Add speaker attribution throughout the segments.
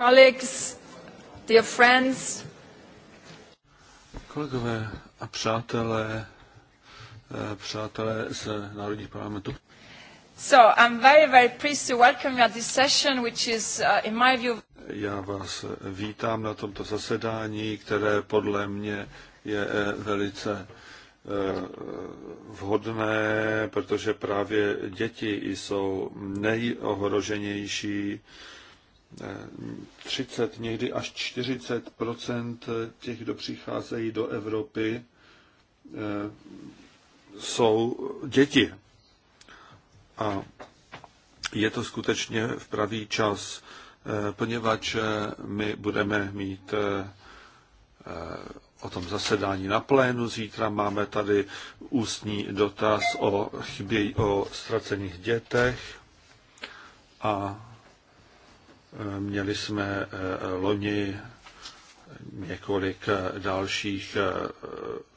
Speaker 1: Colleagues, dear friends.
Speaker 2: Kolegové a přátelé, eh, přátelé z národních parlamentů.
Speaker 1: So, I'm very, very pleased to welcome you at this session, which is, uh, in my view...
Speaker 2: Já vás vítám na tomto zasedání, které podle mě je eh, velice eh, vhodné, protože právě děti jsou nejohroženější 30, někdy až 40 těch, kdo přicházejí do Evropy, eh, jsou děti. A je to skutečně v pravý čas, eh, poněvadž eh, my budeme mít o tom zasedání na plénu. Zítra máme tady ústní dotaz o chybě o ztracených dětech a Měli jsme eh, loni několik eh, dalších eh,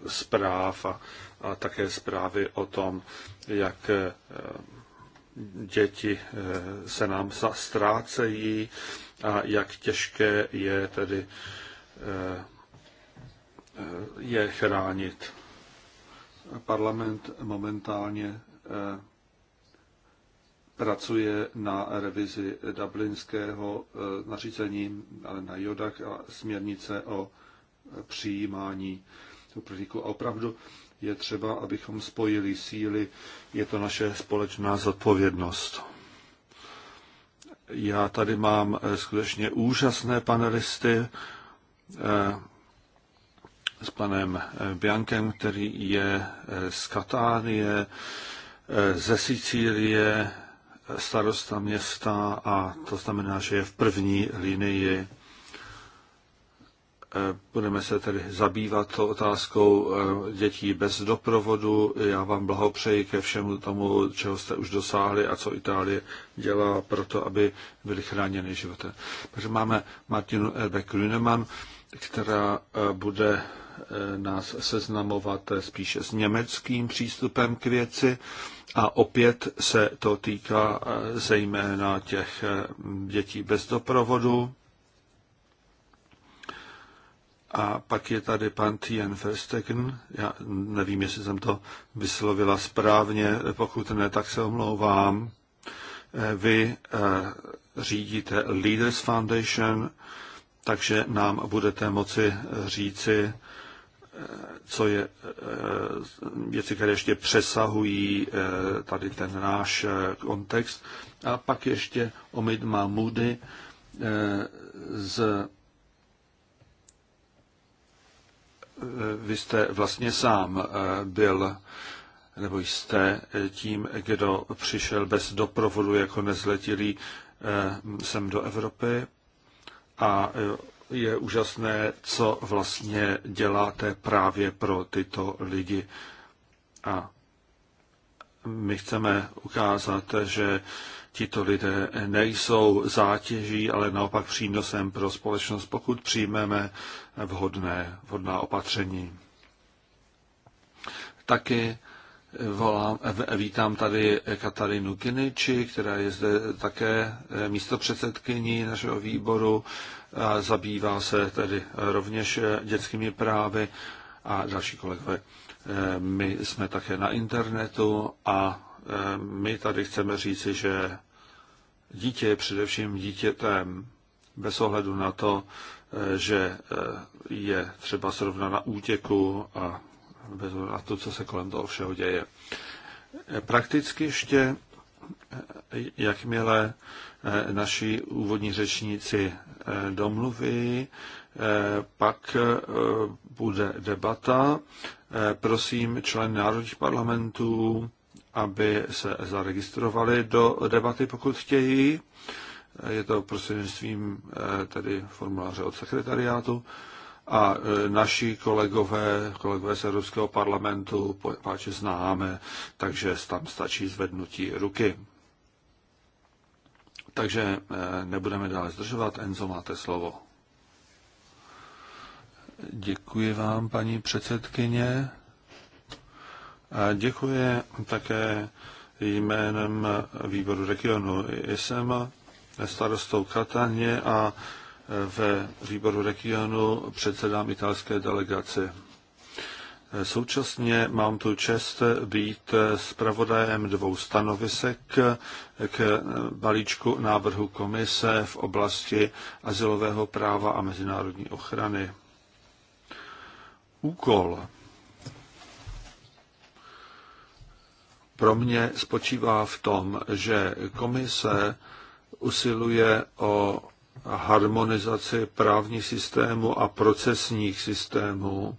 Speaker 2: zpráv a, a také zprávy o tom, jak děti se nám ztrácejí a jak těžké je tedy je chránit. Parlament momentálně pracuje na revizi dublinského eh, nařízení, ale na jodach a směrnice o eh, přijímání uprchlíků. A opravdu je třeba, abychom spojili síly, je to naše společná zodpovědnost. Já tady mám eh, skutečně úžasné panelisty s panem Biankem, který je z Katánie, ze Sicílie, starosta města a to znamená, že je v první linii. E, budeme se tedy zabývat to otázkou e, dětí bez doprovodu. Já vám blahopřeji ke všemu tomu, čeho jste už dosáhli a co Itálie dělá pro to, aby byly chráněny životy. Takže máme Martinu Erbe Grünemann, která e, bude nás seznamovat spíše s německým přístupem k věci a opět se to týká eh, zejména těch eh, dětí bez doprovodu. A pak je tady pan Tien Verstegen. Já nevím, jestli jsem to vyslovila správně, pokud ne, tak se omlouvám. Eh, vy řídíte Leaders Foundation, takže nám budete moci říci, co je eh, věci, které ještě přesahují eh, tady ten náš eh, kontext. A pak ještě Omid Mahmoody z vy jste vlastně sám byl nebo jste tím, kdo přišel bez doprovodu jako nezletilý sem do Evropy a je úžasné, co vlastně děláte právě pro tyto lidi. A my chceme ukázat, že tito lidé nejsou zátěží, ale naopak přínosem pro společnost, pokud přijmeme vhodné, vhodná opatření. Taky volám, vítám tady Katarinu Kiniči, která je zde také místopředsedkyní našeho výboru a zabývá se tedy rovněž eh, dětskými právy a další kolegové. Eh, my jsme také na internetu a eh, my tady chceme říci, že dítě je především dítětem bez ohledu na to, že je třeba srovna na útěku a bez ohledu na to, co se kolem toho všeho děje. Prakticky ještě Eh, jakmile eh, naši úvodní řečníci eh, domluví, pak bude debata. Prosím člen národních parlamentů, aby se zaregistrovali do debaty, pokud chtějí. Je to prostřednictvím tedy formuláře od sekretariátu a e, naši kolegové, kolegové z Evropského parlamentu páče známe, takže tam stačí zvednutí ruky. Takže e, nebudeme dále zdržovat. Enzo, máte slovo. Děkuji vám, paní předsedkyně. A děkuji také jménem výboru regionu. Jsem starostou Kataně a ve výboru regionu předsedám italské delegaci. Současně mám tu čest být zpravodajem dvou stanovisek k balíčku návrhu komise v oblasti asilového práva a mezinárodní ochrany. Úkol pro mě spočívá v tom, že komise usiluje o harmonizaci právních systémů a procesních systémů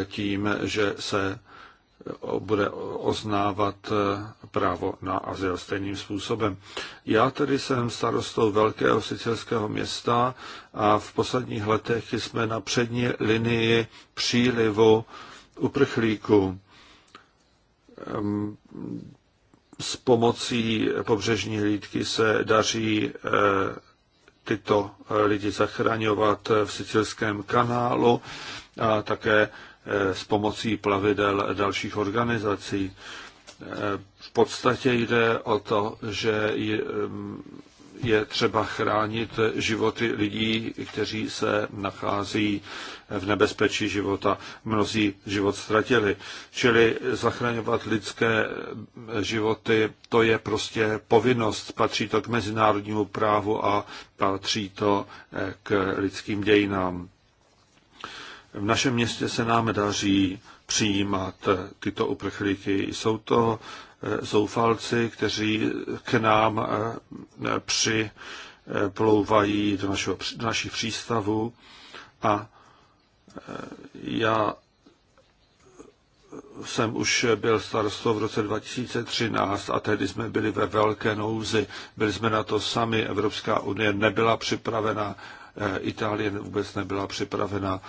Speaker 2: eh, tím, že se eh, bude oznávat eh, právo na azyl stejným způsobem. Já tedy jsem starostou velkého sicilského města a v posledních letech jsme na přední linii přílivu uprchlíků ehm, s pomocí pobřežní hlídky se daří tyto eh, lidi zachraňovat eh, v sicilském kanálu a také eh, s pomocí plavidel dalších organizací. V podstatě jde o to, že mm, je třeba chránit životy lidí, kteří se nachází v nebezpečí života. Mnozí život ztratili. Čili zachraňovat lidské životy, to je prostě povinnost. Patří to k mezinárodnímu právu a patří to eh, k lidským dějinám. V našem městě se nám daří přijímat eh, tyto uprchlíky. Jsou to zoufalci, kteří k nám eh, připlouvají do, našeho, do našich přístavů. A eh, já jsem už byl starostou v roce 2013 a tehdy jsme byli ve velké nouzi. Byli jsme na to sami. Evropská unie nebyla připravena, eh, Itálie vůbec nebyla připravena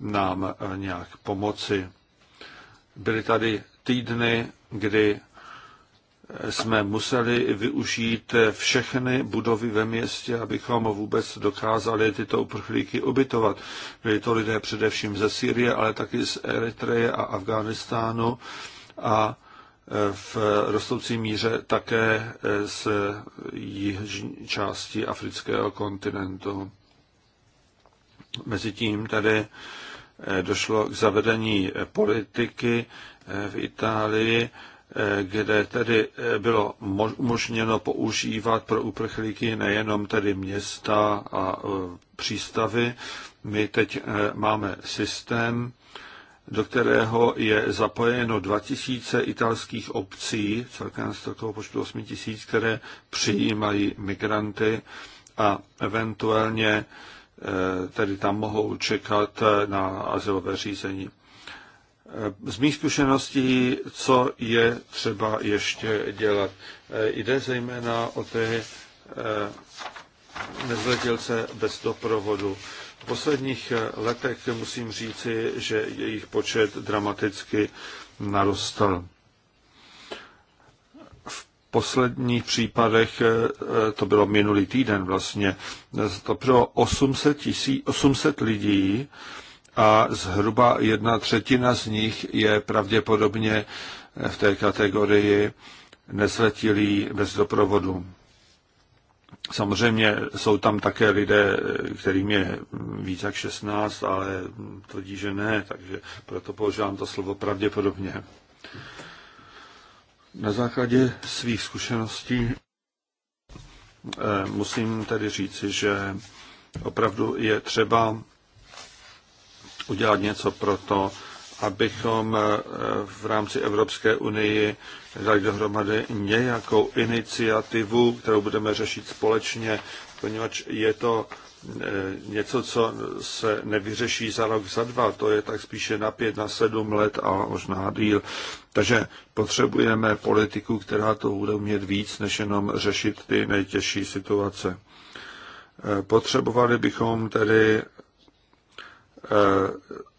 Speaker 2: nám nějak pomoci. Byly tady týdny, kdy jsme museli využít všechny budovy ve městě, abychom vůbec dokázali tyto uprchlíky ubytovat. Byli to lidé především ze Sýrie, ale taky z Eritreje a Afghánistánu a e, v rostoucí míře také e, z jižní části afrického kontinentu. Mezitím tady e, došlo k zavedení politiky v Itálii, kde tedy eh, bylo umožněno používat pro uprchlíky nejenom tedy města a eh, přístavy. My teď eh, máme systém, do kterého je zapojeno 2000 italských obcí, celkem z toho počtu 8000, které přijímají migranty a eventuálně tedy tam mohou čekat na azylové řízení. Z mých zkušeností, co je třeba ještě dělat. Eh, jde zejména o ty eh, nezletilce bez doprovodu. V posledních eh, letech musím říci, že jejich počet dramaticky narostl. V posledních případech, to bylo minulý týden vlastně, to bylo 800, tisí, 800 lidí, a zhruba jedna třetina z nich je pravděpodobně v té kategorii nezletilí bez doprovodu. Samozřejmě jsou tam také lidé, kterým je víc jak 16, ale tvrdí, že ne, takže proto používám to slovo pravděpodobně. Na základě svých zkušeností eh, musím tedy říci, že opravdu je třeba udělat něco pro to, abychom eh, v rámci Evropské unii dali dohromady nějakou iniciativu, kterou budeme řešit společně, poněvadž je to eh, něco, co se nevyřeší za rok, za dva, to je tak spíše na pět, na sedm let a možná díl. Takže potřebujeme politiku, která to bude umět víc, než jenom řešit ty nejtěžší situace. Eh, potřebovali bychom tedy Eh,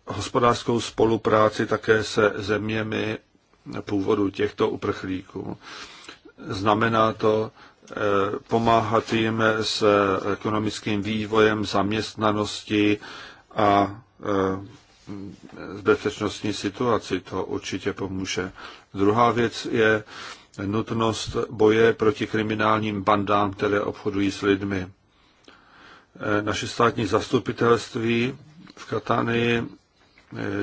Speaker 2: hospodářskou spolupráci také se zeměmi původu těchto uprchlíků. Znamená to eh, pomáhat jim s ekonomickým vývojem, zaměstnanosti a eh, bezpečnostní situaci. To určitě pomůže. Druhá věc je nutnost boje proti kriminálním bandám, které obchodují s lidmi. Naše státní zastupitelství v Katánii eh,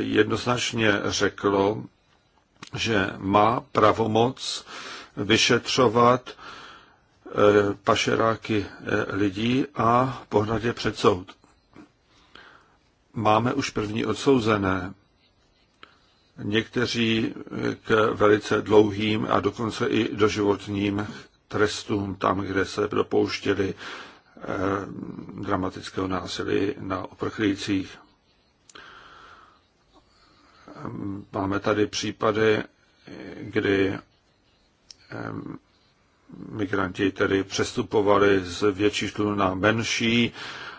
Speaker 2: jednoznačně řeklo, že má pravomoc vyšetřovat eh, pašeráky eh, lidí a pohnat je před soud. Máme už první odsouzené. Někteří k velice dlouhým a dokonce i doživotním trestům tam, kde se dopouštěli dramatického násilí na oprchlících. Máme tady případy, kdy migranti tedy přestupovali z větší šlu na menší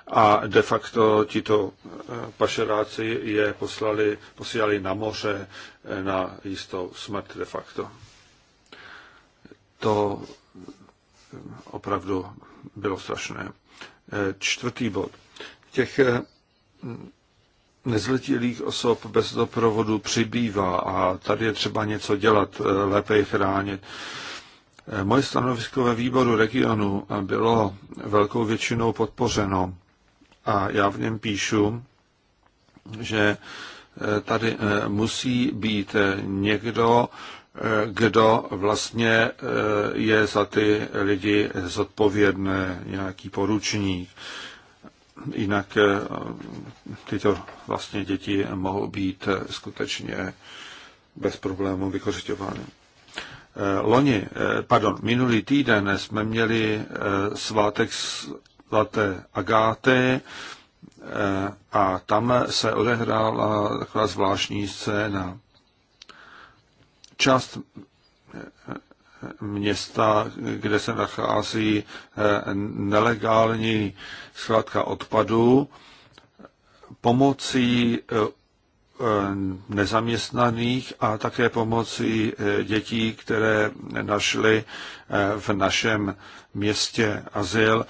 Speaker 2: a de facto tito eh, pašeráci je poslali, posílali na moře eh, na jistou smrt de facto. To eh, opravdu bylo strašné. Čtvrtý bod. Těch nezletilých osob bez doprovodu přibývá a tady je třeba něco dělat, eh, lépe je chránit. Eh, moje stanovisko ve výboru regionu bylo velkou většinou podpořeno a já v něm píšu, že eh, tady musí být někdo, kdo vlastně je za ty lidi zodpovědné, nějaký poručník jinak eh, tyto vlastně děti mohou být eh, skutečně bez problémů vykořišťovány. Eh, loni, pardon, minulý týden jsme měli svátek svaté Agáty a tam se odehrála taková zvláštní scéna. Část města, kde se nachází eh, nelegální skladka odpadů, pomocí eh, nezaměstnaných a také pomocí eh, dětí, které našly v našem městě azyl,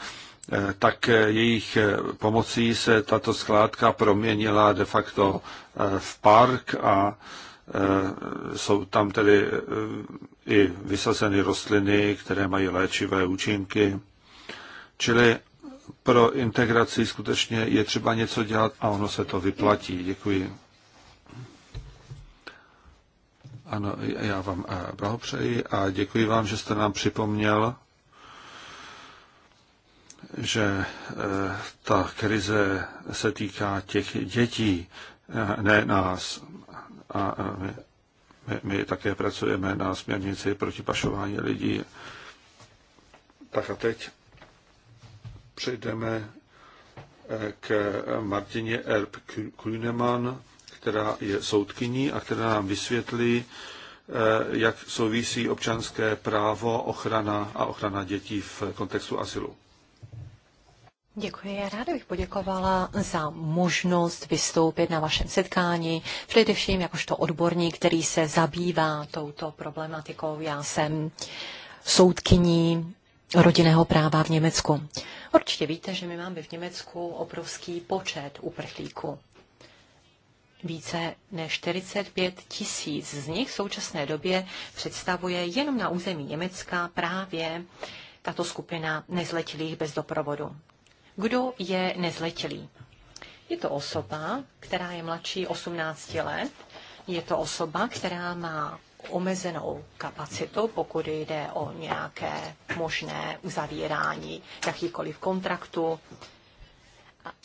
Speaker 2: tak jejich pomocí se tato skládka proměnila de facto v park a Eh, jsou tam tedy eh, i vysazeny rostliny, které mají léčivé účinky. Čili pro integraci skutečně je třeba něco dělat a ono se to vyplatí. Děkuji. Ano, já vám eh, blahopřeji a děkuji vám, že jste nám připomněl, že ta krize se týká těch dětí, ne nás a my, my, my také pracujeme na směrnici proti pašování lidí. Tak a teď přejdeme eh, k Martině Erb Kuneman, která je soudkyní a která nám vysvětlí, eh, jak souvisí občanské právo, ochrana a ochrana dětí v kontextu asilu.
Speaker 3: Děkuji. Já ráda bych poděkovala za možnost vystoupit na vašem setkání, především jakožto odborník, který se zabývá touto problematikou. Já jsem soudkyní rodinného práva v Německu. Určitě víte, že my máme v Německu obrovský počet uprchlíků. Více než 45 tisíc z nich v současné době představuje jenom na území Německa právě tato skupina nezletilých bez doprovodu. Kdo je nezletilý? Je to osoba, která je mladší 18 let, je to osoba, která má omezenou kapacitu, pokud jde o nějaké možné uzavírání jakýkoliv kontraktu.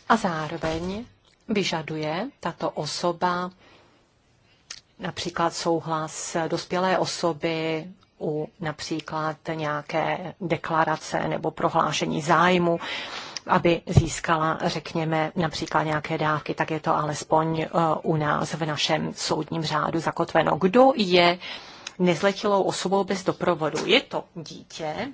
Speaker 3: A zároveň vyžaduje tato osoba například souhlas dospělé osoby u například nějaké deklarace nebo prohlášení zájmu aby získala, řekněme, například nějaké dávky, tak je to alespoň eh, u nás v našem soudním řádu zakotveno. Kdo je nezletilou osobou bez doprovodu? Je to dítě,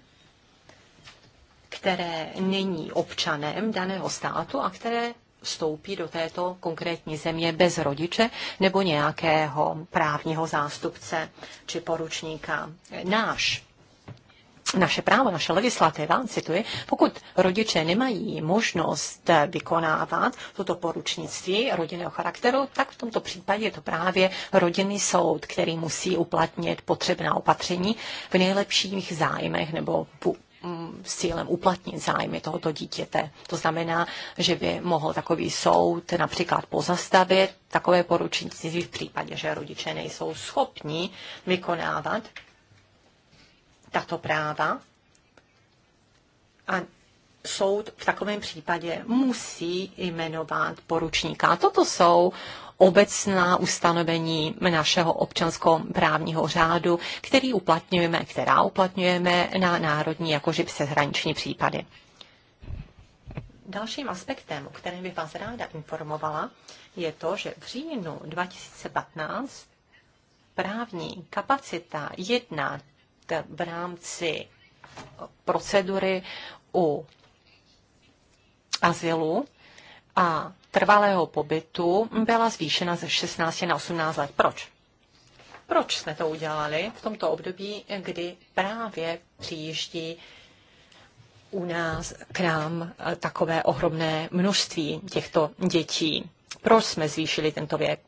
Speaker 3: které není občanem daného státu a které vstoupí do této konkrétní země bez rodiče nebo nějakého právního zástupce či poručníka. Náš naše právo, naše legislativa, cituji, pokud rodiče nemají možnost eh, vykonávat toto poručnictví rodinného charakteru, tak v tomto případě je to právě rodinný soud, který musí uplatnit potřebná opatření v nejlepších zájmech nebo mm, s cílem uplatnit zájmy tohoto dítěte. To znamená, že by mohl takový soud například pozastavit takové poručení v případě, že rodiče nejsou schopni vykonávat tato práva a soud v takovém případě musí jmenovat poručníka. Toto jsou obecná ustanovení našeho občanského právního řádu, který uplatňujeme, která uplatňujeme na národní jako jakože přeshraniční případy. Dalším aspektem, o kterém bych vás ráda informovala, je to, že v říjnu 2015 právní kapacita jednat v rámci procedury u azylu a trvalého pobytu byla zvýšena ze 16 na 18 let. Proč? Proč jsme to udělali v tomto období, kdy právě přijíždí u nás k nám eh, takové ohromné množství těchto dětí? Proč jsme zvýšili tento věk?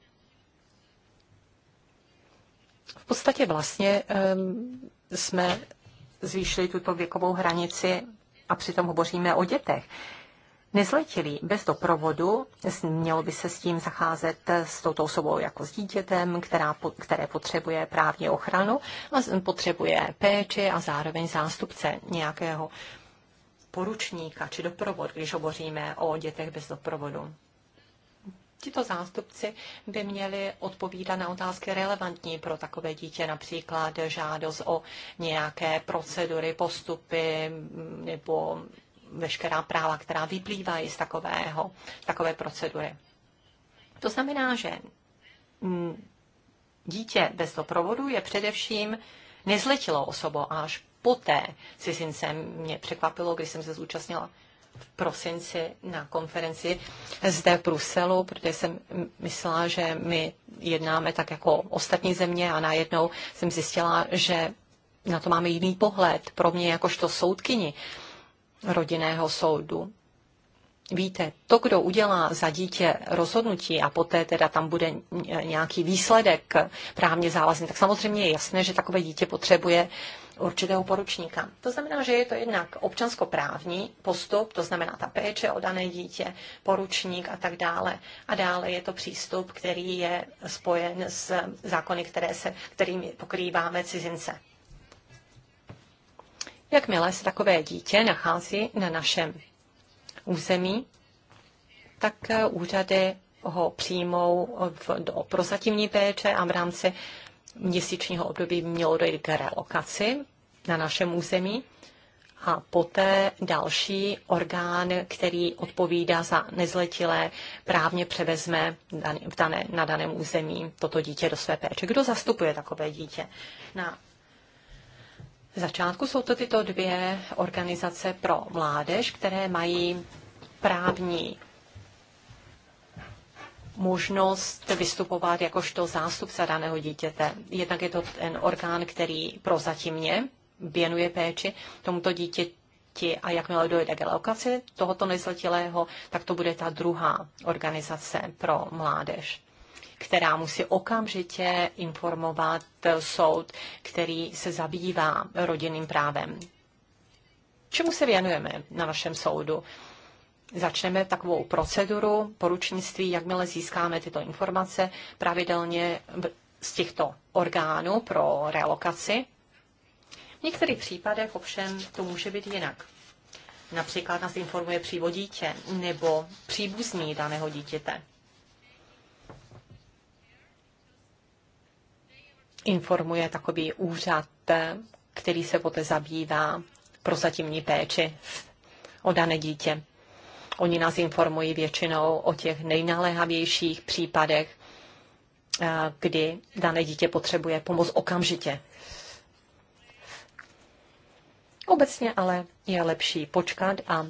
Speaker 3: V podstatě vlastně ehm, jsme zvýšili tuto věkovou hranici a přitom hovoříme o dětech. Nezletilí bez doprovodu mělo by se s tím zacházet s touto osobou jako s dítětem, která, které potřebuje právní ochranu a potřebuje péči a zároveň zástupce nějakého poručníka či doprovod, když hovoříme o dětech bez doprovodu tito zástupci by měli odpovídat na otázky relevantní pro takové dítě, například žádost o nějaké procedury, postupy mm, nebo veškerá práva, která vyplývají z takového, takové procedury. To znamená, že mm, dítě bez doprovodu je především nezletilou osobou až poté cizincem mě překvapilo, když jsem se zúčastnila v prosinci na konferenci zde v Bruselu, protože jsem myslela, že my jednáme tak jako ostatní země a najednou jsem zjistila, že na to máme jiný pohled pro mě jakožto soudkyni rodinného soudu. Víte, to, kdo udělá za dítě rozhodnutí a poté teda tam bude nějaký výsledek právně závazný, tak samozřejmě je jasné, že takové dítě potřebuje uh, určitého poručníka. To znamená, že je to jednak občanskoprávní postup, to znamená ta péče o dané dítě, poručník a tak dále. A dále je to přístup, který je spojen s zákony, které se, kterými pokrýváme cizince. Jakmile se takové dítě nachází na našem území, tak eh, úřady ho přijmou v, do prozatímní péče a v rámci měsíčního období mělo dojít k relokaci na našem území a poté další orgán, který odpovídá za nezletilé, právně převezme v dané, na daném území toto dítě do své péče. Kdo zastupuje takové dítě? Na začátku jsou to tyto dvě organizace pro mládež, které mají právní možnost vystupovat jakožto zástupce daného dítěte. Jednak je to ten orgán, který prozatímně věnuje péči tomuto dítěti a jakmile dojde k lokaci tohoto nezletilého, tak to bude ta druhá organizace pro mládež která musí okamžitě informovat soud, který se zabývá rodinným právem. Čemu se věnujeme na našem soudu? začneme takovou proceduru poručnictví, jakmile získáme tyto informace pravidelně z těchto orgánů pro relokaci. V některých případech ovšem to může být jinak. Například nás informuje přívo dítě nebo příbuzní daného dítěte. Informuje takový úřad, který se poté zabývá prozatímní péči o dané dítě. Oni nás informují většinou o těch nejnaléhavějších případech, eh, kdy dané dítě potřebuje pomoc okamžitě. Obecně ale je lepší počkat a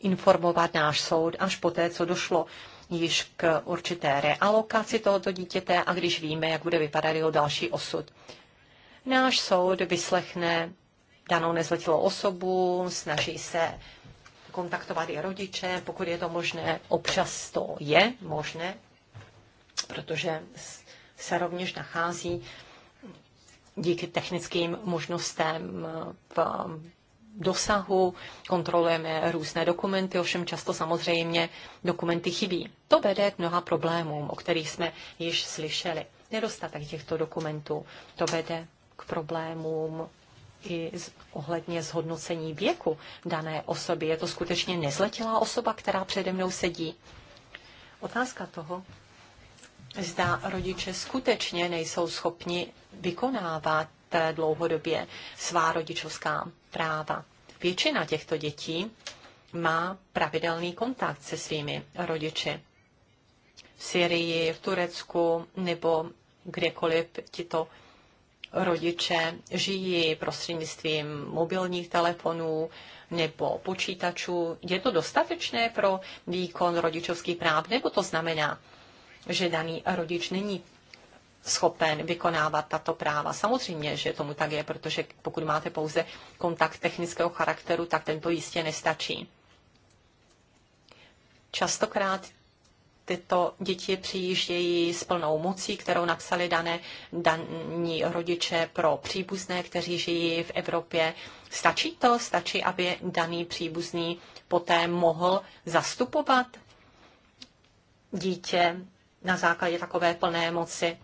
Speaker 3: informovat náš soud až poté, co došlo již k určité realokaci tohoto dítěte a když víme, jak bude vypadat jeho další osud. Náš soud vyslechne danou nezletilou osobu, snaží se kontaktovat i rodiče, pokud je to možné. Občas to je možné, protože se rovněž nachází díky technickým možnostem eh, v dosahu, kontrolujeme různé dokumenty, ovšem často samozřejmě dokumenty chybí. To vede k mnoha problémům, o kterých jsme již slyšeli. Nedostatek těchto dokumentů, to vede k problémům i ohledně zhodnocení věku dané osoby. Je to skutečně nezletilá osoba, která přede mnou sedí? Otázka toho, zda rodiče skutečně nejsou schopni vykonávat eh, dlouhodobě svá rodičovská práva. Většina těchto dětí má pravidelný kontakt se svými rodiči. V Syrii, v Turecku nebo kdekoliv tito rodiče žijí prostřednictvím mobilních telefonů nebo počítačů. Je to dostatečné pro výkon rodičovských práv, nebo to znamená, že daný rodič není schopen vykonávat tato práva. Samozřejmě, že tomu tak je, protože pokud máte pouze kontakt technického charakteru, tak tento jistě nestačí. Častokrát tyto děti přijíždějí s plnou mocí, kterou napsali dané daní rodiče pro příbuzné, kteří žijí v Evropě. Stačí to? Stačí, aby daný příbuzný poté mohl zastupovat dítě na základě takové plné moci?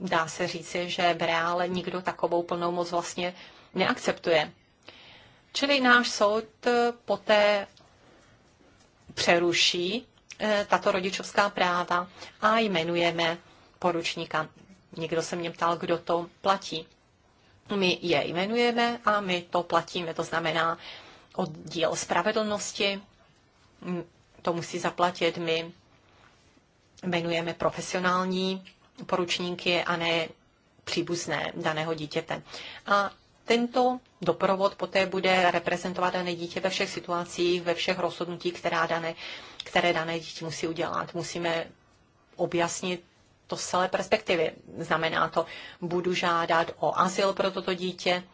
Speaker 3: Dá se říci, že v reále nikdo takovou plnou moc vlastně neakceptuje. Čili náš soud poté přeruší eh, tato rodičovská práva a jmenujeme poručníka. Někdo se mě ptal, kdo to platí. My je jmenujeme a my to platíme, to znamená oddíl spravedlnosti, to musí zaplatit my, jmenujeme profesionální poručníky a ne příbuzné daného dítěte. A tento doprovod poté bude reprezentovat dané dítě ve všech situacích, ve všech rozhodnutích, která dané, které dané dítě musí udělat. Musíme objasnit to z celé perspektivy. Znamená to, budu žádat o azyl pro toto dítě,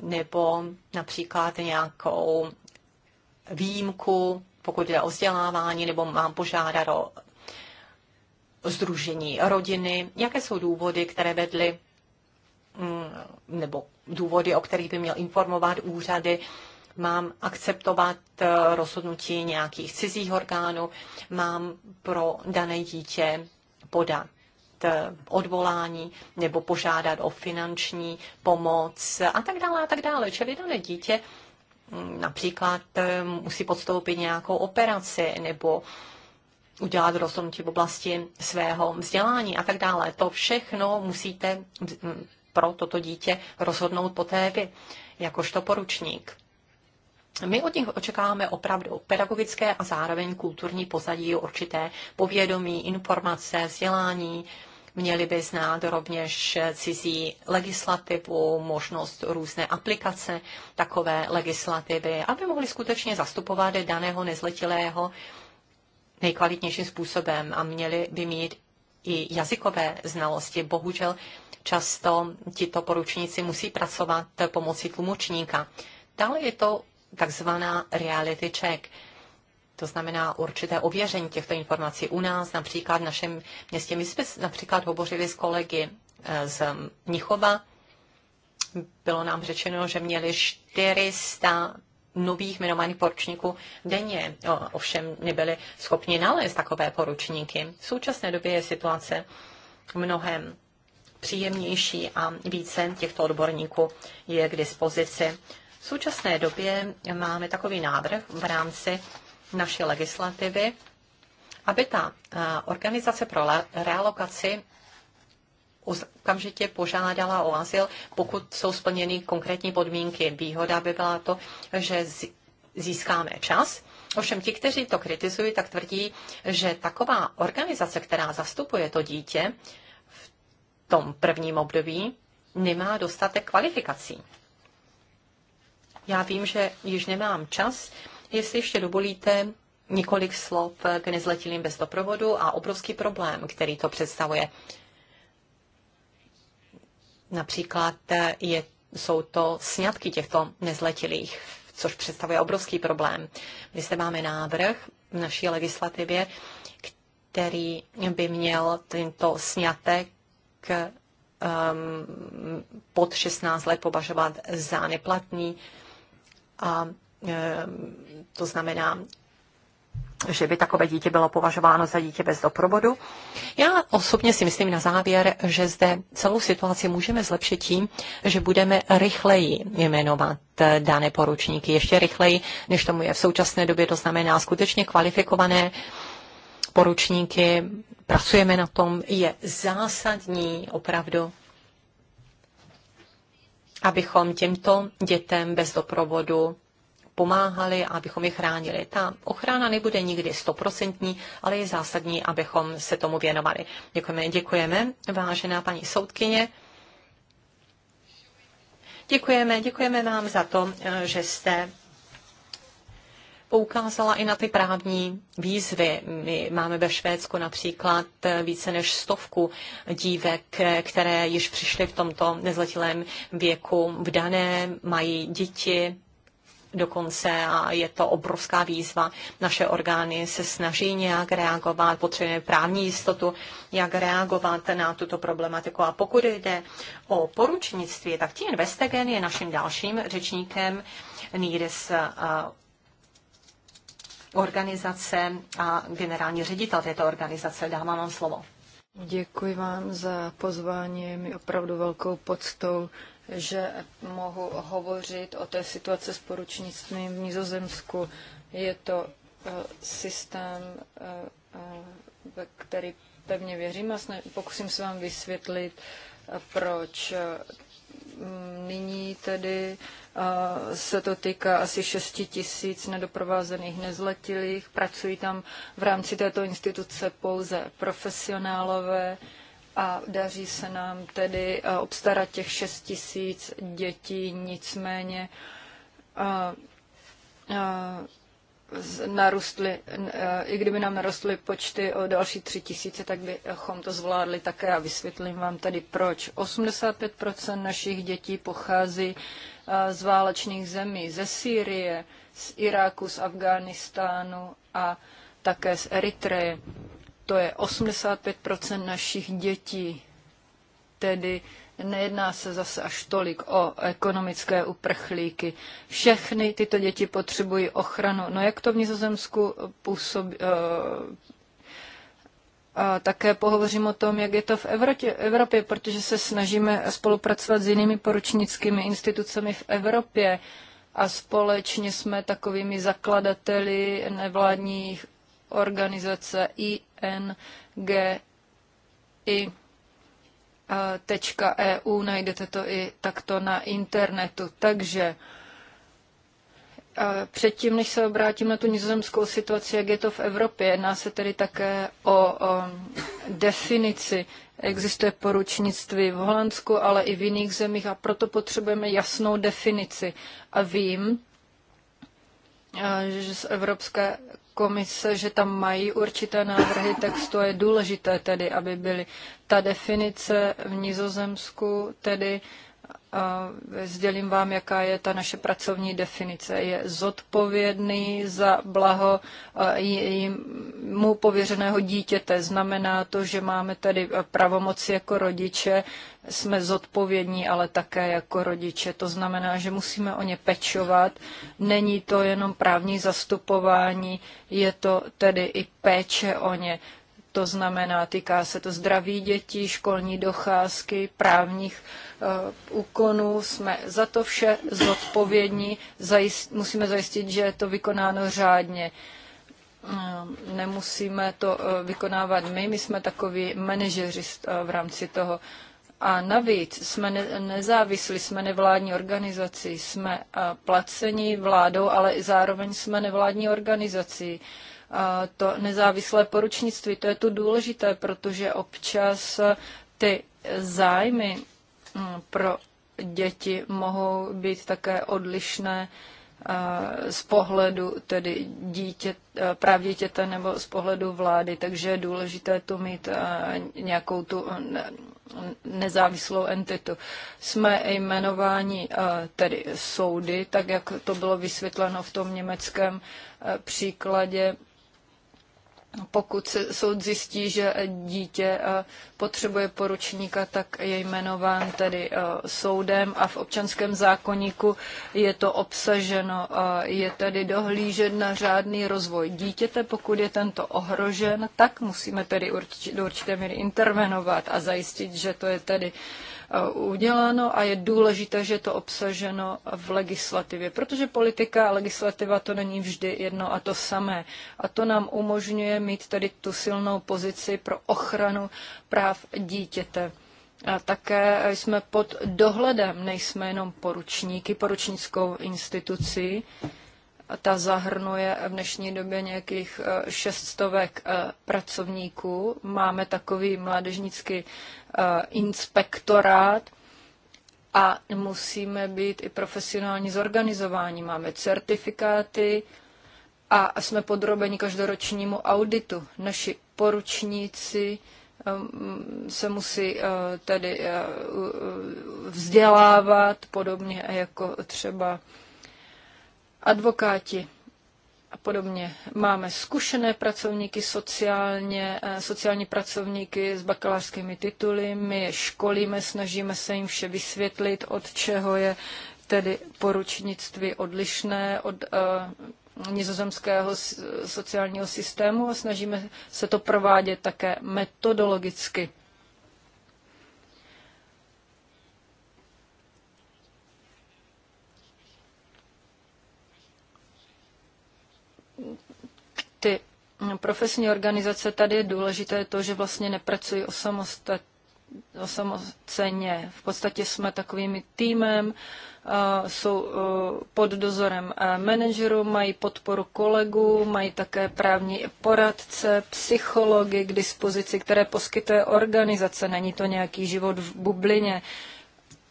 Speaker 3: nebo například nějakou výjimku, pokud jde o vzdělávání, nebo mám požádat o združení rodiny. Jaké jsou důvody, které vedly Mm, nebo důvody, o kterých by měl informovat úřady, mám akceptovat eh, rozhodnutí nějakých cizích orgánů, mám pro dané dítě podat eh, odvolání nebo požádat o finanční pomoc a tak dále a tak dále. Čili dané dítě mm, například eh, musí podstoupit nějakou operaci nebo udělat rozhodnutí v oblasti svého vzdělání a tak dále. To všechno musíte mm, pro toto dítě rozhodnout poté vy, jakožto poručník. My od nich očekáváme opravdu pedagogické a zároveň kulturní pozadí, určité povědomí, informace, vzdělání. Měli by znát rovněž cizí legislativu, možnost různé aplikace takové legislativy, aby mohli skutečně zastupovat daného nezletilého nejkvalitnějším způsobem a měli by mít i jazykové znalosti. Bohužel často tito poručníci musí pracovat pomocí tlumočníka. Dále je to takzvaná reality check. To znamená určité ověření těchto informací u nás, například v našem městě. My jsme například hovořili s kolegy eh, z Mnichova. Bylo nám řečeno, že měli 400 nových jmenovaných poručníků denně. Ovšem nebyli schopni nalézt takové poručníky. V současné době je situace mnohem příjemnější a více těchto odborníků je k dispozici. V současné době máme takový návrh v rámci naší legislativy, aby ta eh, organizace pro realokaci okamžitě požádala o azyl, pokud jsou splněny konkrétní podmínky. Výhoda by byla to, že získáme čas. Ovšem ti, kteří to kritizují, tak tvrdí, že taková organizace, která zastupuje to dítě v tom prvním období, nemá dostatek kvalifikací. Já vím, že již nemám čas. Jestli ještě dovolíte, několik slov k nezletilým bez doprovodu a obrovský problém, který to představuje. Například eh, je, jsou to sňatky těchto nezletilých, což představuje obrovský problém. My zde máme návrh v naší legislativě, který by měl tento sňatek um, pod 16 let považovat za neplatný. A um, to znamená, že by takové dítě bylo považováno za dítě bez doprovodu. Já osobně si myslím na závěr, že zde celou situaci můžeme zlepšit tím, že budeme rychleji jmenovat dané poručníky, ještě rychleji, než tomu je v současné době, to znamená skutečně kvalifikované poručníky, pracujeme na tom, je zásadní opravdu abychom těmto dětem bez doprovodu pomáhali a abychom je chránili. Ta ochrana nebude nikdy stoprocentní, ale je zásadní, abychom se tomu věnovali. Děkujeme, děkujeme, vážená paní soudkyně. Děkujeme, děkujeme vám za to, že jste poukázala i na ty právní výzvy. My máme ve Švédsku například více než stovku dívek, které již přišly v tomto nezletilém věku v dané, mají děti, dokonce a je to obrovská výzva. Naše orgány se snaží nějak reagovat, potřebujeme právní jistotu, jak reagovat na tuto problematiku. A pokud jde o poručnictví, tak Tien Vestegen je naším dalším řečníkem NIRES eh, organizace a generální ředitel této organizace. Dávám vám slovo.
Speaker 1: Děkuji vám za pozvání, je mi opravdu velkou poctou že mohu hovořit o té situace s poručnictvím v Nizozemsku. Je to eh, systém, eh, eh, ve který pevně věřím a pokusím se vám vysvětlit, proč mm, nyní tedy se to týká asi 6 tisíc nedoprovázených nezletilých. Pracují tam v rámci této instituce pouze profesionálové, a daří se nám tedy eh, obstarat těch 6 tisíc dětí, nicméně eh, eh, narostly, i kdyby nám narostly počty o další tři tisíce, tak bychom to zvládli také a vysvětlím vám tady proč. 85% našich dětí pochází z válečných zemí, ze Sýrie, z Iráku, z Afghánistánu a také z Eritreje to je 85 našich dětí. Tedy nejedná se zase až tolik o ekonomické uprchlíky. Všechny tyto děti potřebují ochranu. No jak to v Nizozemsku působí? Eh, a také pohovořím o tom, jak je to v Evropě, Evropě, protože se snažíme spolupracovat s jinými poručnickými institucemi v Evropě a společně jsme takovými zakladateli nevládních organizace ingi.eu. E najdete to i takto na internetu. Takže předtím, než se obrátím na tu nizozemskou situaci, jak je to v Evropě, jedná se tedy také o, o definici. Existuje poručnictví v Holandsku, ale i v jiných zemích a proto potřebujeme jasnou definici. A vím, že z Evropské komise, že tam mají určité návrhy textu a je důležité tedy, aby byly ta definice v Nizozemsku, tedy a sdělím vám, jaká je ta naše pracovní definice. Je zodpovědný za blaho jim mu pověřeného dítěte. Znamená to, že máme tady pravomoc jako rodiče, jsme zodpovědní, ale také jako rodiče. To znamená, že musíme o ně pečovat. Není to jenom právní zastupování, je to tedy i péče o ně. To znamená, týká se to zdraví dětí, školní docházky, právních uh, úkonů. Jsme za to vše zodpovědní. Zajist, musíme zajistit, že je to vykonáno řádně. Uh, Ehm, nemusíme to eh, vykonávat my, my jsme takoví manažeři eh, v rámci toho. A navíc jsme nezávislí, jsme nevládní organizací, jsme eh, placení vládou, ale i zároveň jsme nevládní organizací. A to nezávislé poručnictví, to je tu důležité, protože občas ty zájmy mm, pro děti mohou být také odlišné z pohledu tedy dítě, e, práv dítěte nebo z pohledu vlády, takže je důležité tu mít e, nějakou tu e, nezávislou entitu. Jsme jmenováni tedy soudy, tak jak to bylo vysvětleno v tom německém příkladě pokud se soud zjistí, že dítě eh, potřebuje poručníka, tak je jmenován tedy eh, soudem a v občanském zákoníku je to obsaženo. Eh, je tedy dohlížet na řádný rozvoj dítěte, pokud je tento ohrožen, tak musíme tedy do určité míry intervenovat a zajistit, že to je tedy uh, Eh, uděláno a je důležité, že je to obsaženo v legislativě, protože politika a legislativa to není vždy jedno a to samé. A to nám umožňuje mít tady tu silnou pozici pro ochranu práv dítěte. A také jsme pod dohledem, nejsme jenom poručníky, poručnickou institucí ta zahrnuje v dnešní době nějakých eh, šeststovek eh, pracovníků. Máme takový mládežnický eh, inspektorát a musíme být i profesionální zorganizování. Máme certifikáty a jsme podrobeni každoročnímu auditu. Naši poručníci ehm, se musí tedy vzdělávat, podobně jako třeba advokáti a podobně. Máme zkušené pracovníky sociálně, eh, sociální pracovníky s bakalářskými tituly, my je školíme, snažíme se jim vše vysvětlit, od čeho je tedy poručnictví odlišné od uh, nizozemského sociálního systému a snažíme se to provádět také metodologicky. ty profesní organizace, tady je důležité to, že vlastně nepracují osamostat, osamoceně. V podstatě jsme takovými týmem, jsou e, pod dozorem e, manažerů, mají podporu kolegů, mají také právní poradce, psychologi k dispozici, které poskytuje organizace. Není to nějaký život v bublině.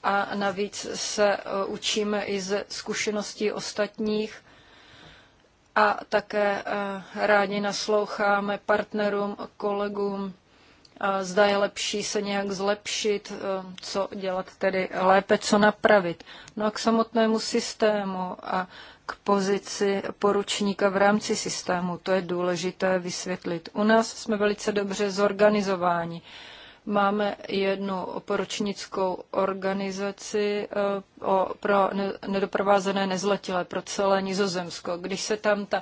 Speaker 1: A navíc se e, učíme i ze zkušeností ostatních a také eh, rádi nasloucháme partnerům, kolegům, zda je lepší se nějak zlepšit, eh, co dělat tedy lépe, co napravit. No a k samotnému systému a k pozici poručníka v rámci systému, to je důležité vysvětlit. U nás jsme velice dobře zorganizováni. Máme jednu poročnickou organizaci eh, o, pro nedoprovázené nezletilé pro celé Nizozemsko. Když se tam ta,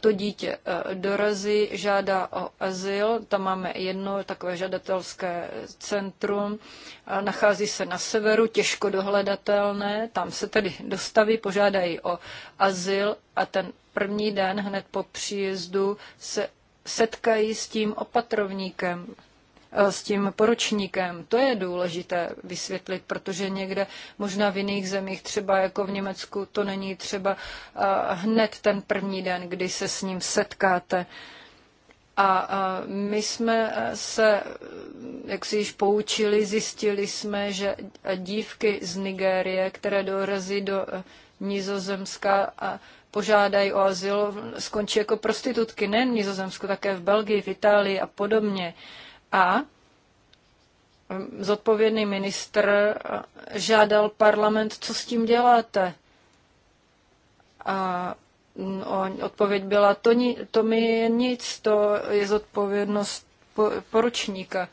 Speaker 1: to dítě eh, dorazí, žádá o azyl, tam máme jedno takové žadatelské centrum, nachází se na severu, těžko dohledatelné, tam se tedy dostaví, požádají o azyl a ten první den hned po příjezdu se setkají s tím opatrovníkem. Eh, s tím poručníkem. To je důležité vysvětlit, protože někde možná v jiných zemích, třeba jako v Německu, to není třeba eh, hned ten první den, kdy se s ním setkáte. A eh, my jsme se, jak si již poučili, zjistili jsme, že dívky z Nigérie, které dorazí do Nizozemska a požádají o azyl, skončí jako prostitutky nejen v Nizozemsku, také v Belgii, v Itálii a podobně. Uh, a um, zodpovědný ministr uh, žádal parlament, co s tím děláte. A mm, odpověď byla, to, ni, to mi je nic, to je zodpovědnost poručníka.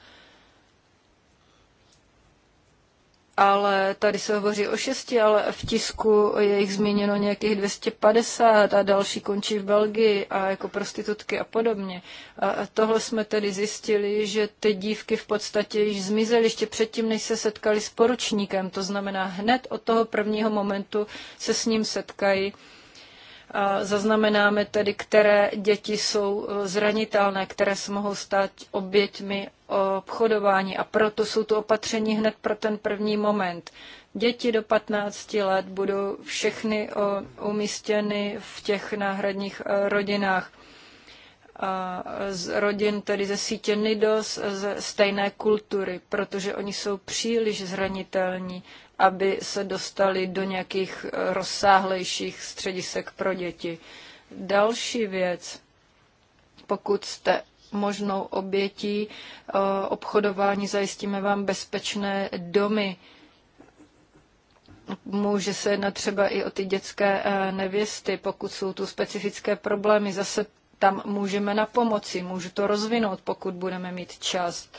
Speaker 1: ale tady se hovoří o šesti, ale v tisku je jich zmíněno nějakých 250 a další končí v Belgii a jako prostitutky a podobně. A tohle jsme tedy zjistili, že ty dívky v podstatě již zmizely ještě předtím, než se setkali s poručníkem. To znamená, hned od toho prvního momentu se s ním setkají. A zaznamenáme tedy, které děti jsou e, zranitelné, které se mohou stát oběťmi obchodování a proto jsou tu opatření hned pro ten první moment. Děti do 15 let budou všechny umístěny v těch náhradních eh, rodinách z rodin, tedy ze sítě Nidos, ze stejné kultury, protože oni jsou příliš zranitelní, aby se dostali do nějakých eh, rozsáhlejších středisek pro děti. Další věc, pokud jste možnou obětí eh, obchodování, zajistíme vám bezpečné domy. Může se jednat třeba i o ty dětské eh, nevěsty, pokud jsou tu specifické problémy. Zase tam můžeme na pomoci, můžu to rozvinout, pokud budeme mít čas.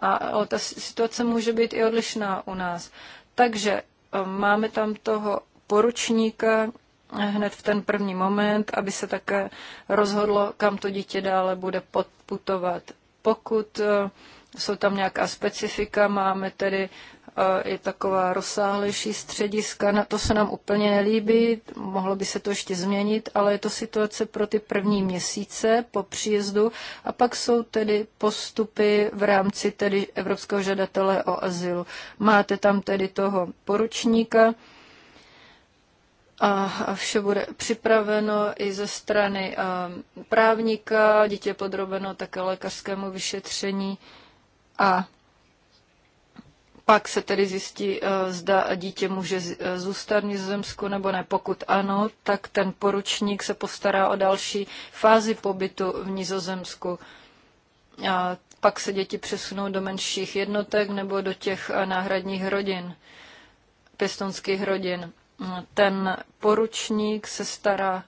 Speaker 1: A ale ta situace může být i odlišná u nás. Takže eh, máme tam toho poručníka, hned v ten první moment, aby se také rozhodlo, kam to dítě dále bude putovat. Pokud eh, jsou tam nějaká specifika, máme tedy eh, i taková rozsáhlejší střediska, na to se nám úplně nelíbí, mohlo by se to ještě změnit, ale je to situace pro ty první měsíce po příjezdu a pak jsou tedy postupy v rámci tedy Evropského žadatele o azylu. Máte tam tedy toho poručníka, a vše bude připraveno i ze strany právníka, dítě podrobeno také lékařskému vyšetření a pak se tedy zjistí, zda dítě může e, zůstat v Nizozemsku nebo ne. Pokud ano, tak ten poručník se postará o další fázi pobytu v Nizozemsku. A pak se děti přesunou do menších jednotek nebo do těch náhradních rodin, pěstonských rodin ten poručník se stará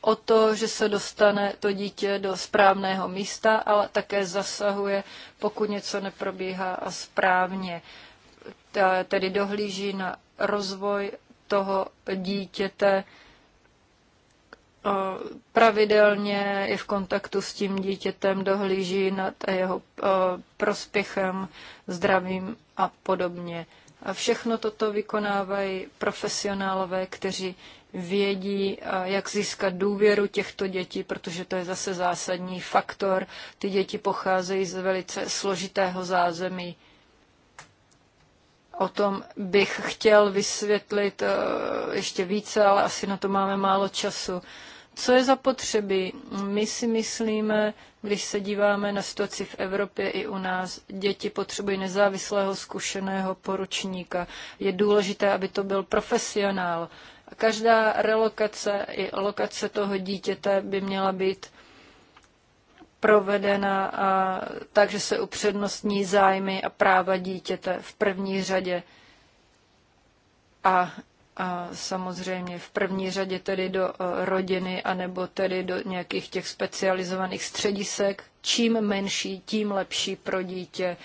Speaker 1: o to, že se dostane to dítě do správného místa, ale také zasahuje, pokud něco neprobíhá a správně. Tedy dohlíží na rozvoj toho dítěte pravidelně je v kontaktu s tím dítětem, dohlíží nad jeho prospěchem, zdravím a podobně. A všechno toto vykonávají profesionálové, kteří vědí, jak získat důvěru těchto dětí, protože to je zase zásadní faktor. Ty děti pocházejí z velice složitého zázemí. O tom bych chtěl vysvětlit e, ještě více, ale asi na to máme málo času. Co je za potřeby? My si myslíme, když se díváme na situaci v Evropě i u nás, děti potřebují nezávislého zkušeného poručníka. Je důležité, aby to byl profesionál. Každá relokace i lokace toho dítěte by měla být provedena a, tak, že se upřednostní zájmy a práva dítěte v první řadě. A samozřejmě v první řadě tedy do eh, rodiny, anebo tedy do nějakých těch specializovaných středisek. Čím menší, tím lepší pro dítě.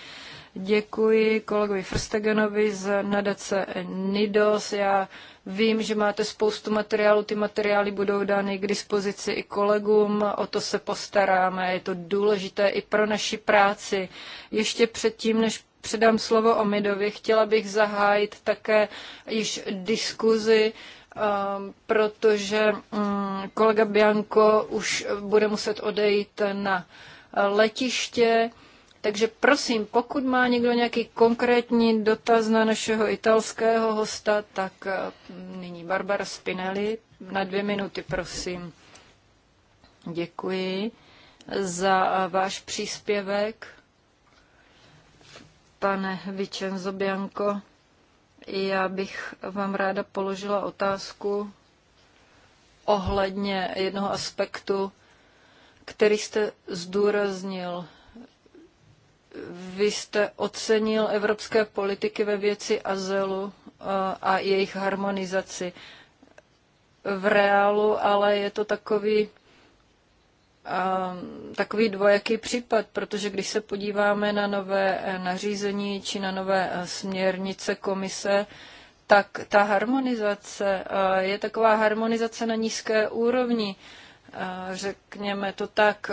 Speaker 1: Děkuji kolegovi Frstegenovi z nadace NIDOS. Já vím, že máte spoustu materiálu, ty materiály budou dány k dispozici i kolegům, o to se postaráme, je to důležité i pro naši práci. Ještě předtím, než předám slovo Omidovi, chtěla bych zahájit také již diskuzi, um, protože um, kolega Bianco už bude muset odejít na letiště. Takže prosím, pokud má někdo nějaký konkrétní dotaz na našeho italského hosta, tak um, nyní Barbara Spinelli na dvě minuty, prosím. Děkuji za uh, váš příspěvek pane Vicenzo Bianco. Já bych vám ráda položila otázku ohledně jednoho aspektu, který jste zdůraznil. Vy jste ocenil evropské politiky ve věci azylu a jejich harmonizaci. V reálu ale je to takový takový dvojaký případ, protože když se podíváme na nové eh, nařízení či na nové eh, směrnice komise, tak ta harmonizace eh, je taková harmonizace na nízké úrovni. Řekněme to tak,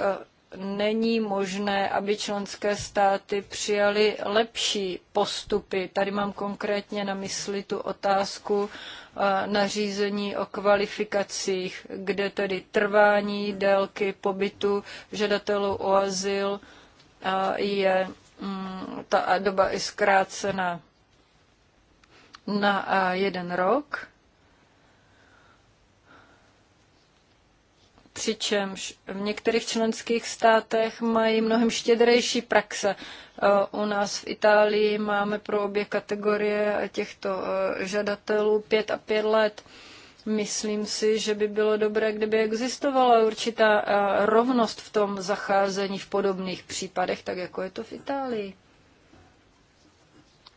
Speaker 1: není možné, aby členské státy přijaly lepší postupy. Tady mám konkrétně na mysli tu otázku eh, nařízení o kvalifikacích, kde tedy trvání délky pobytu žadatelů o azyl eh, je mm, ta doba i zkrácena na eh, jeden rok přičemž v některých členských státech mají mnohem štědrejší praxe. Eh, u nás v Itálii máme pro obě kategorie těchto eh, žadatelů pět a pět let. Myslím si, že by bylo dobré, kdyby existovala určitá eh, rovnost v tom zacházení v podobných případech, tak jako je to v Itálii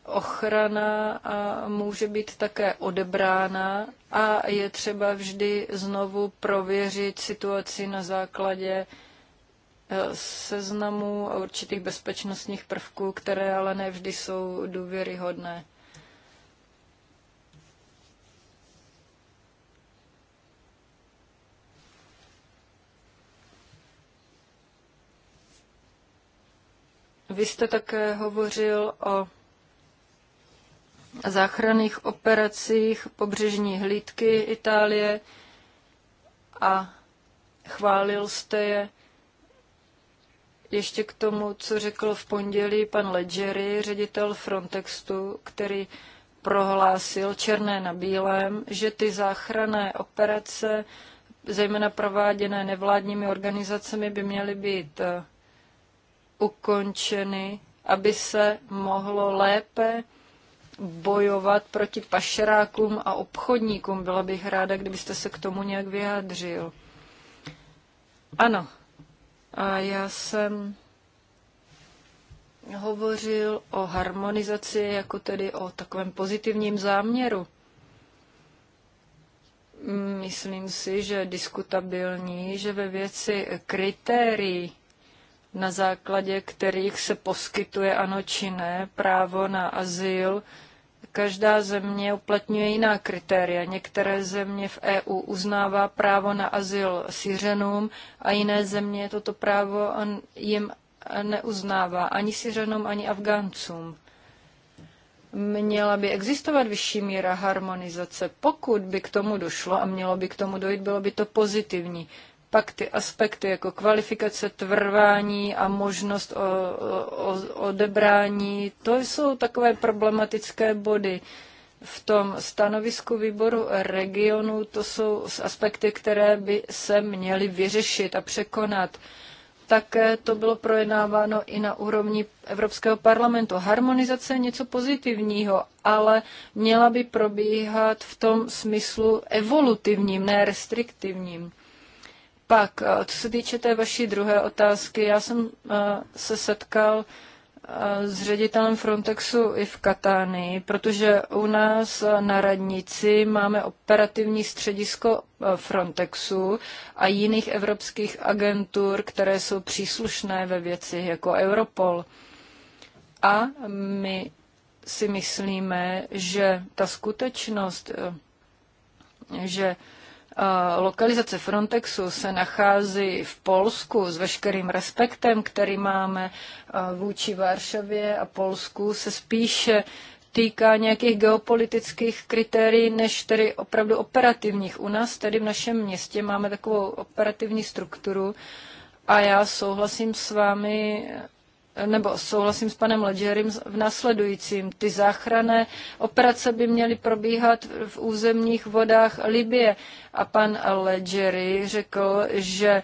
Speaker 1: ochrana může být také odebrána a je třeba vždy znovu prověřit situaci na základě eh, seznamu a určitých bezpečnostních prvků, které ale nevždy jsou důvěryhodné. Vy jste také hovořil o záchranných operacích pobřežní hlídky Itálie a chválil jste je ještě k tomu, co řekl v pondělí pan Ledgeri, ředitel Frontextu, který prohlásil černé na bílém, že ty záchranné operace, zejména prováděné nevládními organizacemi, by měly být eh, ukončeny, aby se mohlo lépe bojovat proti pašerákům a obchodníkům. Byla bych ráda, kdybyste se k tomu nějak vyjádřil. Ano, a já jsem hovořil o harmonizaci jako tedy o takovém pozitivním záměru. Myslím si, že diskutabilní, že ve věci kritérií, na základě kterých se poskytuje ano či ne právo na azyl, Každá země uplatňuje jiná kritéria. Některé země v EU uznává právo na azyl Syřenům a jiné země toto právo jim neuznává ani Syřenům, ani Afgáncům. Měla by existovat vyšší míra harmonizace. Pokud by k tomu došlo a mělo by k tomu dojít, bylo by to pozitivní. Pak ty aspekty jako kvalifikace, trvání a možnost o, o, odebrání, to jsou takové problematické body. V tom stanovisku výboru regionu to jsou aspekty, které by se měly vyřešit a překonat. Také to bylo projednáváno i na úrovni Evropského parlamentu. Harmonizace je něco pozitivního, ale měla by probíhat v tom smyslu evolutivním, ne restriktivním. Pak, eh, co se týče té vaší druhé otázky, já jsem eh, se setkal eh, s ředitelem Frontexu i v Katánii, protože u nás na radnici máme operativní středisko Frontexu a jiných evropských agentur, které jsou příslušné ve věci jako Europol. A my si myslíme, že ta skutečnost, že lokalizace Frontexu se nachází v Polsku s veškerým respektem, který máme vůči Varšavě a Polsku, se spíše týká nějakých geopolitických kritérií, než tedy opravdu operativních. U nás tedy v našem městě máme takovou operativní strukturu a já souhlasím s vámi nebo souhlasím s panem Ledgerem v nasledujícím. Ty záchrané operace by měly probíhat v územních vodách Libie. A pan Ledgery řekl, že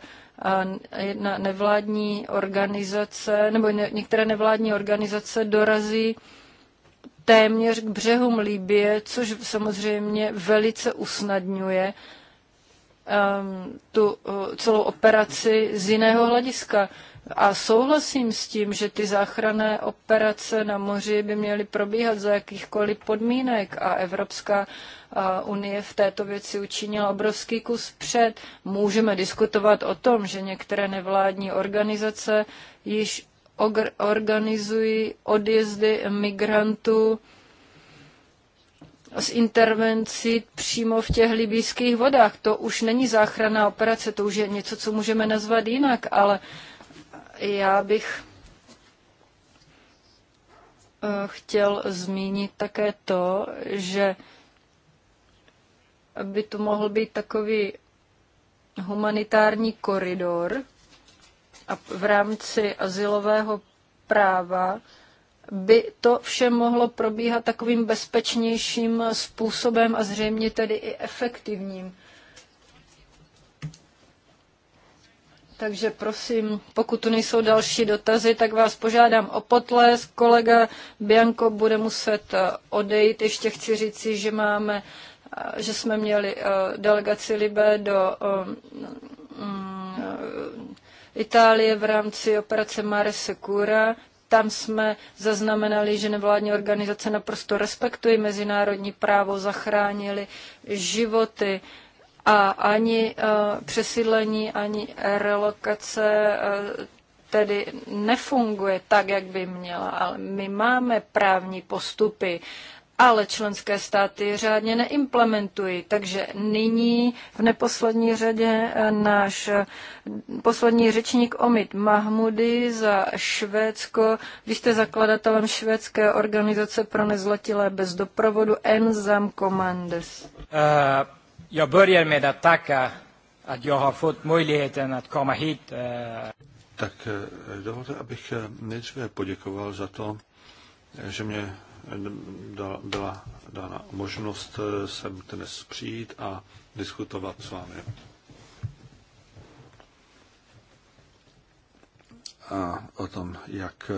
Speaker 1: jedna nevládní organizace, nebo některé nevládní organizace dorazí téměř k břehům Libie, což samozřejmě velice usnadňuje um, tu uh, celou operaci z jiného hlediska. A souhlasím s tím, že ty záchranné operace na moři by měly probíhat za jakýchkoliv podmínek a Evropská unie v této věci učinila obrovský kus před. Můžeme diskutovat o tom, že některé nevládní organizace již organizují odjezdy migrantů s intervencí přímo v těch libýských vodách. To už není záchranná operace, to už je něco, co můžeme nazvat jinak, ale uh, já bych eh, chtěl zmínit také to, že by to mohl být takový humanitární koridor a v rámci asilového práva by to vše mohlo probíhat takovým bezpečnějším způsobem a zřejmě tedy i efektivním. Takže prosím, pokud tu nejsou další dotazy, tak vás požádám o potlesk. Kolega Bianko bude muset eh, odejít. Ještě chci říci, že máme, eh, že jsme měli eh, delegaci Libe do mm, Itálie v rámci operace Mare Secura. Tam jsme zaznamenali, že nevládní organizace naprosto respektují mezinárodní právo, zachránili životy. Uh, a ani eh, přesídlení, ani relokace eh, tedy nefunguje tak, jak by měla, ale my máme právní postupy, ale členské státy řádně neimplementují. Takže nyní v neposlední řadě eh, náš poslední řečník Omid Mahmudy za Švédsko. Vy jste zakladatelem švédské organizace pro nezletilé bez doprovodu Enzam Commandes.
Speaker 3: Uh... Jag börjar med att tacka att jag har fått möjligheten att komma hit. Eh.
Speaker 2: Tak eh, dovolte, abych eh, nejdříve poděkoval za to, že mě byla dána možnost sem dnes přijít a diskutovat s vámi. A o tom, jak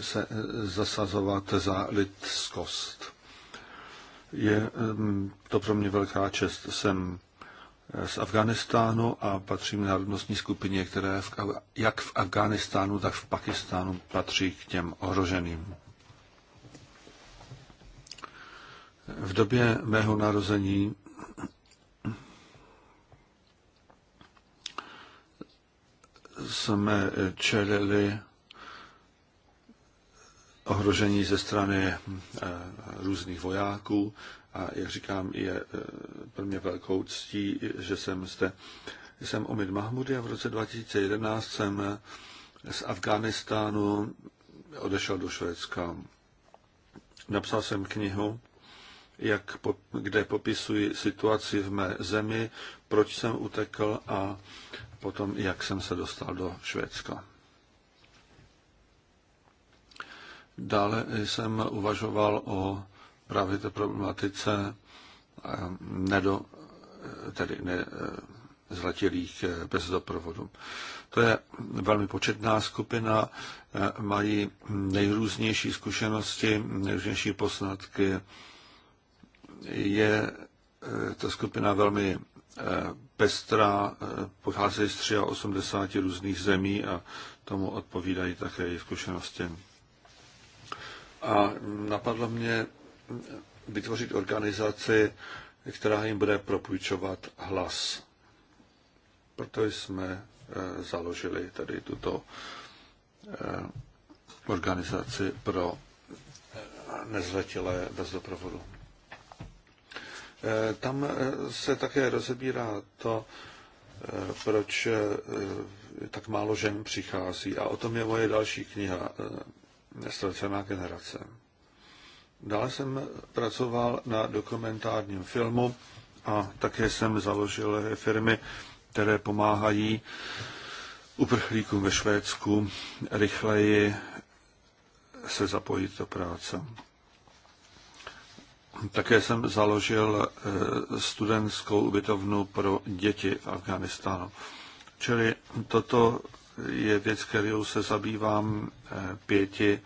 Speaker 2: se zasazovat za lidskost. Je to pro mě velká čest. Jsem eh, z Afganistánu a patřím národnostní skupině, které v, jak v Afganistánu, tak v Pakistánu patří k těm ohroženým. V době mého narození jsme čelili ohrožení ze strany eh, různých vojáků a jak říkám, je eh, pro mě velkou ctí, že jsem zde. Jsem Omid Mahmudi a v roce 2011 jsem eh, z Afghánistánu odešel do Švédska. Napsal jsem knihu, jak, kde popisuji situaci v mé zemi, proč jsem utekl a potom, jak jsem se dostal do Švédska. Dále jsem uvažoval o právě té problematice eh, nedo, eh, tedy ne, eh, zlatilých bez doprovodu. To je velmi početná skupina, mají nejrůznější zkušenosti, nejrůznější posnatky. Je ta skupina velmi pestrá, pochází z 83 různých zemí a tomu odpovídají také zkušenosti. A napadlo mě vytvořit organizaci, která jim bude propůjčovat hlas. Proto jsme e, založili tady tuto e, organizaci pro e, nezletilé bez doprovodu. Tam se také rozebírá to, proč tak málo žen přichází. A o tom je moje další kniha ztracená generace. Dále jsem pracoval na dokumentárním filmu a také jsem založil firmy, které pomáhají uprchlíkům ve Švédsku rychleji se zapojit do práce. Také jsem založil eh, studentskou ubytovnu pro děti v Afganistánu. Čili toto je věc, kterou se zabývám eh, pěti,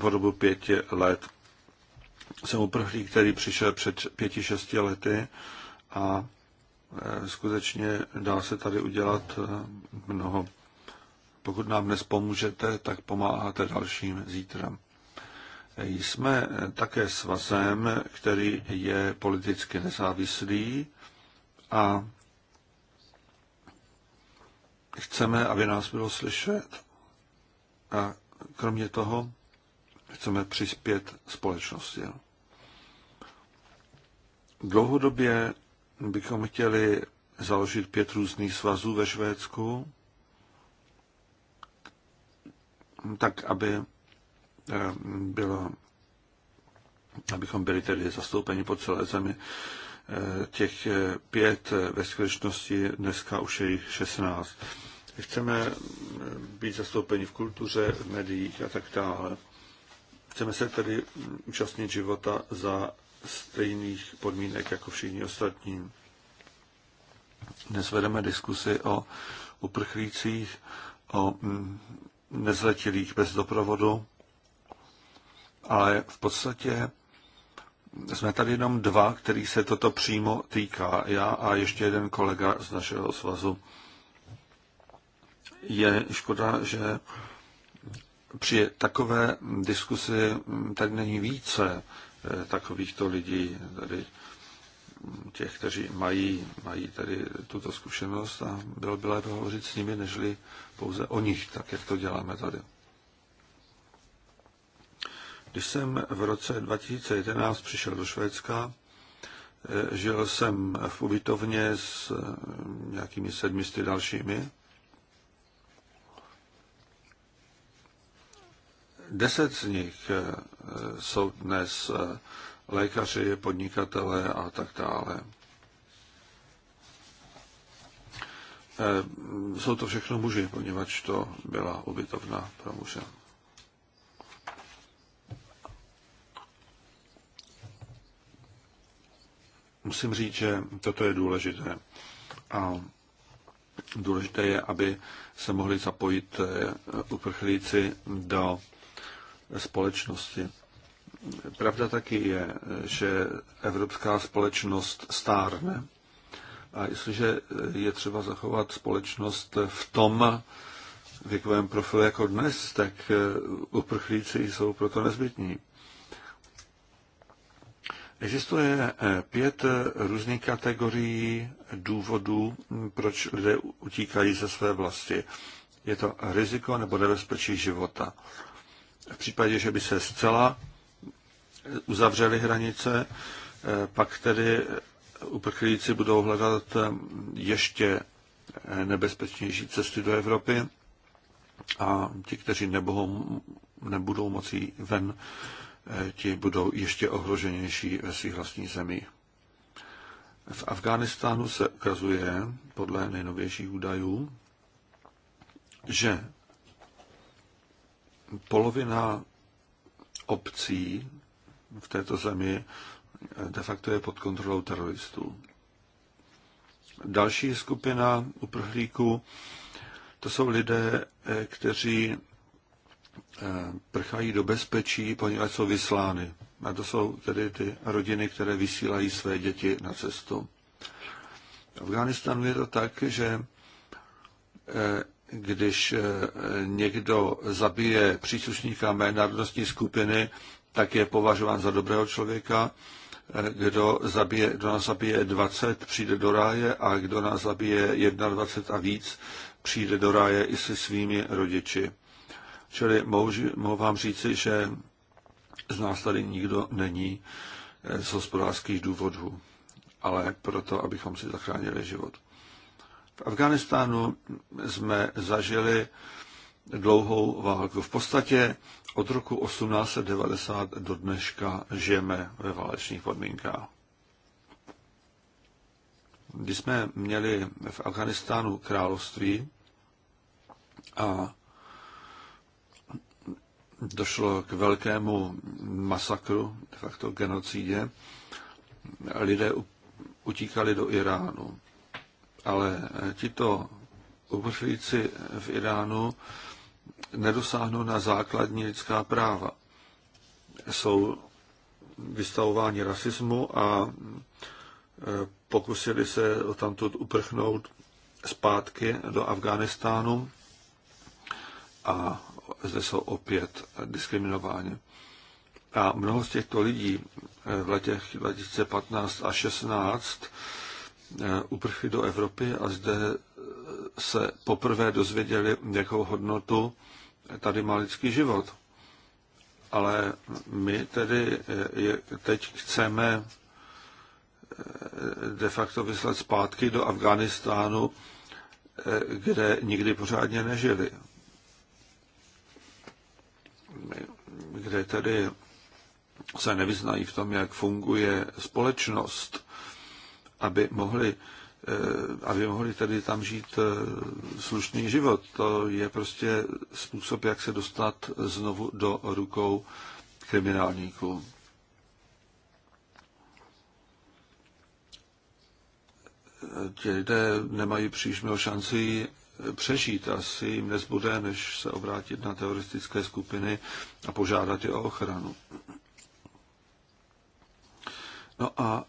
Speaker 2: po dobu pěti let. Jsem uprchlík, který přišel před pěti, šesti lety a eh, skutečně dá se tady udělat eh, mnoho. Pokud nám dnes pomůžete, tak pomáháte dalším zítra. Jsme také svazem, který je politicky nezávislý a Chceme, aby nás bylo slyšet a kromě toho chceme přispět společnosti. Dlouhodobě bychom chtěli založit pět různých svazů ve Švédsku, tak aby eh, bylo, abychom byli tedy zastoupeni po celé zemi. Eh, těch eh, pět eh, ve skutečnosti dneska už je jich 16. Chceme být zastoupeni v kultuře, v médiích a tak dále. Chceme se tedy mm, účastnit života za stejných podmínek jako všichni ostatní. Dnes vedeme diskusy o uprchlících, o mm, nezletilých bez doprovodu, ale v podstatě jsme tady jenom dva, který se toto přímo týká. Já a ještě jeden kolega z našeho svazu. Je škoda, že při takové diskusi hm, tak není více eh, takovýchto lidí, tady hm, těch, kteří mají, mají tady tuto zkušenost a bylo by lépe hovořit s nimi, nežli pouze o nich, tak jak to děláme tady. Když jsem v roce 2011 přišel do Švédska, eh, žil jsem v ubytovně s eh, nějakými sedmisty dalšími. Deset z nich eh, jsou dnes lékaři, podnikatelé a tak dále. Jsou to všechno muži, poněvadž to byla ubytovna pro muže. musím říct, že toto je důležité. A důležité je, aby se mohli zapojit eh, uprchlíci do společnosti. Pravda taky je, že evropská společnost stárne. A jestliže je třeba zachovat společnost v tom věkovém profilu jako dnes, tak eh, uprchlíci jsou proto nezbytní. Existuje eh, pět eh, různých kategorií důvodů, hm, proč lidé utíkají ze své vlasti. Je to riziko nebo nebezpečí života. V případě, že by se zcela eh, uzavřely hranice, pak tedy uprchlíci budou hledat ještě nebezpečnější cesty do Evropy a ti, kteří nebohou, nebudou moci ven, ti budou ještě ohroženější ve svých vlastních zemích. V Afghánistánu se ukazuje, podle nejnovějších údajů, že polovina obcí v této zemi de facto je pod kontrolou teroristů. Další skupina uprchlíků to jsou lidé, kteří Eh, prchají do bezpečí, poněvadž jsou vyslány. A to jsou tedy ty rodiny, které vysílají své děti na cestu. V Afganistanu je to tak, že eh, když eh, někdo zabije příslušníka mé národnostní skupiny, tak je považován za dobrého člověka. Kdo, zabije, kdo nás zabije 20, přijde do ráje a kdo nás zabije 21 a víc, přijde do ráje i se svými rodiči. Čili mohu, mohu vám říci, že z nás tady nikdo není eh, z hospodářských důvodů, ale proto, abychom si zachránili život. V Afganistánu jsme zažili dlouhou válku. V podstatě od roku 1890 do dneška žijeme ve válečných podmínkách. Když jsme měli v Afganistánu království a došlo k velkému masakru, de facto genocídě. Lidé utíkali do Iránu. Ale eh, tito uprchlíci v Iránu nedosáhnou na základní lidská práva. Jsou vystavováni rasismu a eh, pokusili se tamtud uprchnout zpátky do Afghánistánu a zde jsou opět diskriminováni. A mnoho z těchto lidí eh, v letech 2015 a 16 eh, uprchli do Evropy a zde eh, se poprvé dozvěděli, jakou hodnotu tady má lidský život. Ale my tedy teď chceme de facto vyslat zpátky do Afghánistánu, kde nikdy pořádně nežili kde tedy se nevyznají v tom, jak funguje společnost, aby mohli, eh, aby mohli tedy tam žít eh, slušný život. To je prostě způsob, jak se dostat znovu do rukou kriminálníků. Ti lidé nemají příliš šanci přežít. Asi jim nezbude, než se obrátit na teroristické skupiny a požádat je o ochranu. No a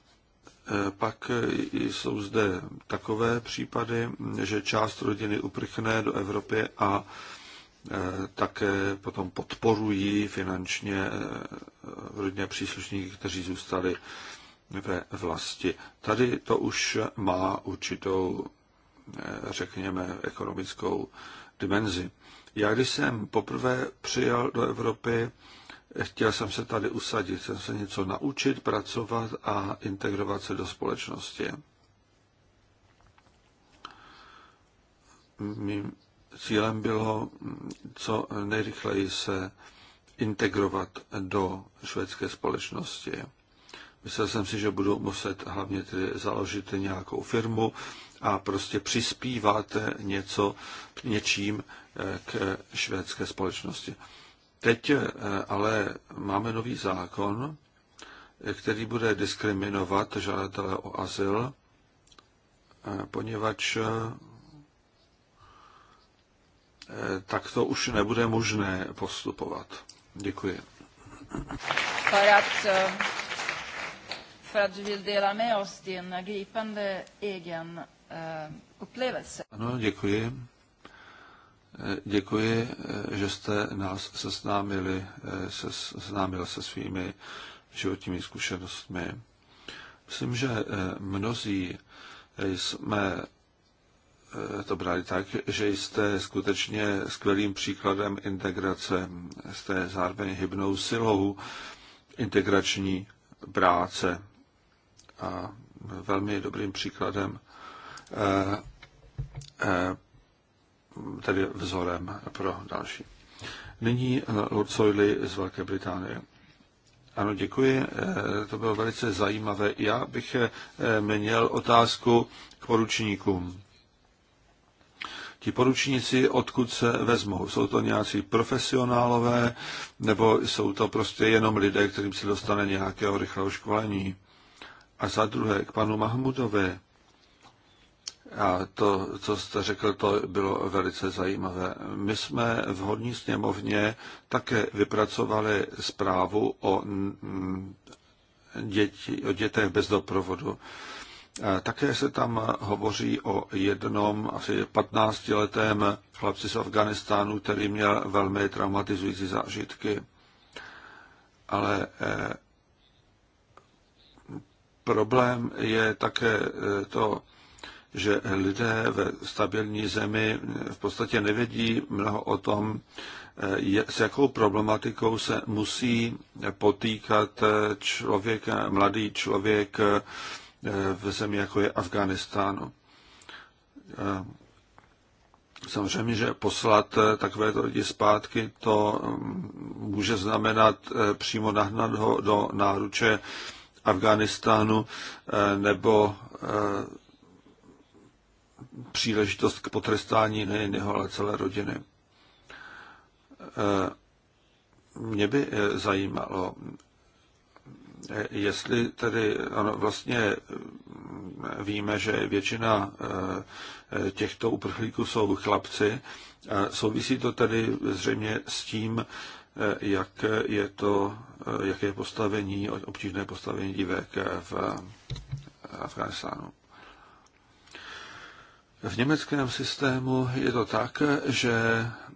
Speaker 2: e, pak e, jsou zde takové případy, že část rodiny uprchne do Evropy a e, také potom podporují finančně rodinné příslušníky, kteří zůstali ve vlasti. Tady to už má určitou řekněme, ekonomickou dimenzi. Já když jsem poprvé přijal do Evropy, chtěl jsem se tady usadit, jsem se něco naučit, pracovat a integrovat se do společnosti. Mým cílem bylo co nejrychleji se integrovat do švédské společnosti. Myslel jsem si, že budu muset hlavně tedy založit nějakou firmu, a prostě přispívat něco, něčím eh, k švédské společnosti. Teď eh, ale máme nový zákon, eh, který bude diskriminovat žadatele o azyl, poněvadž tak to už nebude možné postupovat. Děkuji.
Speaker 1: För att, du vill dela med oss din gripande egen Eh, ano,
Speaker 2: děkuji. Eh, děkuji, eh, že jste nás seznámili, se, seznámil se svými životními zkušenostmi. Myslím, že mnozí jsme to brali tak, že jste skutečně skvělým příkladem integrace, jste zároveň hybnou silou integrační práce a velmi dobrým příkladem Eh, eh, tedy vzorem pro další. Nyní eh, Lord Soily z Velké Británie. Ano, děkuji. To bylo velice zajímavé. Já bych měl otázku k poručníkům. Ti poručníci, odkud se vezmou? Jsou to nějací profesionálové, nebo jsou to prostě jenom lidé, kterým se dostane nějakého rychlého školení? A za druhé, k panu Mahmudovi. A to, co jste řekl, to bylo velice zajímavé. My jsme v Horní sněmovně také vypracovali zprávu o, děti, o dětech bez doprovodu. Také se tam hovoří o jednom asi 15-letém chlapci z Afganistánu, který měl velmi traumatizující zážitky. Ale e, problém je také e, to, že lidé ve stabilní zemi v podstatě nevědí mnoho o tom, s jakou problematikou se musí potýkat člověk, mladý člověk eh, v zemi, jako je Afganistánu. Eh, samozřejmě, že poslat eh, takovéto lidi zpátky, to mm, může znamenat přímo nahnat ho do náruče Afganistánu nebo příležitost k potrestání nejen jeho, ale celé rodiny. Eh, mě by eh, zajímalo, eh, jestli tedy, ano, vlastně víme, že většina těchto uprchlíků jsou chlapci. Souvisí to tedy zřejmě s tím, jak je to, jaké je postavení, obtížné postavení dívek v Afganistánu. V německém systému je to tak, že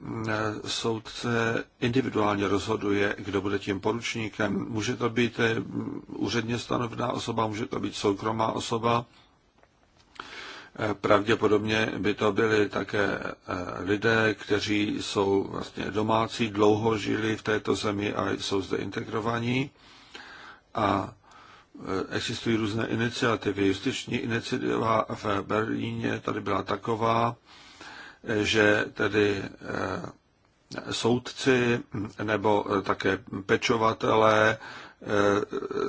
Speaker 2: mm, soudce individuálně rozhoduje, kdo bude tím poručníkem. Může to být eh, úředně stanovená osoba, může to být soukromá osoba. Eh, pravděpodobně by to byli také eh, lidé, kteří jsou vlastně domácí, dlouho žili v této zemi a jsou zde integrovaní. A Eh, existují různé iniciativy. Justiční iniciativa v Berlíně tady byla taková, eh, že tedy eh, soudci nebo také pečovatelé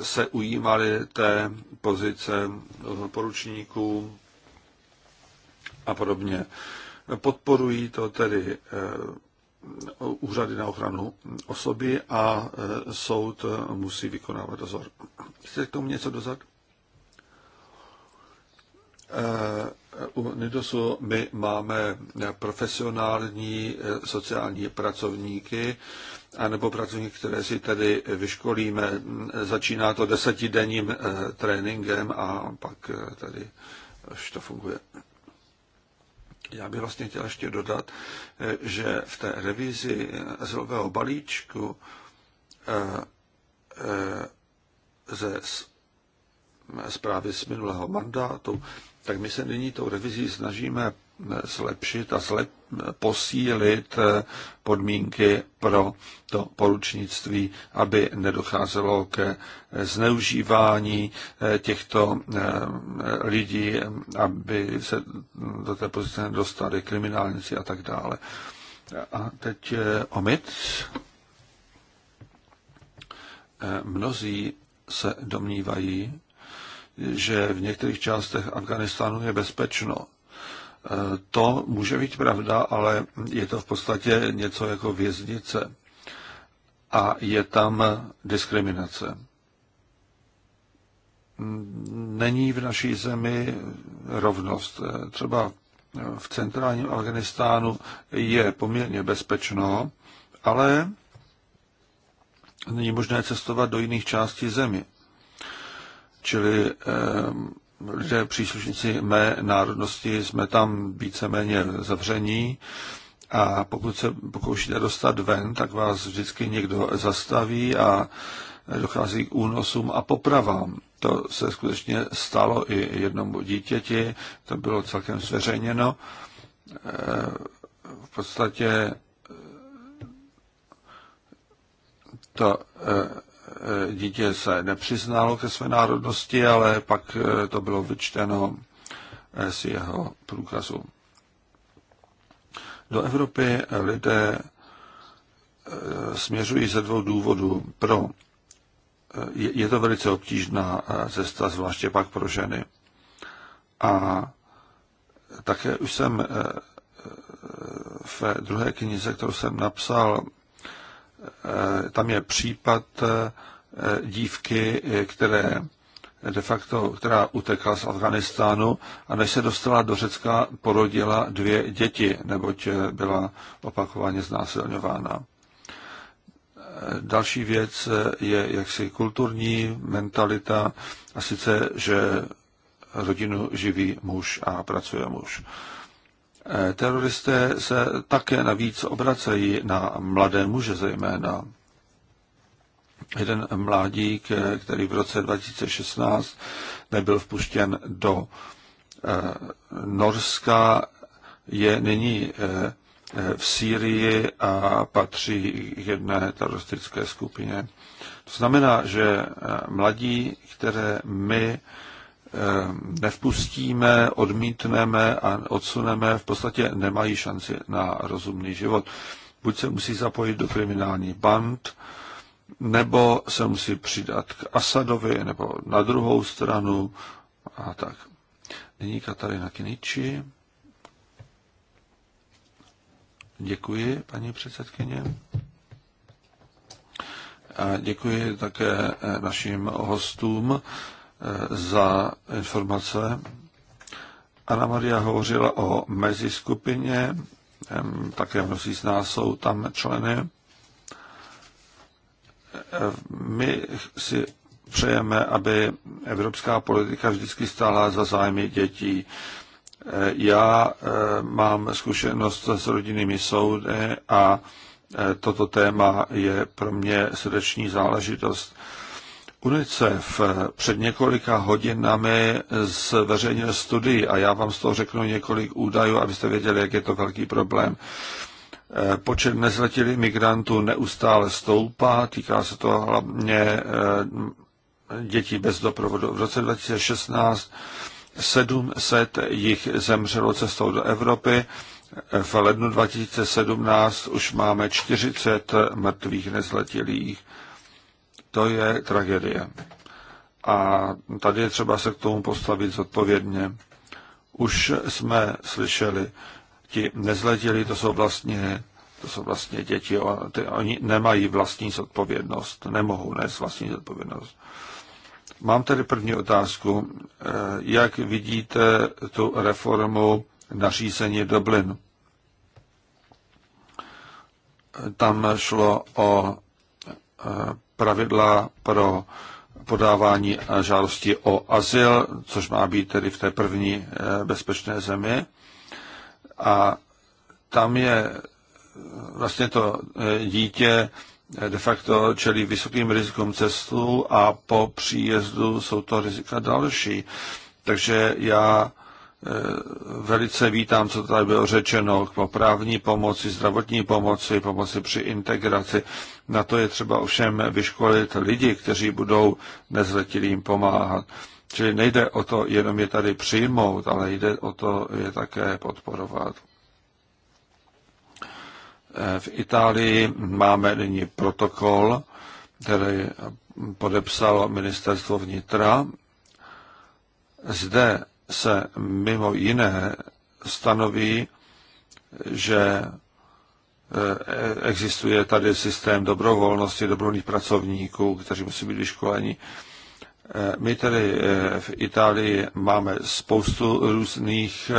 Speaker 2: se ujímali té pozice poručníků a podobně. Podporují to tedy úřady na ochranu osoby a e, soud musí vykonávat dozor. Chcete k tomu něco dozad? E, u NIDOSu my máme profesionální e, sociální pracovníky, anebo pracovníky, které si tedy vyškolíme. Začíná to desetidenním tréninkem a pak tady už to funguje. Já bych vlastně chtěl ještě dodat, eh, že v té revizi azylového balíčku eh, eh, ze zprávy z minulého mandátu, tak my se nyní tou revizí snažíme zlepšit a zlep, posílit eh, podmínky pro to poručnictví, aby nedocházelo ke zneužívání eh, těchto eh, lidí, aby se do té pozice nedostali kriminálníci a tak dále. A teď omit. Mnozí se domnívají, že v některých částech Afganistánu je bezpečno. To může být pravda, ale je to v podstatě něco jako věznice. A je tam diskriminace. Není v naší zemi rovnost. Třeba v centrálním Afganistánu je poměrně bezpečno, ale není možné cestovat do jiných částí země. Čili lidé příslušníci mé národnosti jsme tam víceméně zavření a pokud se pokoušíte dostat ven, tak vás vždycky někdo zastaví a dochází k únosům a popravám. To se skutečně stalo i jednomu dítěti, to bylo celkem zveřejněno. Eh, v podstatě eh, to eh, Eh, dítě se nepřiználo ke své národnosti, ale pak eh, to bylo vyčteno eh, z jeho průkazu. Do Evropy lidé směřují ze dvou důvodů. Pro je to velice obtížná cesta, zvláště pak pro ženy. A také už jsem v druhé knize, kterou jsem napsal, Eh, tam je případ eh, dívky, eh, které de facto, která utekla z Afganistánu a než se dostala do Řecka, porodila dvě děti, neboť byla opakovaně znásilňována. Další věc je jaksi kulturní mentalita, a sice, že rodinu živí muž a pracuje muž. Eh, teroristé se také navíc obracejí na mladé muže zejména. Jeden mládík, eh, který v roce 2016 nebyl vpuštěn do eh, Norska, je nyní v Sýrii a patří k jedné teroristické skupině. To znamená, že mladí, které my Eh, nevpustíme, odmítneme a odsuneme, v podstatě nemají šanci na rozumný život. Buď se musí zapojit do kriminální band, nebo se musí přidat k Asadovi, nebo na druhou stranu a tak. Nyní Katarina Kiniči. Děkuji, paní předsedkyně. A děkuji také eh, našim hostům za informace. Anna Maria hovořila o meziskupině, také mnozí z nás jsou tam členy. My si přejeme, aby evropská politika vždycky stála za zájmy dětí. Eh, já eh, mám zkušenost s rodinnými soudy a eh, toto téma je pro mě srdeční záležitost. UNICEF před několika hodinami zveřejnil studii a já vám z toho řeknu několik údajů, abyste věděli, jak je to velký problém. Eh, počet nezletilých migrantů neustále stoupá, týká se to hlavně eh, dětí bez doprovodu. V roce 2016 700 jich zemřelo cestou do Evropy. V lednu 2017 už máme 40 mrtvých nezletilých. To je tragédie. A tady je třeba se k tomu postavit zodpovědně. Už jsme slyšeli, ti nezletili, to jsou vlastně, to jsou vlastně děti, ty, oni nemají vlastní zodpovědnost, nemohou nést vlastní zodpovědnost. Mám tedy první otázku. Eh, jak vidíte tu reformu nařízení Dublin? Tam šlo o eh, pravidla pro podávání žádosti o azyl, což má být tedy v té první eh, bezpečné zemi. A tam je eh, vlastně to eh, dítě de facto čelí vysokým rizikům cestu a po příjezdu jsou to rizika další. Takže já Eh, velice vítám, co tady bylo řečeno, k právní pomoci, zdravotní pomoci, pomoci při integraci. Na to je třeba ovšem vyškolit lidi, kteří budou nezletilým pomáhat. Čili nejde o to jenom je tady přijmout, ale jde o to je také podporovat. Eh, v Itálii máme nyní protokol, který podepsalo ministerstvo vnitra. Zde se mimo jiné stanoví, že eh, existuje tady systém dobrovolnosti dobrovolných pracovníků, kteří musí být vyškoleni. Eh, my tady eh, v Itálii máme spoustu různých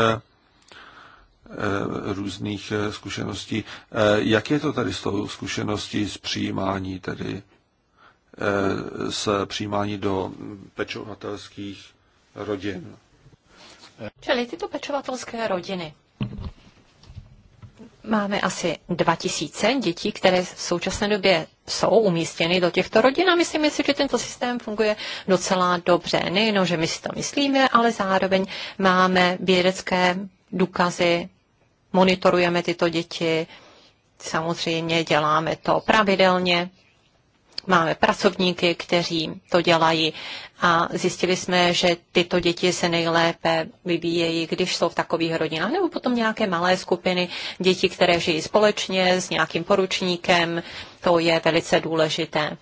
Speaker 2: různých zkušeností. Jak je to tady s tou zkušeností s přijímání tedy s přijímání do pečovatelských rodin?
Speaker 3: Čili tyto pečovatelské rodiny. Máme asi 2000 dětí, které v současné době jsou umístěny do těchto rodin a myslíme si, že tento systém funguje docela dobře. Nejenom, že my si to myslíme, ale zároveň máme vědecké důkazy, monitorujeme tyto děti, samozřejmě děláme to pravidelně Máme pracovníky, kteří to dělají a zjistili jsme, že tyto děti se nejlépe vyvíjejí, když jsou v takových rodinách, nebo potom nějaké malé skupiny dětí, které žijí společně s nějakým poručníkem. To je velice důležité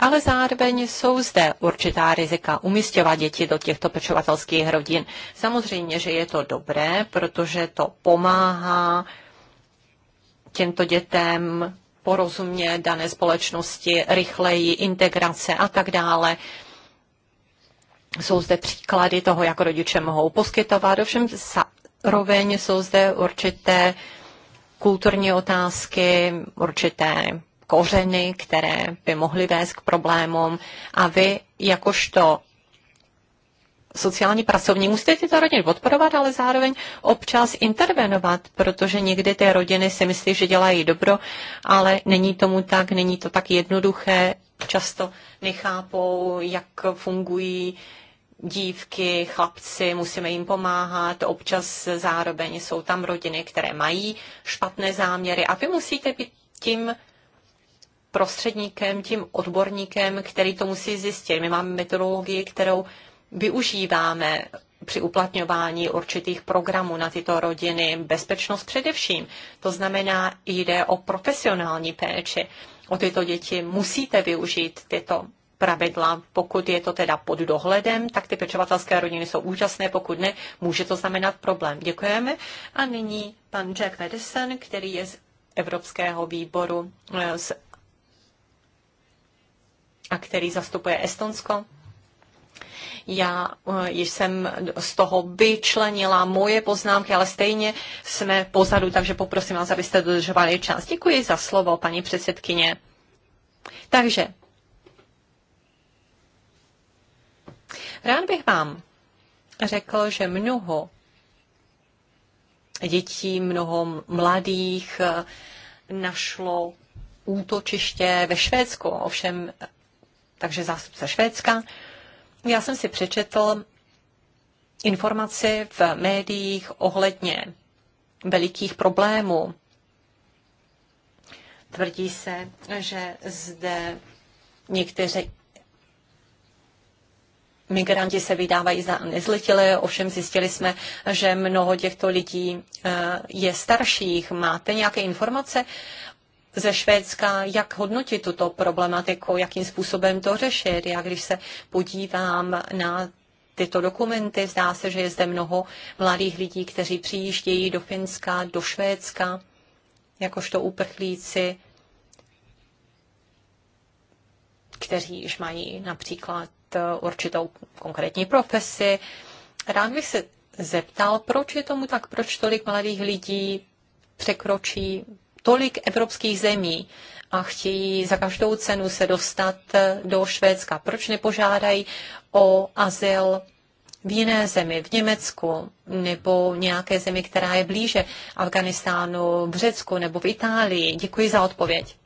Speaker 3: ale zároveň jsou zde určitá rizika umistěvat děti do těchto pečovatelských rodin. Samozřejmě, že je to dobré, protože to pomáhá těmto dětem porozumět dané společnosti, rychleji integrace a tak dále. Jsou zde příklady toho, jak rodiče mohou poskytovat, ovšem zároveň jsou zde určité kulturní otázky, určité kořeny, které by mohly vést k problémům a vy jakožto sociální pracovní musíte tyto rodiny podporovat, ale zároveň občas intervenovat, protože někdy ty rodiny si myslí, že dělají dobro, ale není tomu tak, není to tak jednoduché, často nechápou, jak fungují dívky, chlapci, musíme jim pomáhat, občas zároveň jsou tam rodiny, které mají špatné záměry a vy musíte být tím prostředníkem, tím odborníkem, který to musí zjistit. My máme metodologii, kterou využíváme při uplatňování určitých programů na tyto rodiny, bezpečnost především. To znamená, jde o profesionální péči. O tyto děti musíte využít tyto pravidla. Pokud je to teda pod dohledem, tak ty pečovatelské rodiny jsou úžasné, pokud ne, může to znamenat problém. Děkujeme. A nyní pan Jack Madison, který je z Evropského výboru eh, z, a který zastupuje Estonsko. Já eh, jsem z toho vyčlenila moje poznámky, ale stejně jsme pozadu, takže poprosím vás, abyste dodržovali čas. Děkuji za slovo, paní předsedkyně. Takže Rád bych vám řekl, že mnoho dětí, mnoho mladých eh, našlo útočiště ve Švédsku, ovšem eh, takže zástupce Švédska já jsem si přečetl informaci v médiích ohledně velikých problémů. Tvrdí se, že zde někteří migranti se vydávají za nezletilé, ovšem zjistili jsme, že mnoho těchto lidí eh, je starších. Máte nějaké informace ze Švédska, jak hodnotit tuto problematiku, jakým způsobem to řešit. Já když se podívám na tyto dokumenty, zdá se, že je zde mnoho mladých lidí, kteří přijíždějí do Finska, do Švédska, jakožto uprchlíci, kteří již mají například eh, určitou konkrétní profesi. Rád bych se zeptal, proč je tomu tak, proč tolik mladých lidí překročí tolik evropských zemí a chtějí za každou cenu se dostat eh, do Švédska. Proč nepožádají o azyl v jiné zemi, v Německu nebo nějaké zemi, která je blíže Afganistánu, v Řecku nebo v Itálii? Děkuji za odpověď.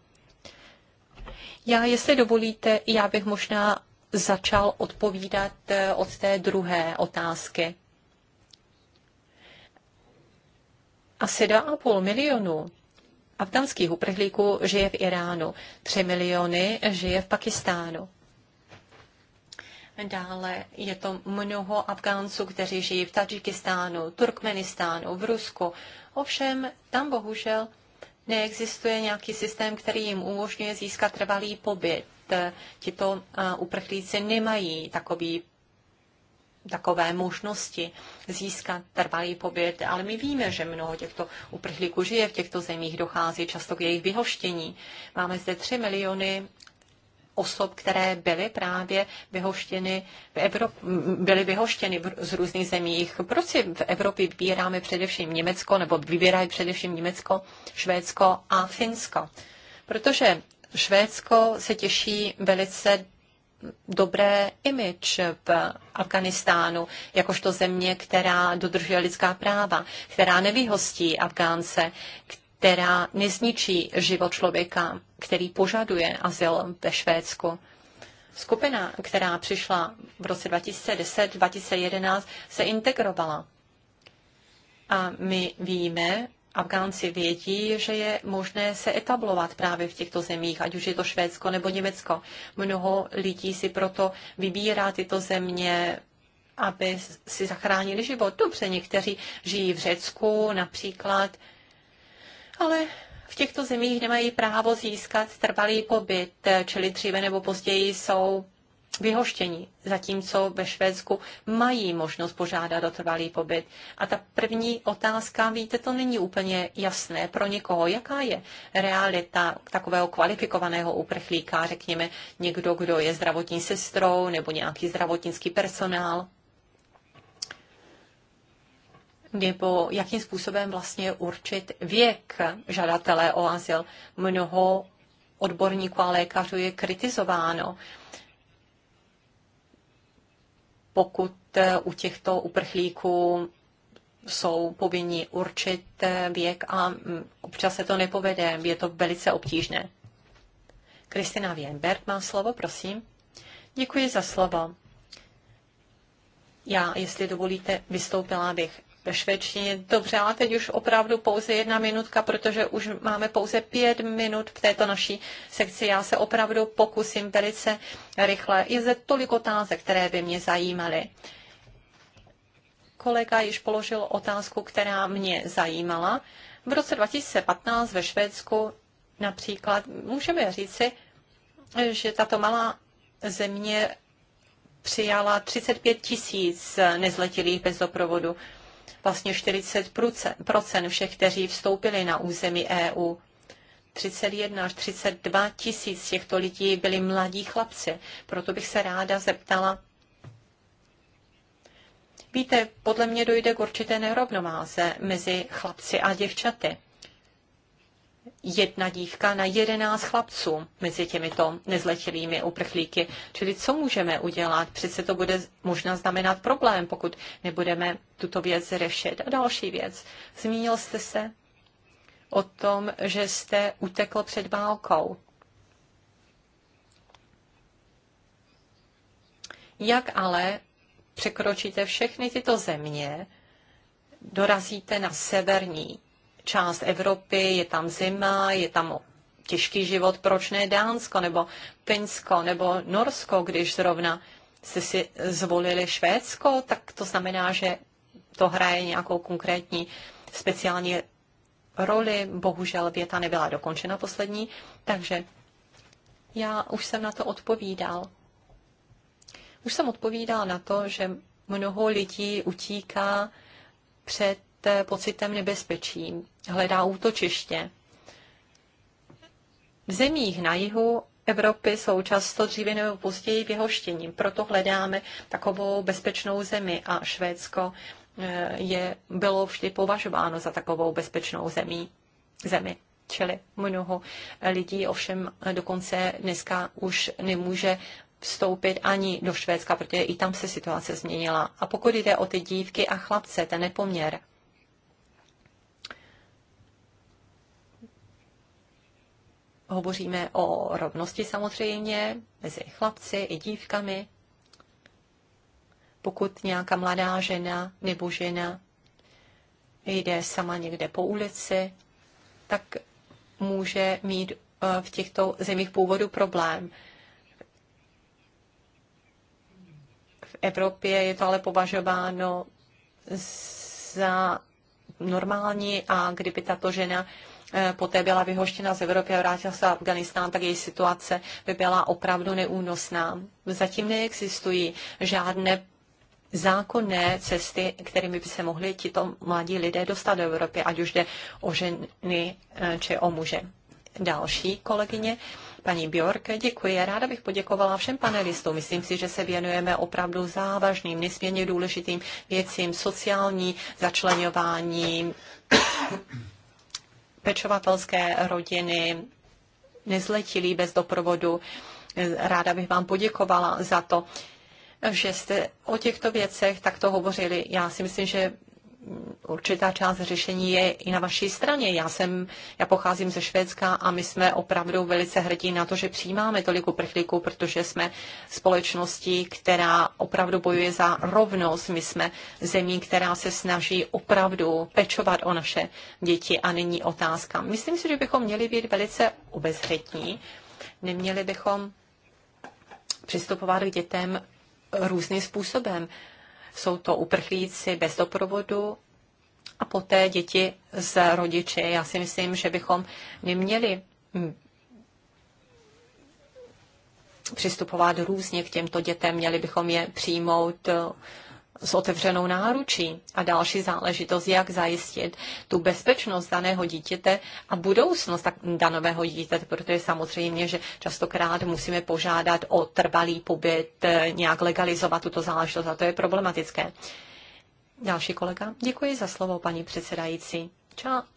Speaker 3: Já, jestli dovolíte, já bych možná začal odpovídat eh, od té druhé otázky. Asi 2,5 milionu afgánských uprchlíků žije v Iránu, 3 miliony žije v Pakistánu. Dále je to mnoho Afgánců, kteří žijí v Tadžikistánu, Turkmenistánu, v Rusku. Ovšem, tam bohužel neexistuje nějaký systém, který jim umožňuje získat trvalý pobyt. Tito uprchlíci nemají takový takové možnosti získat trvalý pobyt, ale my víme, že mnoho těchto uprchlíků žije v těchto zemích, dochází často k jejich vyhoštění. Máme zde 3 miliony osob, které byly právě vyhoštěny, v Evrop- byly vyhoštěny z různých zemích. Proč si v Evropě vybíráme především Německo, nebo vybírají především Německo, Švédsko a Finsko? Protože Švédsko se těší velice dobré image v Afganistánu, jakožto země, která dodržuje lidská práva, která nevyhostí Afgánce, která nezničí život člověka, který požaduje azyl ve Švédsku. Skupina, která přišla v roce 2010-2011, se integrovala. A my víme, Afgánci vědí, že je možné se etablovat právě v těchto zemích, ať už je to Švédsko nebo Německo. Mnoho lidí si proto vybírá tyto země, aby si zachránili život. Dobře, někteří žijí v Řecku například, ale v těchto zemích nemají právo získat trvalý pobyt, čili dříve nebo později jsou vyhoštění, zatímco ve Švédsku mají možnost požádat o trvalý pobyt. A ta první otázka, víte, to není úplně jasné pro někoho, jaká je realita takového kvalifikovaného uprchlíka, řekněme někdo, kdo je zdravotní sestrou nebo nějaký zdravotnický personál nebo jakým způsobem vlastně určit věk žadatele o azyl. Mnoho odborníků a lékařů je kritizováno pokud eh, u těchto uprchlíků jsou povinni určit eh, věk a mm, občas se to nepovede, je to velice obtížné. Kristina Wienberg má slovo, prosím. Děkuji za slovo. Já, jestli dovolíte, vystoupila bych ve švédštině. Dobře, ale teď už opravdu pouze jedna minutka, protože už máme pouze pět minut v této naší sekci. Já se opravdu pokusím velice rychle. Je zde tolik otázek, které by mě zajímaly. Kolega již položil otázku, která mě zajímala. V roce 2015 ve Švédsku například můžeme říci, že tato malá země přijala 35 tisíc nezletilých bez doprovodu vlastně 40 všech, kteří vstoupili na území EU. 31 až 32 tisíc těchto lidí byli mladí chlapci. Proto bych se ráda zeptala, Víte, podle mě dojde k určité nerovnováze mezi chlapci a děvčaty jedna dívka na jedenáct chlapců mezi těmito nezletilými uprchlíky. Čili co můžeme udělat? Přece to bude možná znamenat problém, pokud nebudeme tuto věc řešit. A další věc. Zmínil jste se o tom, že jste utekl před válkou. Jak ale překročíte všechny tyto země, dorazíte na severní část Evropy, je tam zima, je tam těžký život, proč ne Dánsko nebo Finsko nebo Norsko, když zrovna jste si zvolili Švédsko, tak to znamená, že to hraje nějakou konkrétní speciální roli. Bohužel věta nebyla dokončena poslední, takže já už jsem na to odpovídal. Už jsem odpovídal na to, že mnoho lidí utíká před pocitem nebezpečí, hledá útočiště. V zemích na jihu Evropy jsou často dříve nebo později vyhoštěním, proto hledáme takovou bezpečnou zemi a Švédsko eh, je, bylo vždy považováno za takovou bezpečnou zemí, zemi. Čili mnoho lidí ovšem dokonce dneska už nemůže vstoupit ani do Švédska, protože i tam se situace změnila. A pokud jde o ty dívky a chlapce, ten nepoměr, Hovoříme o rovnosti samozřejmě mezi chlapci i dívkami. Pokud nějaká mladá žena nebo žena jde sama někde po ulici, tak může mít eh, v těchto zemích původu problém. V Evropě je to ale považováno za normální a kdyby tato žena Eh, poté byla vyhoštěna z Evropy a vrátila se Afganistán, tak její situace by byla opravdu neúnosná. Zatím neexistují žádné zákonné cesty, kterými by se mohli tito mladí lidé dostat do Evropy, ať už jde o ženy eh, či o muže. Další kolegyně. Paní Bjork, děkuji. Ráda bych poděkovala všem panelistům. Myslím si, že se věnujeme opravdu závažným, nesmírně důležitým věcím, sociální začlenování, pečovatelské rodiny, nezletilí bez doprovodu. Ráda bych vám poděkovala za to, že jste o těchto věcech takto hovořili. Já si myslím, že určitá část řešení je i na vaší straně. Já, jsem, já pocházím ze Švédska a my jsme opravdu velice hrdí na to, že přijímáme tolik uprchlíků, protože jsme společností, která opravdu bojuje za rovnost. My jsme zemí, která se snaží opravdu pečovat o naše děti a není otázka. Myslím si, že bychom měli být velice obezřetní. Neměli bychom přistupovat k dětem různým způsobem jsou to uprchlíci bez doprovodu a poté děti z rodiče. Já si myslím, že bychom neměli hm, přistupovat různě k těmto dětem, měli bychom je přijmout eh, s otevřenou náručí. A další záležitost, jak zajistit tu bezpečnost daného dítěte a budoucnost daného dítěte, protože samozřejmě, že častokrát musíme požádat o trvalý pobyt, eh, nějak legalizovat tuto záležitost a to je problematické. Další kolega. Děkuji za slovo, paní předsedající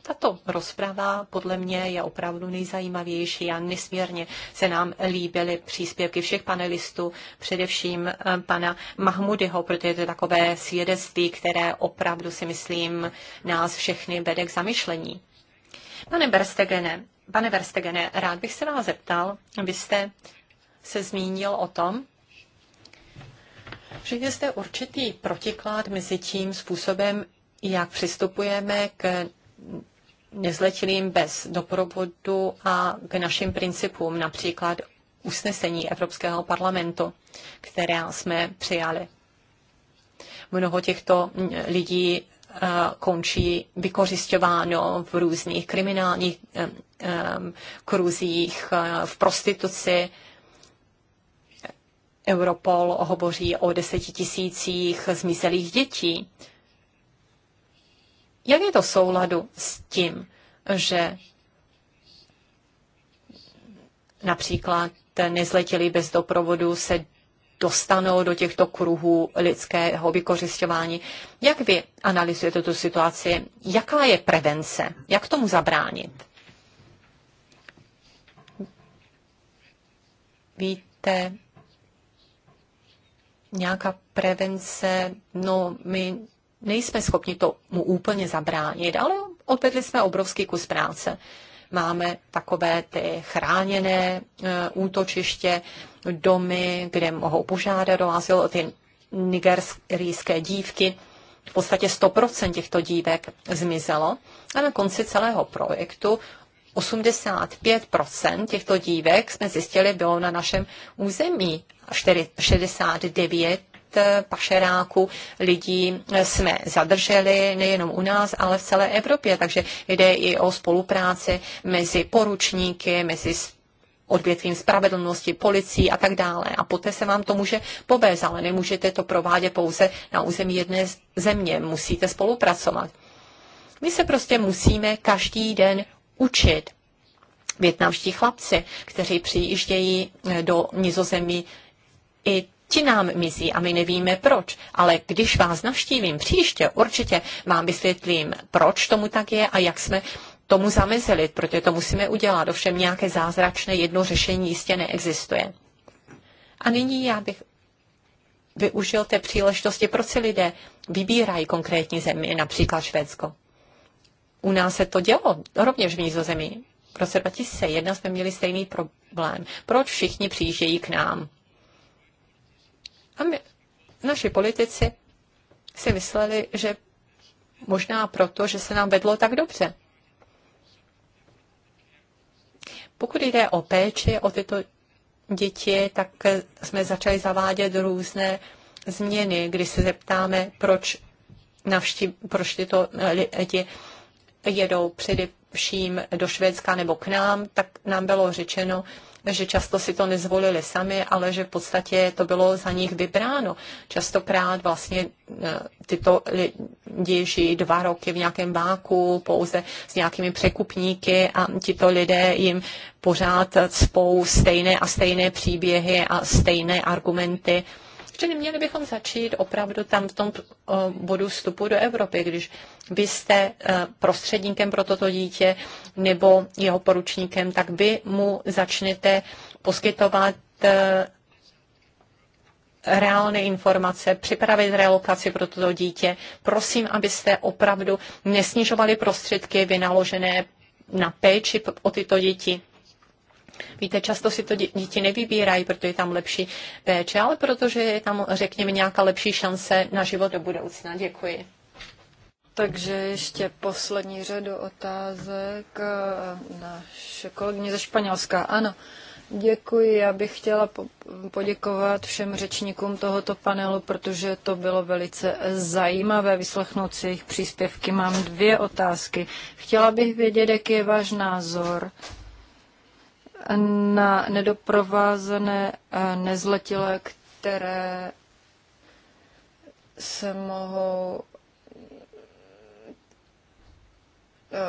Speaker 3: tato rozprava podle mě je opravdu nejzajímavější a nesmírně se nám líbily příspěvky všech panelistů, především eh, pana Mahmudyho, protože to je takové svědectví, které opravdu si myslím nás všechny vede k zamyšlení. Pane Berstegene, pane Berstegene, rád bych se vás zeptal, abyste se zmínil o tom, že je zde určitý protiklad mezi tím způsobem, jak přistupujeme k nezlečilým bez doprovodu a k našim principům, například usnesení Evropského parlamentu, které jsme přijali. Mnoho těchto lidí eh, končí vykořišťováno v různých kriminálních eh, eh, kruzích, v prostituci. Europol hovoří o desetitisících zmizelých dětí. Jak je to v souladu s tím, že například nezletilí bez doprovodu se dostanou do těchto kruhů lidského vykořišťování. Jak vy analyzujete tu situaci? Jaká je prevence? Jak tomu zabránit? Víte, nějaká prevence, no my nejsme schopni tomu úplně zabránit, ale odvedli jsme obrovský kus práce. Máme takové ty chráněné e, útočiště, domy, kde mohou požádat o azyl ty nigerijské dívky. V podstatě 100% těchto dívek zmizelo a na konci celého projektu 85% těchto dívek jsme zjistili bylo na našem území. 69 pašeráků lidí jsme zadrželi nejenom u nás, ale v celé Evropě. Takže jde i o spolupráci mezi poručníky, mezi odvětvím spravedlnosti, policií a tak dále. A poté se vám to může povést, ale nemůžete to provádět pouze na území jedné země. Musíte spolupracovat. My se prostě musíme každý den učit. Větnamští chlapci, kteří přijíždějí do nizozemí, i ti nám mizí a my nevíme proč. Ale když vás navštívím příště, určitě vám vysvětlím, proč tomu tak je a jak jsme tomu zamezili, protože to musíme udělat. Ovšem nějaké zázračné jedno řešení jistě neexistuje. A nyní já bych využil té příležitosti, proč si lidé vybírají konkrétní země, například Švédsko. U nás se to dělo, rovněž v Nízozemí. V roce 2001 jsme měli stejný problém. Proč všichni přijíždějí k nám? A my, naši politici si mysleli, že možná proto, že se nám vedlo tak dobře. Pokud jde o péči o tyto děti, tak jsme začali zavádět různé změny, kdy se zeptáme, proč, navštív, proč tyto eh, lidi jedou především do Švédska nebo k nám, tak nám bylo řečeno, že často si to nezvolili sami, ale že v podstatě to bylo za nich vybráno. Častokrát vlastně e, tyto lidi žijí dva roky v nějakém váku, pouze s nějakými překupníky a tito lidé jim pořád spou stejné a stejné příběhy a stejné argumenty. Čili měli bychom začít opravdu tam v tom e, bodu vstupu do Evropy, když byste e, prostředníkem pro toto dítě, nebo jeho poručníkem, tak vy mu začnete poskytovat eh, reálné informace, připravit relokaci pro toto dítě. Prosím, abyste opravdu nesnižovali prostředky vynaložené na péči o tyto děti. Víte, často si to děti nevybírají, protože je tam lepší péče, ale protože je tam, řekněme, nějaká lepší šance na život do budoucna.
Speaker 1: Děkuji. Takže ještě poslední řadu otázek. Eh, naše kolegyně ze Španělska. Ano, děkuji. Já bych chtěla poděkovat všem řečníkům tohoto panelu, protože to bylo velice zajímavé vyslechnout si jejich příspěvky. Mám dvě otázky. Chtěla bych vědět, jaký je váš názor na nedoprovázené eh, nezletilé, které se mohou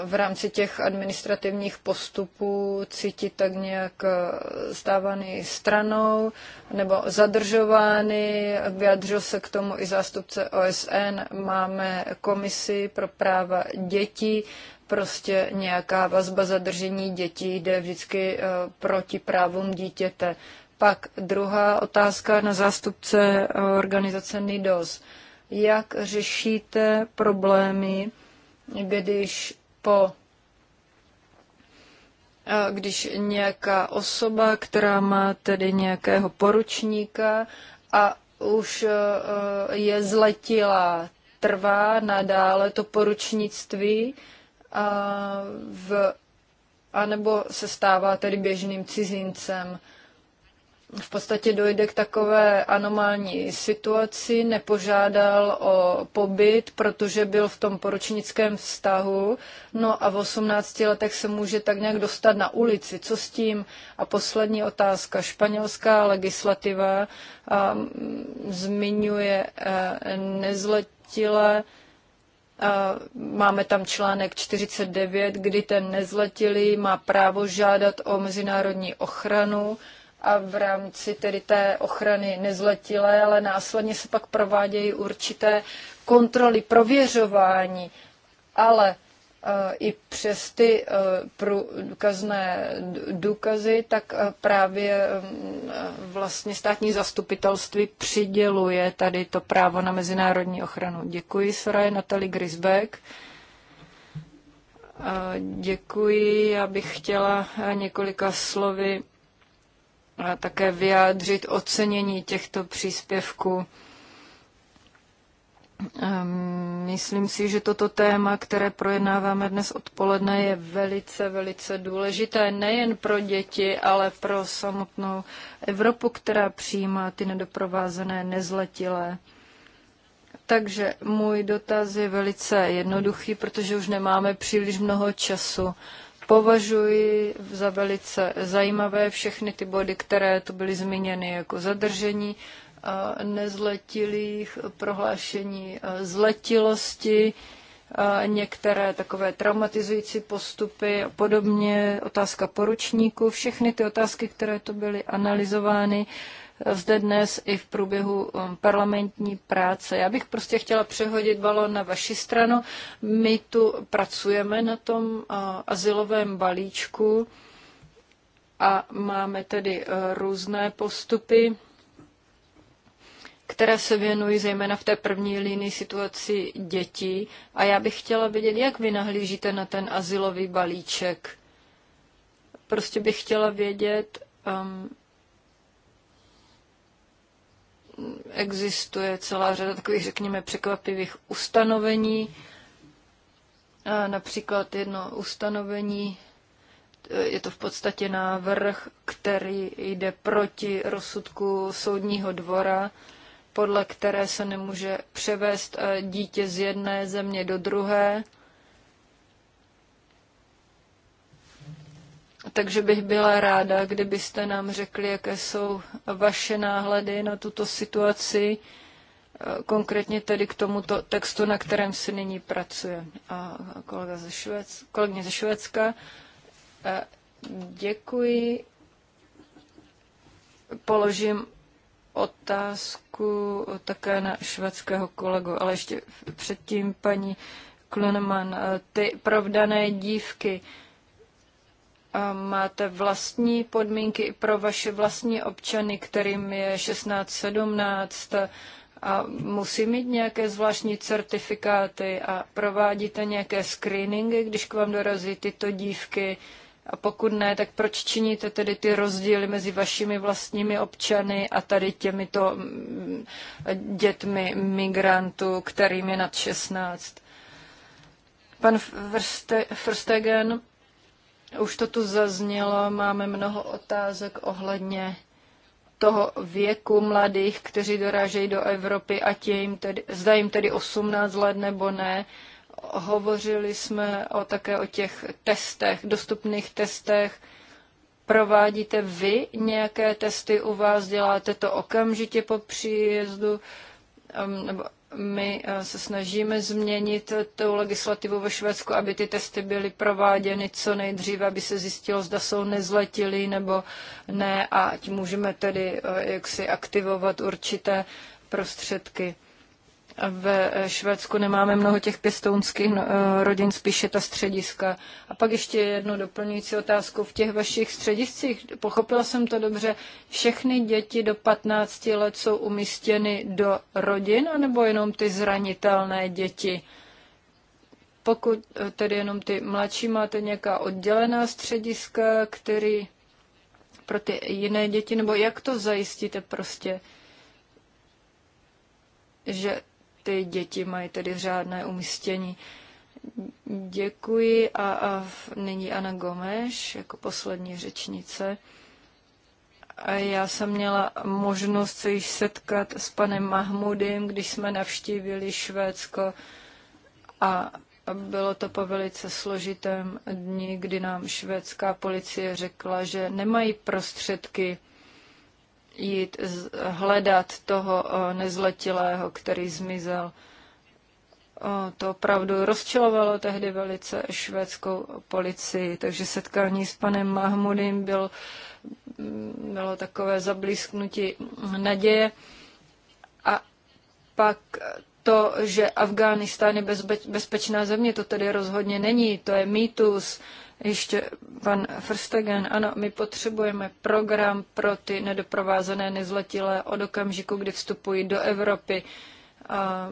Speaker 1: v rámci těch administrativních postupů cítit tak nějak eh, stávaný stranou nebo zadržovány. Vyjadřil se k tomu i zástupce OSN. Máme komisi pro práva dětí. Prostě nějaká vazba zadržení dětí jde vždycky eh, proti právům dítěte. Pak druhá otázka na zástupce eh, organizace NIDOS. Jak řešíte problémy, když po eh, když nějaká osoba, která má tedy nějakého poručníka a už eh, je zletila, trvá nadále to poručnictví a v, anebo se stává tedy běžným cizincem v podstatě dojde k takové anomální situaci, nepožádal o pobyt, protože byl v tom poročnickém vztahu, no a v 18 letech se může tak nějak dostat na ulici. Co s tím? A poslední otázka. Španělská legislativa um, zmiňuje a uh, uh, Máme tam článek 49, kdy ten nezletilý má právo žádat o mezinárodní ochranu a v rámci tedy té ochrany nezletilé, ale následně se pak provádějí určité kontroly, prověřování, ale eh, i přes ty eh, důkazné důkazy, tak eh, právě mm, vlastně státní zastupitelství přiděluje tady to právo na mezinárodní ochranu. Děkuji, Soraya Natalie Grisbeck. Děkuji, já bych chtěla několika slovy také vyjádřit ocenění těchto příspěvků. Ehm, myslím si, že toto téma, které projednáváme dnes odpoledne, je velice, velice důležité nejen pro děti, ale pro samotnou Evropu, která přijímá ty nedoprovázené nezletilé. Takže můj dotaz je velice jednoduchý, protože už nemáme příliš mnoho času. Považuji za velice zajímavé všechny ty body, které tu byly zmíněny jako zadržení nezletilých, prohlášení zletilosti, některé takové traumatizující postupy a podobně, otázka poručníků, všechny ty otázky, které tu byly analyzovány, zde dnes i v průběhu um, parlamentní práce. Já bych prostě chtěla přehodit balon na vaši stranu. My tu pracujeme na tom uh, asilovém balíčku a máme tedy uh, různé postupy které se věnují zejména v té první linii situaci dětí. A já bych chtěla vědět, jak vy nahlížíte na ten asilový balíček. Prostě bych chtěla vědět, um, existuje celá řada takových, řekněme, překvapivých ustanovení. A například jedno ustanovení, e, je to v podstatě návrh, který jde proti rozsudku soudního dvora, podle které se nemůže převést e, dítě z jedné země do druhé Takže bych byla ráda, kdybyste nám řekli, jaké jsou vaše náhledy na tuto situaci, eh, konkrétně tedy k tomuto textu, na kterém se nyní pracuje. A kolega ze Švec, kolegyně ze Švédska, eh, děkuji. Položím otázku také na švédského kolegu, ale ještě předtím paní Klunman, eh, ty provdané dívky, máte vlastní podmínky i pro vaše vlastní občany, kterým je 16, 17 a musí mít nějaké zvláštní certifikáty a provádíte nějaké screeningy, když k vám dorazí tyto dívky. A pokud ne, tak proč činíte tedy ty rozdíly mezi vašimi vlastními občany a tady těmito mm, dětmi migrantů, kterým je nad 16? Pan Verstegen už to tu zaznělo, máme mnoho otázek ohledně toho věku mladých, kteří dorážejí do Evropy, ať je jim tedy, zda jim tedy 18 let nebo ne. Hovořili jsme o, také o těch testech, dostupných testech. Provádíte vy nějaké testy u vás? Děláte to okamžitě po příjezdu? Um, nebo my eh, se snažíme změnit tu legislativu ve Švédsku, aby ty testy byly prováděny co nejdříve, aby se zjistilo, zda jsou nezletilí nebo ne a ať můžeme tedy eh, jaksi aktivovat určité prostředky ve Švédsku nemáme mnoho těch pěstounských no, eh, rodin, spíše ta střediska. A pak ještě jednu doplňující otázku. V těch vašich střediscích, pochopila jsem to dobře, všechny děti do 15 let jsou umístěny do rodin, anebo jenom ty zranitelné děti? Pokud eh, tedy jenom ty mladší máte nějaká oddělená střediska, který pro ty jiné děti, nebo jak to zajistíte prostě? že ty děti mají tedy řádné umístění. Děkuji a, a nyní Ana Gomeš jako poslední řečnice. A já jsem měla možnost se již setkat s panem Mahmudem, když jsme navštívili Švédsko a bylo to po velice složitém dní, kdy nám švédská policie řekla, že nemají prostředky jít hledat toho nezletilého, který zmizel. To opravdu rozčilovalo tehdy velice švédskou policii, takže setkání s panem Mahmudem byl, bylo takové zablízknutí naděje. A pak to, že Afghánistán je bezpečná země, to tedy rozhodně není, to je mýtus. Ještě pan Frstegen, ano, my potřebujeme program pro ty nedoprovázené nezletilé od okamžiku, kdy vstupují do Evropy. A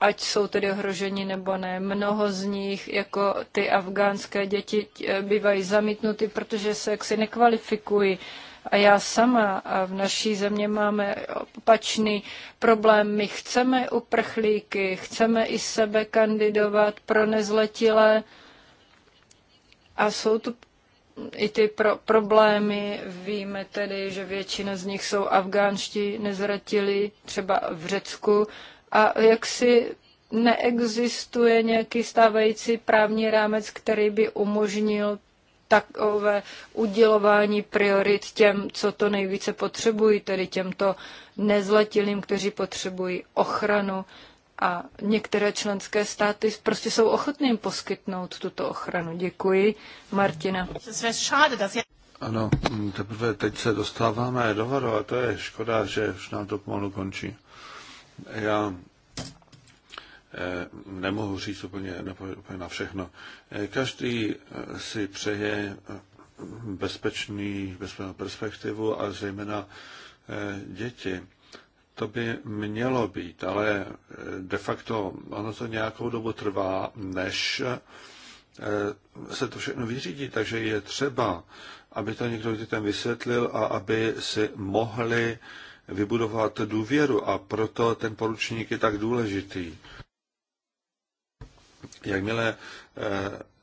Speaker 1: ať jsou tedy ohroženi nebo ne. Mnoho z nich, jako ty afgánské děti, e, bývají zamítnuty, protože se jaksi nekvalifikují. A já sama a v naší země máme opačný problém. My chceme uprchlíky, chceme i sebe kandidovat pro nezletilé, a jsou tu i ty pro- problémy, víme tedy, že většina z nich jsou afgánští nezratili, třeba v Řecku, a jak si neexistuje nějaký stávající právní rámec, který by umožnil takové udělování priorit těm, co to nejvíce potřebují, tedy těmto nezletilým, kteří potřebují ochranu. A některé členské státy prostě jsou ochotným poskytnout tuto ochranu. Děkuji, Martina.
Speaker 2: Ano, teprve teď se dostáváme do varu a to je škoda, že už nám to pomalu končí. Já eh, nemohu říct úplně, úplně na všechno. Eh, každý eh, si přeje bezpečný, bezpečnou perspektivu a zejména děti to by mělo být, ale eh, de facto ono to nějakou dobu trvá, než eh, se to všechno vyřídí, takže je třeba, aby to někdo dětem vysvětlil a aby si mohli vybudovat důvěru a proto ten poručník je tak důležitý. Jakmile eh,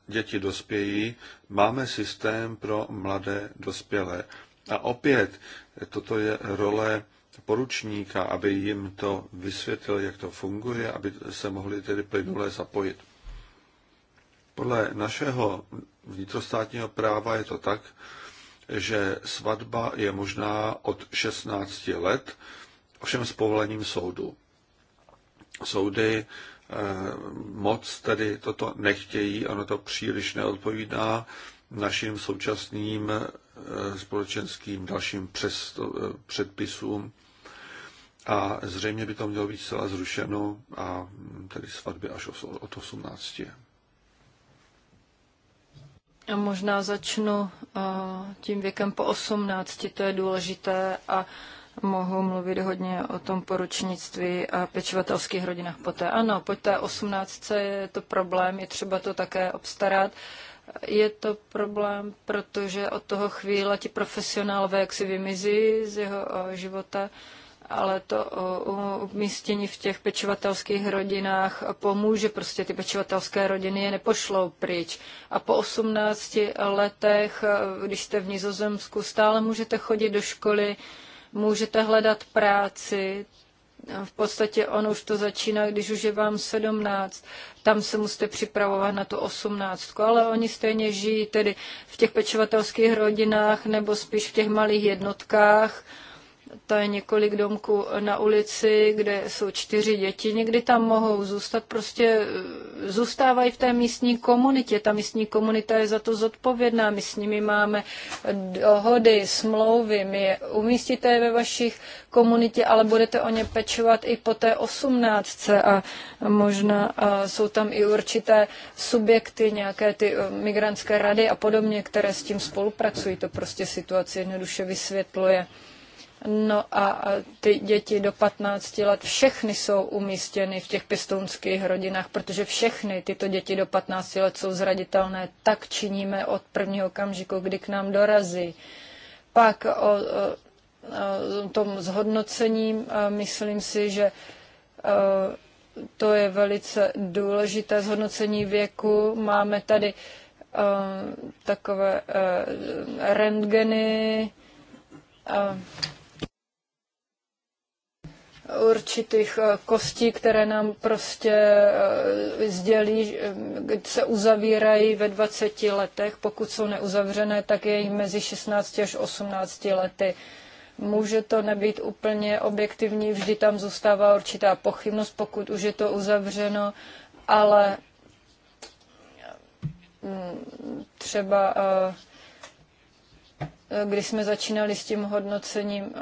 Speaker 2: děti dospějí, máme systém pro mladé dospělé. A opět toto je role poručníka, aby jim to vysvětlil, jak to funguje, aby se mohli tedy plynule zapojit. Podle našeho vnitrostátního práva je to tak, že svatba je možná od 16 let, ovšem s povolením soudu. Soudy eh, moc tedy toto nechtějí, ono to příliš neodpovídá našim současným Eh, společenským dalším eh, předpisům. A zřejmě by to mělo být celá zrušeno a hm, tedy svatby až od 18.
Speaker 1: A možná začnu eh, tím věkem po 18, to je důležité a mohu mluvit hodně o tom poručnictví a pečovatelských rodinách poté. Ano, po té 18 je to problém, je třeba to také obstarat je to problém, protože od toho chvíle ti profesionálové jak si vymizí z jeho eh, života, ale to eh, umístění v těch pečovatelských rodinách pomůže, prostě ty pečovatelské rodiny je nepošlou pryč. A po 18 letech, eh, když jste v Nizozemsku, stále můžete chodit do školy, můžete hledat práci, v podstatě ono už to začíná, když už je vám 17. Tam se musíte připravovat na tu 18. Ale oni stejně žijí tedy v těch pečovatelských rodinách nebo spíš v těch malých jednotkách to je několik domků na ulici, kde jsou čtyři děti. Někdy tam mohou zůstat, prostě eh, zůstávají v té místní komunitě. Ta místní komunita je za to zodpovědná. My s nimi máme dohody, smlouvy. My je umístíte ve vašich komunitě, ale budete o ně pečovat i po té osmnáctce a možná eh, jsou tam i určité subjekty, nějaké ty eh, migrantské rady a podobně, které s tím spolupracují. To prostě situaci jednoduše vysvětluje. No a ty děti do 15 let všechny jsou umístěny v těch pěstounských rodinách, protože všechny tyto děti do 15 let jsou zraditelné. Tak činíme od prvního okamžiku, kdy k nám dorazí. Pak o, o, o tom zhodnocení, myslím si, že to je velice důležité zhodnocení věku. Máme tady takové rentgeny, určitých eh, kostí, které nám prostě eh, sdělí, eh, se uzavírají ve 20 letech. Pokud jsou neuzavřené, tak je jich mezi 16 až 18 lety. Může to nebýt úplně objektivní, vždy tam zůstává určitá pochybnost, pokud už je to uzavřeno, ale mm, třeba když jsme začínali s tím hodnocením eh,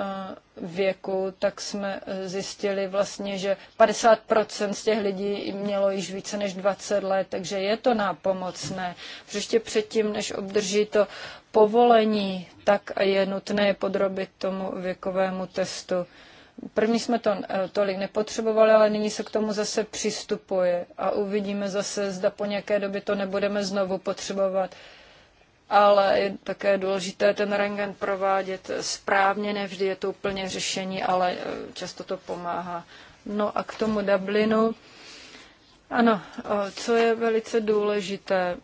Speaker 1: věku, tak jsme eh, zjistili vlastně, že 50% z těch lidí mělo již více než 20 let, takže je to nápomocné. Ještě předtím, než obdrží to povolení, tak je nutné je podrobit tomu věkovému testu. První jsme to eh, tolik nepotřebovali, ale nyní se k tomu zase přistupuje a uvidíme zase, zda po nějaké době to nebudeme znovu potřebovat ale je také důležité ten rengen provádět správně, nevždy je to úplně řešení, ale eh, často to pomáhá. No a k tomu Dublinu. Ano, eh, co je velice důležité,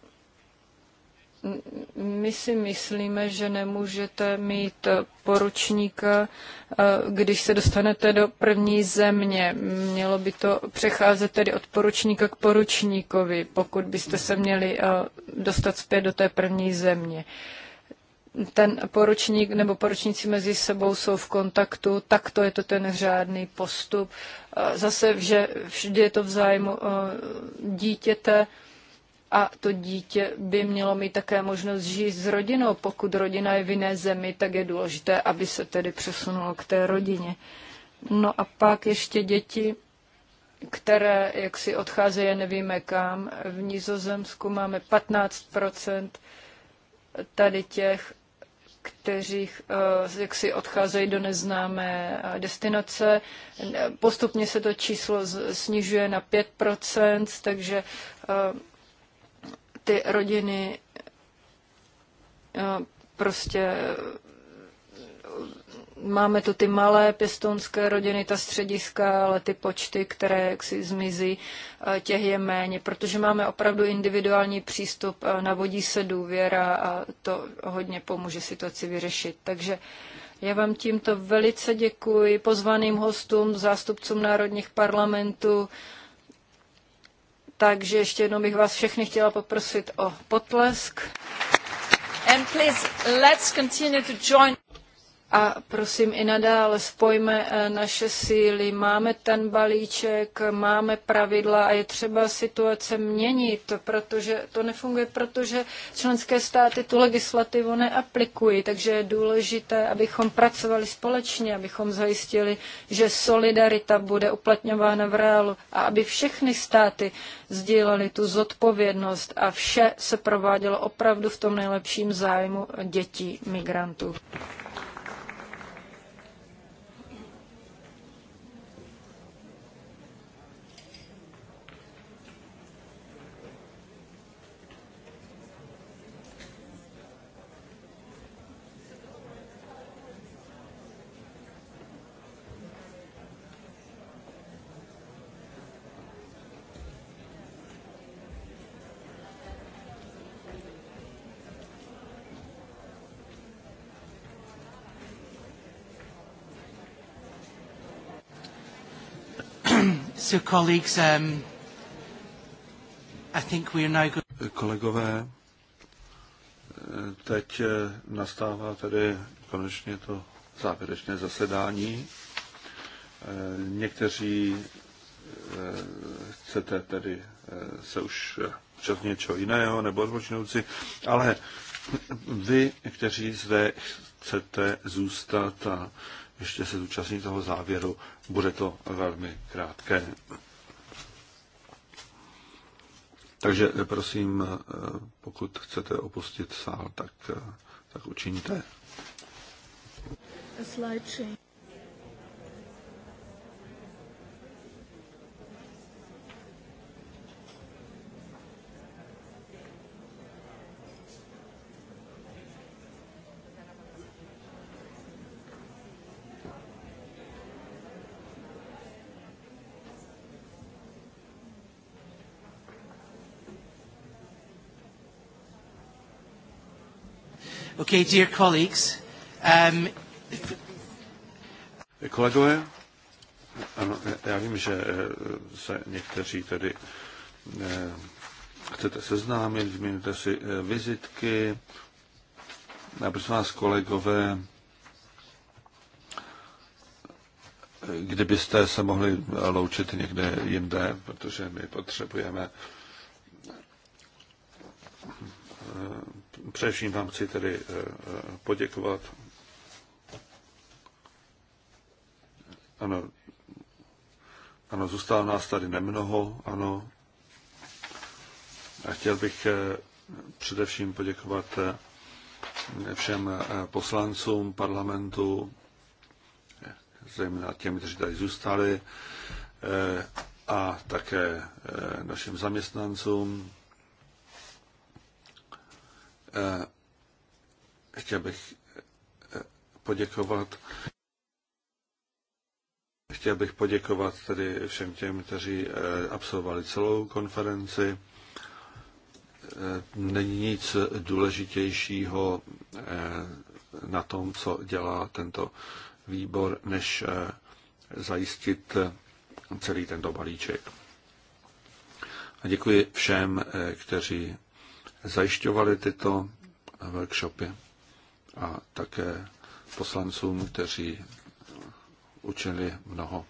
Speaker 1: my si myslíme, že nemůžete mít poručníka, eh, když se dostanete do první země. Mělo by to přecházet tedy od poručníka k poručníkovi, pokud byste se měli eh, dostat zpět do té první země ten poručník nebo poručníci mezi sebou jsou v kontaktu, tak to je to ten řádný postup. Eh, zase, že vždy je to v zájmu dítěte, a to dítě by mělo mít také možnost žít s rodinou. Pokud rodina je v jiné zemi, tak je důležité, aby se tedy přesunulo k té rodině. No a pak ještě děti, které jak si odcházejí, nevíme kam. V Nizozemsku máme 15 tady těch, kteří eh, jak si odcházejí do neznámé eh, destinace. Postupně se to číslo snižuje na 5%, takže eh, ty rodiny eh, prostě máme tu ty malé pěstounské rodiny, ta střediska, ale ty počty, které jaksi zmizí, eh, těch je méně, protože máme opravdu individuální přístup, eh, navodí se důvěra a to hodně pomůže situaci vyřešit. Takže já vám tímto velice děkuji pozvaným hostům, zástupcům národních parlamentů, takže ještě jednou bych vás všechny chtěla poprosit o potlesk. And please, let's continue to join. A prosím, i nadále spojme eh, naše síly. Máme ten balíček, máme pravidla a je třeba situace měnit, protože to nefunguje, protože členské státy tu legislativu neaplikují. Takže je důležité, abychom pracovali společně, abychom zajistili, že solidarita bude uplatňována v reálu a aby všechny státy sdílely tu zodpovědnost a vše se provádělo opravdu v tom nejlepším zájmu dětí migrantů.
Speaker 3: So colleagues, um,
Speaker 2: I think we are now going... Kolegové, eh, teď eh, nastává tedy konečně to závěrečné zasedání. Eh, někteří chcete tedy se už čas něčeho jiného nebo odpočinout si, ale vy, kteří zde chcete zůstat a ještě se zúčastní toho závěru. Bude to velmi krátké. Takže eh, prosím, eh, pokud chcete opustit sál, tak, eh, tak učiníte.
Speaker 1: A slide change.
Speaker 3: Okay, dear colleagues, um...
Speaker 2: Kolegové, ano, já vím, že eh, se někteří tady eh, chcete seznámit, vyměníte si eh, vizitky. Já prosím vás, kolegové, kdybyste se mohli loučit někde jinde, protože my potřebujeme eh, Především vám chci tedy eh, eh, poděkovat. Ano, ano, zůstalo nás tady nemnoho, ano. A chtěl bych eh, především poděkovat všem poslancům parlamentu, zejména těm, kteří tady zůstali, a také našim zaměstnancům, Eh, chtěl bych eh, poděkovat Chtěl bych poděkovat tedy všem těm, kteří eh, absolvovali celou konferenci. Není nic důležitějšího na tom, co dělá tento výbor, než zajistit celý tento balíček. A děkuji všem, kteří zajišťovali tyto workshopy a také poslancům, kteří učili mnoho.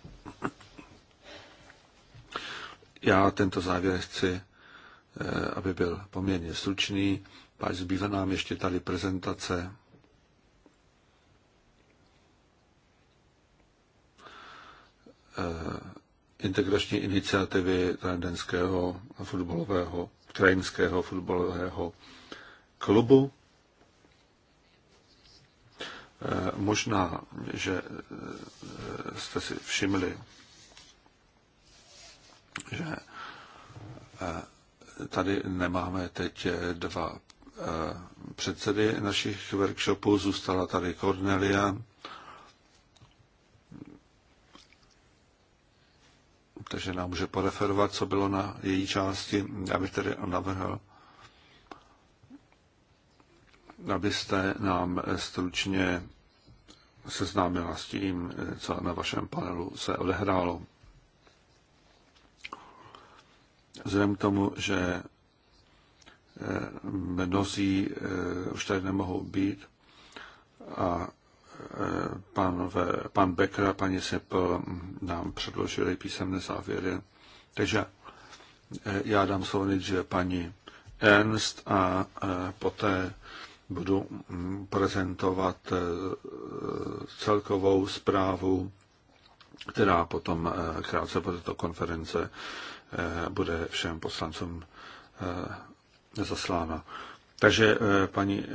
Speaker 2: Já tento závěr chci, eh, aby byl poměrně stručný, pak zbývá nám ještě tady prezentace. Eh, integrační iniciativy a fotbalového ukrajinského fotbalového klubu. Eh, možná, že eh, jste si všimli, že eh, tady nemáme teď dva předsedy našich workshopů, zůstala tady Cornelia takže nám může poreferovat, co bylo na její části. Já bych tedy navrhl, abyste nám stručně seznámila s tím, co na vašem panelu se odehrálo. Vzhledem k tomu, že eh, mnozí eh, už tady nemohou být a pánové, pan Becker a paní Sepl nám předložili písemné závěry. Takže eh, já dám slovo že paní Ernst a eh, poté budu mm, prezentovat eh, celkovou zprávu, která potom krátce po této konference bude všem poslancům zaslána. Takže paní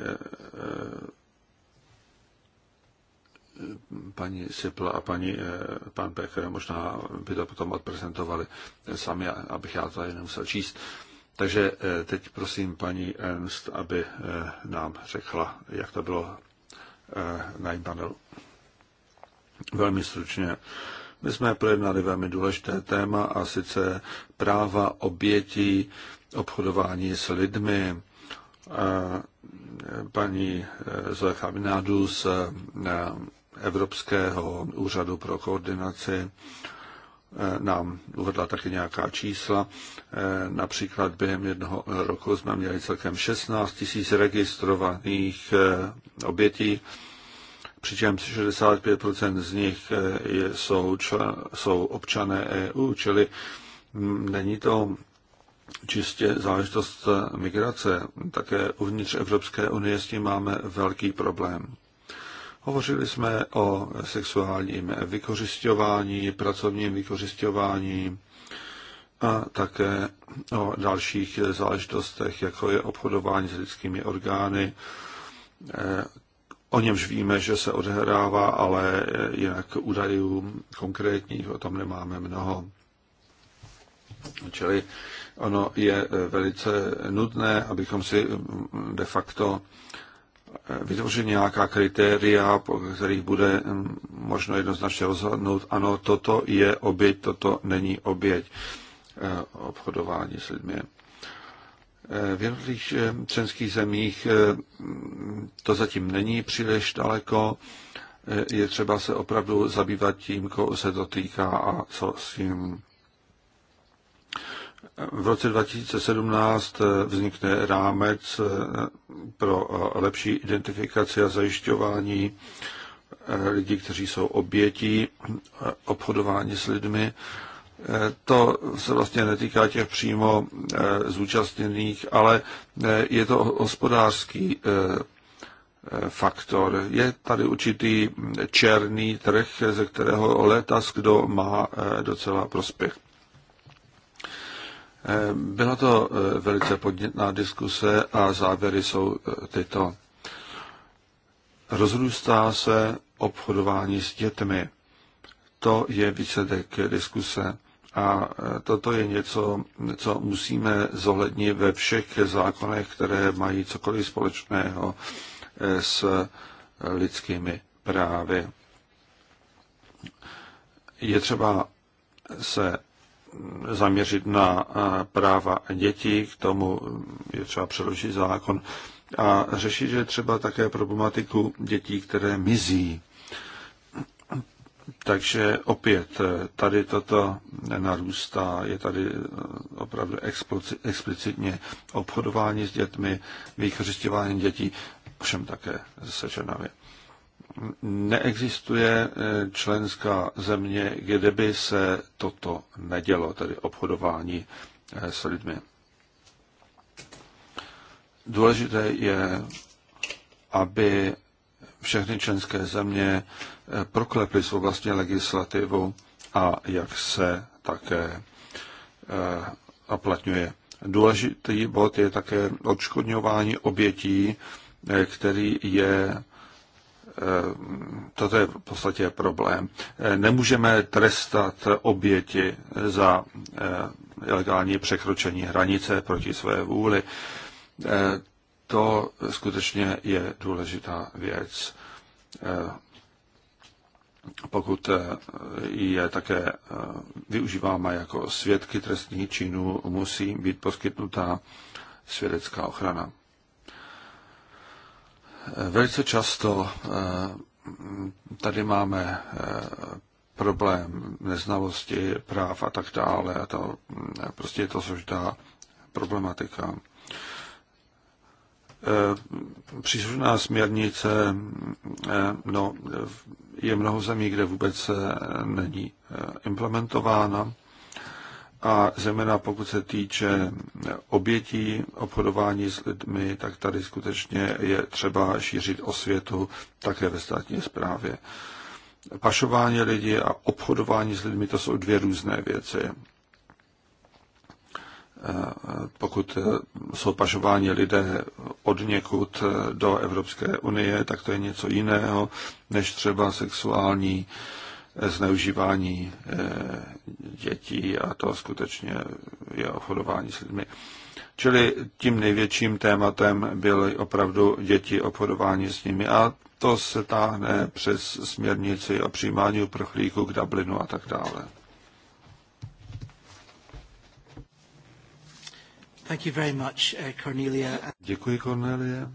Speaker 2: paní Sipl a paní, eh, pan Pech, možná by to potom odprezentovali sami, abych já to tady nemusel číst. Takže eh, teď prosím paní Ernst, aby eh, nám řekla, jak to bylo na jim panelu. Velmi stručně. My jsme projednali velmi důležité téma a sice práva obětí obchodování s lidmi. Paní Zoe Chabinádu z Evropského úřadu pro koordinaci eh, nám uvedla také nějaká čísla. Eh, například během jednoho roku jsme měli celkem 16 tisíc registrovaných eh, obětí, přičemž 65 z nich jsou, jsou občané EU, čili hm, není to čistě záležitost migrace. Také uvnitř Evropské unie s tím máme velký problém. Hovořili jsme o sexuálním vykořišťování, pracovním vykořišťování a také o dalších záležitostech, jako je obchodování s lidskými orgány. O němž víme, že se odehrává, ale jinak údajů konkrétních o tom nemáme mnoho. Čili ono je velice nutné, abychom si de facto vytvořit nějaká kritéria, po kterých bude mm, možno jednoznačně rozhodnout, ano, toto je oběť, toto není oběť eh, obchodování s lidmi. Eh, v jednotlivých eh, členských zemích to zatím není příliš daleko. Je třeba se opravdu zabývat tím, koho se to týká a co s tím v roce 2017 eh, vznikne rámec eh, pro eh, lepší identifikaci a zajišťování lidí, kteří jsou obětí obchodování s lidmi. To se vlastně netýká těch přímo zúčastněných, ale je to hospodářský faktor. Je tady určitý černý trh, ze kterého letas kdo má docela prospěch. Eh, byla to eh, velice podnětná diskuse a závěry jsou eh, tyto. Rozrůstá se obchodování s dětmi. To je výsledek diskuse. A toto je něco, co musíme zohlednit ve všech zákonech, které mají cokoliv společného s lidskými právy. Je třeba se zaměřit na eh, práva dětí, k tomu je třeba předložit zákon a řešit, že třeba také problematiku dětí, které mizí. Takže opět, eh, tady toto narůstá, je tady eh, opravdu explicitně obchodování s dětmi, vykořišťování dětí, všem také se ženami neexistuje eh, členská země, kde by se toto nedělo, tedy obchodování eh, s lidmi. Důležité je, aby všechny členské země eh, proklepli svou vlastní legislativu a jak se také aplatňuje. Důležitý bod je také odškodňování obětí, který je Eh, toto je v podstatě problém. Eh, nemůžeme trestat oběti za eh, ilegální překročení hranice proti své vůli. To skutečně je důležitá věc. Pokud je také využíváme jako svědky trestných činů, musí být poskytnutá svědecká ochrana. Velice často eh, tady máme eh, problém neznalosti práv a tak dále. A to, eh, prostě je to složitá problematika. Příslušná směrnice no, je mnoho zemí, kde vůbec není implementována a zejména pokud se týče obětí obchodování s lidmi, tak tady skutečně je třeba šířit osvětu také ve státní správě. Pašování lidí a obchodování s lidmi to jsou dvě různé věci. Pokud jsou pašováni lidé od někud do Evropské unie, tak to je něco jiného než třeba sexuální uh, zneužívání eh, dětí a to skutečně je obchodování s lidmi. Čili tím největším tématem byly opravdu děti obchodování s nimi a to se táhne přes směrnici o přijímání uprchlíků k Dublinu a tak dále. Thank you very much, eh, Cornelia. Děkuji, Cornelia.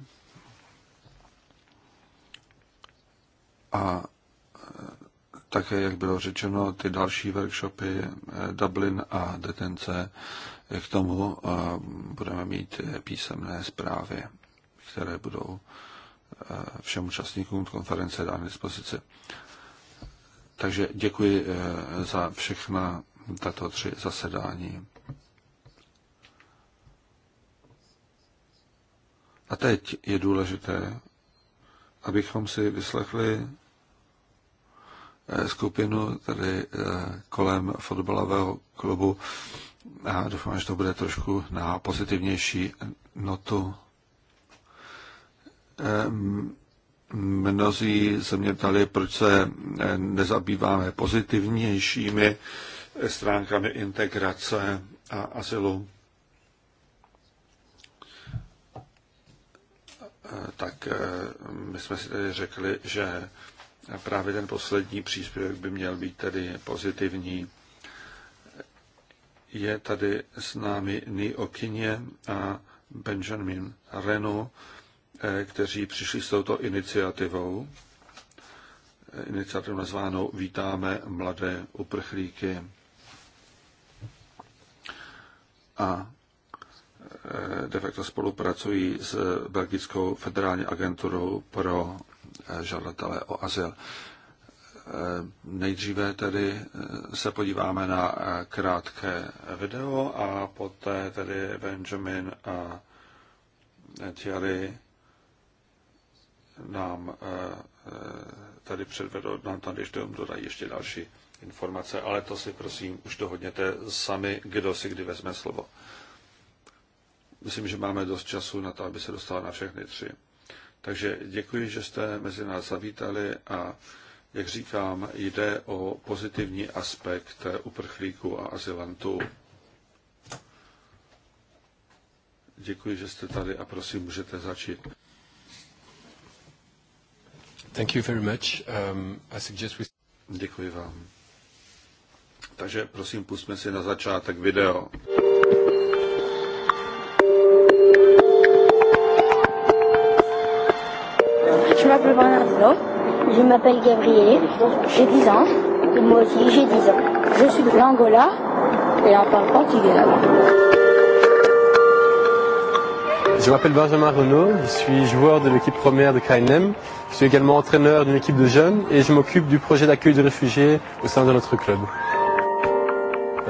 Speaker 2: A také, jak bylo řečeno, ty další workshopy eh, Dublin a detence, eh, k tomu eh, budeme mít písemné zprávy, které budou všem účastníkům konference dány dispozici. Takže děkuji za všechna tato tři zasedání. A teď je důležité, abychom si vyslechli Eh, skupinu tady eh, kolem fotbalového klubu a doufám, že to bude trošku na pozitivnější notu. Eh, mnozí se mě ptali, proč se nezabýváme pozitivnějšími stránkami integrace a asilu. Tak my jsme si řekli, že právě ten poslední příspěvek by měl být tedy pozitivní. Je tady s námi Ni Okině a Benjamin Renu, eh, kteří přišli s touto iniciativou, eh, iniciativu nazvanou Vítáme mladé uprchlíky. A eh, de facto spolupracují s Belgickou federální agenturou pro žadatele o azyl. Nejdříve tedy se podíváme na krátké video a poté tedy Benjamin a Thierry nám eh, tady předvedou, nám tam ještě dodají ještě další informace, ale to si prosím už dohodněte sami, kdo si kdy vezme slovo. Myslím, že máme dost času na to, aby se dostala na všechny tři. Takže děkuji, že jste mezi nás zavítali a jak říkám, jde o pozitivní aspekt uprchlíků a azylantů. Děkuji, že jste tady a prosím, můžete začít.
Speaker 3: Thank you very much. Um, I suggest we...
Speaker 2: Děkuji vám. Takže prosím, pusme si na začátek video.
Speaker 1: je m'appelle Bernardo, je m'appelle Gabriel, j'ai 10 ans, et moi aussi j'ai 10 ans. Je suis de l'Angola et on parle portugais là-bas. Je m'appelle Benjamin Renaud, je suis joueur de l'équipe première de KNM, je suis également entraîneur d'une équipe de jeunes et je m'occupe du projet d'accueil de réfugiés au sein de notre club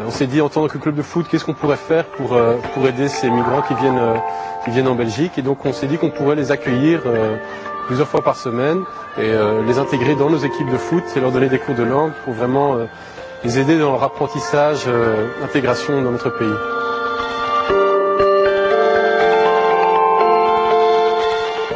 Speaker 1: on s'est dit en tant que club de foot, qu'est-ce qu'on pourrait faire pour, euh, pour aider ces migrants qui viennent, euh, qui viennent en Belgique. Et donc on s'est dit qu'on pourrait les accueillir euh, plusieurs fois par semaine et les intégrer dans nos équipes de foot et leur donner des cours de langue pour vraiment les aider dans leur apprentissage, intégration dans notre pays.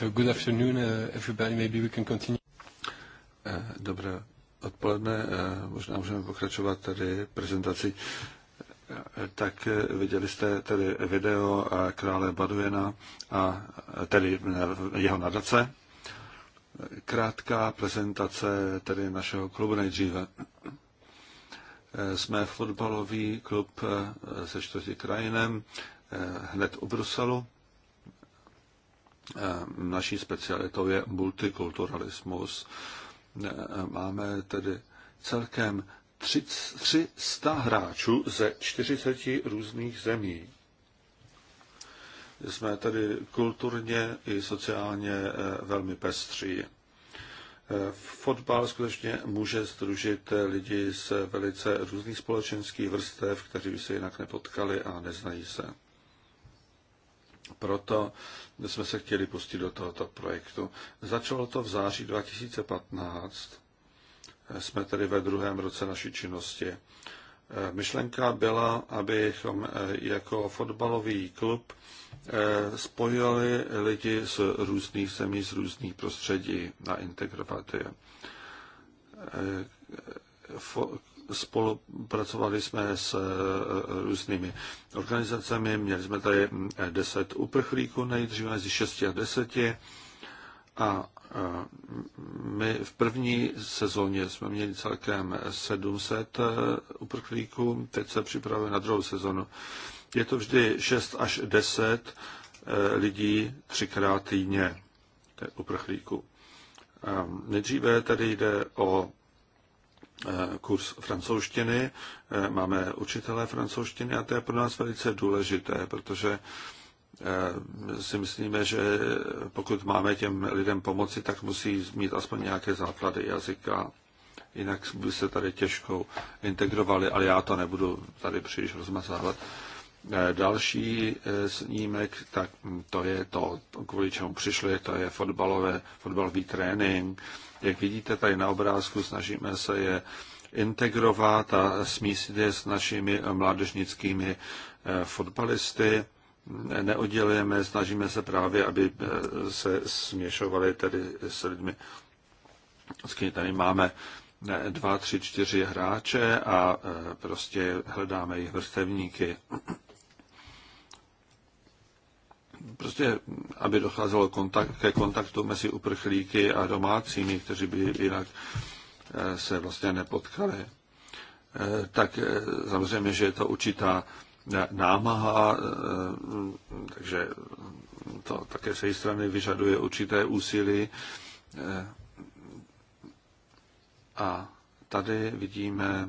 Speaker 2: good afternoon, uh, everybody. Maybe we can continue. Eh, dobré odpoledne. Eh, možná můžeme pokračovat tady prezentací. Eh, tak viděli jste tedy video krále Baduena a tedy jeho nadace. Krátká prezentace tedy našeho klubu nejdříve. Jsme fotbalový klub se čtvrtí krajinem hned u Bruselu Eh, naší specialitou je multikulturalismus. Eh, máme tedy celkem 300 hráčů ze 40 různých zemí. Jsme tedy kulturně i sociálně eh, velmi pestří. Fotbal skutečně může združit lidi z velice různých společenských vrstev, kteří by se jinak nepotkali a neznají se. Proto jsme se chtěli pustit do tohoto projektu. Začalo to v září 2015. Jsme tedy ve druhém roce naší činnosti. Myšlenka byla, abychom eh, jako fotbalový klub eh, spojili lidi z různých zemí, z různých prostředí na integrovat je eh, spolupracovali jsme s e, různými organizacemi. Měli jsme tady 10 uprchlíků nejdříve mezi 6 a 10. A e, my v první sezóně jsme měli celkem 700 e, uprchlíků, teď se připravuje na druhou sezonu. Je to vždy 6 až 10 lidí třikrát týdně uprchlíků. Nejdříve tady jde o Eh, kurz francouzštiny, eh, máme učitele francouzštiny a to je pro nás velice důležité, protože eh, si myslíme, že pokud máme těm lidem pomoci, tak musí mít aspoň nějaké základy jazyka, jinak by se tady těžko integrovali, ale já to nebudu tady příliš rozmazávat. Eh, další eh, snímek, tak to je to, kvůli čemu přišli, to je fotbalové, fotbalový trénink. Jak vidíte tady na obrázku, snažíme se je integrovat a smísit je s našimi mládežnickými eh, fotbalisty. Neoddělujeme, snažíme se právě, aby se směšovali tedy s lidmi. tady máme dva, tři, čtyři hráče a prostě hledáme jejich vrstevníky prostě, aby docházelo kontakt, ke kontaktu mezi uprchlíky a domácími, kteří by jinak eh, se vlastně nepotkali. Eh, tak eh, samozřejmě, že je to určitá námaha, mm, takže to také z její strany vyžaduje určité úsilí. A tady vidíme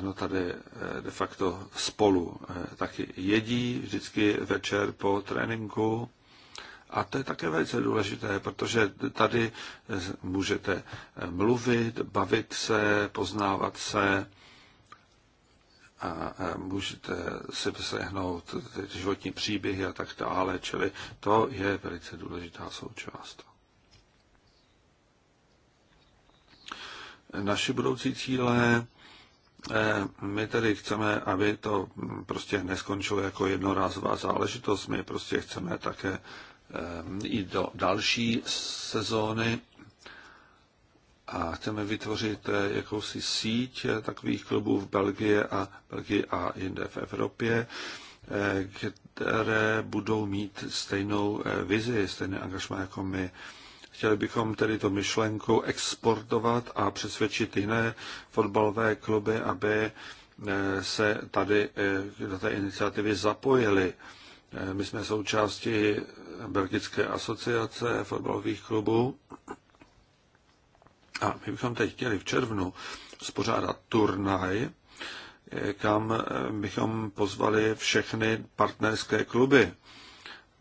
Speaker 2: no tady eh, de facto spolu eh, taky jedí vždycky večer po tréninku. A to je také velice důležité, protože tady eh, můžete mluvit, bavit se, poznávat se a můžete si vyslechnout životní příběhy a tak dále, čili to je velice důležitá součást. Naše budoucí cíle Eh, my tedy chceme, aby to prostě neskončilo jako jednorázová záležitost. My prostě chceme také eh, jít do další sezóny a chceme vytvořit eh, jakousi síť takových klubů v Belgii a, Belgii a jinde v Evropě, které budou mít stejnou vizi, stejné angažma jako my. Chtěli bychom tedy tu myšlenku exportovat a přesvědčit jiné fotbalové kluby, aby eh, se tady eh, do té iniciativy zapojili. Eh, my jsme součástí Belgické asociace fotbalových klubů a my bychom teď chtěli v červnu spořádat turnaj, kam bychom pozvali všechny partnerské kluby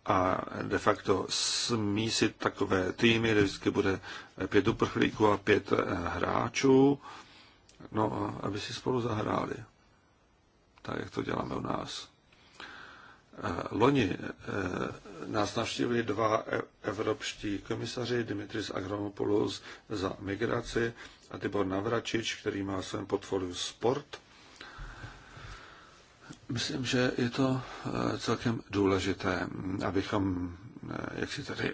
Speaker 2: a de facto smísit takové týmy, kde vždycky bude pět uprchlíků a pět eh, hráčů, no, aby si spolu zahráli. Tak, jak to děláme u nás. Eh, loni eh, nás navštívili dva e- evropští komisaři, Dimitris Agronopoulos za migraci a Tibor Navračič, který má svém portfoliu sport – Myslím, že je to eh, celkem důležité, abychom, eh, jak si tady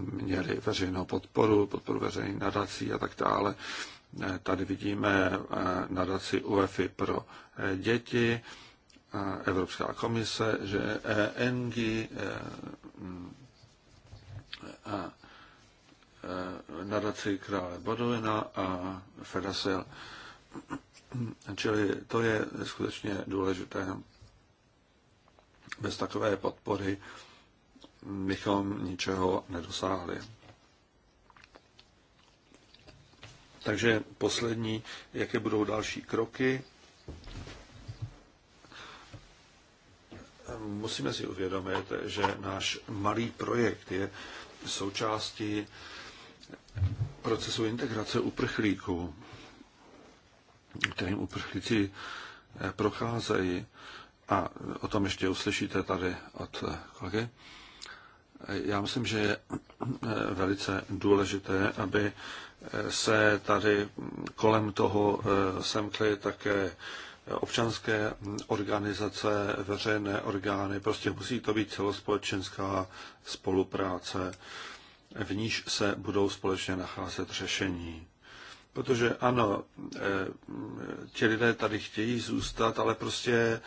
Speaker 2: měli veřejnou podporu, podporu veřejných nadací a tak dále. Eh, tady vidíme nadaci UEFI pro děti, Evropská komise, že ENG mm, a nadaci krále Bodovina a Fedasel Čili to je skutečně důležité. Bez takové podpory bychom ničeho nedosáhli. Takže poslední, jaké budou další kroky. Musíme si uvědomit, že náš malý projekt je součástí procesu integrace uprchlíků kterým uprchlíci eh, procházejí, a o tom ještě uslyšíte tady od eh, kolegy, eh, já myslím, že je velice důležité, aby se tady mm, kolem toho semkly také občanské organizace, veřejné orgány. Prostě musí to být celospolečenská spolupráce, v níž se budou společně nacházet řešení. Protože ano, eh, ti lidé tady chtějí zůstat, ale prostě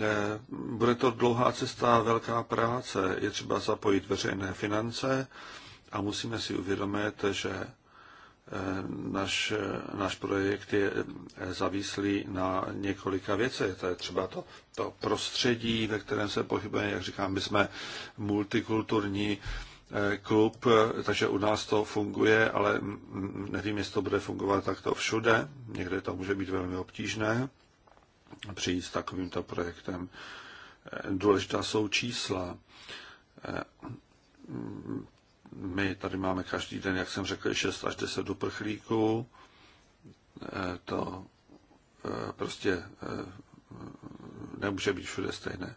Speaker 2: eh, bude to dlouhá cesta, velká práce. Je třeba zapojit veřejné finance a musíme si uvědomit, že eh, náš, náš projekt je zavíslý na několika věcech. To je třeba to, to prostředí, ve kterém se pohybujeme, jak říkám, my jsme multikulturní, Eh, klub, eh, takže u nás to funguje, ale nevím, jestli to bude fungovat takto všude. Někde to může být velmi obtížné přijít s takovýmto projektem. Eh, důležitá jsou čísla. My tady máme každý den, jak jsem řekl, 6 až 10 uprchlíků. To prostě nemůže být všude stejné.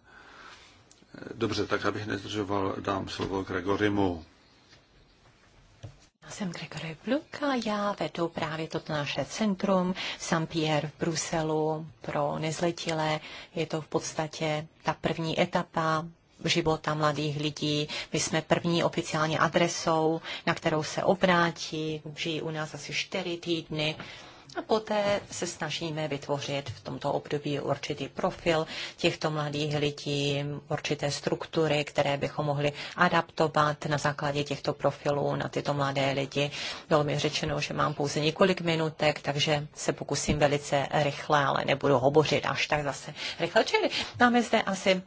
Speaker 2: Dobře, tak abych nezdržoval, dám slovo Gregorimu.
Speaker 1: Já jsem Gregory
Speaker 3: Bluk a já vedu právě toto naše centrum Saint-Pierre v Bruselu pro nezletilé. Je to v podstatě ta první etapa života mladých lidí. My jsme první oficiální adresou, na kterou se obrátí. Žijí u nás asi čtyři týdny a poté se snažíme vytvořit v tomto období určitý profil těchto mladých lidí, určité struktury, které bychom mohli adaptovat na základě těchto profilů na tyto mladé lidi. Bylo mi řečeno, že mám pouze několik minutek, takže se pokusím velice rychle, ale nebudu hovořit až tak zase rychle. Čili máme zde asi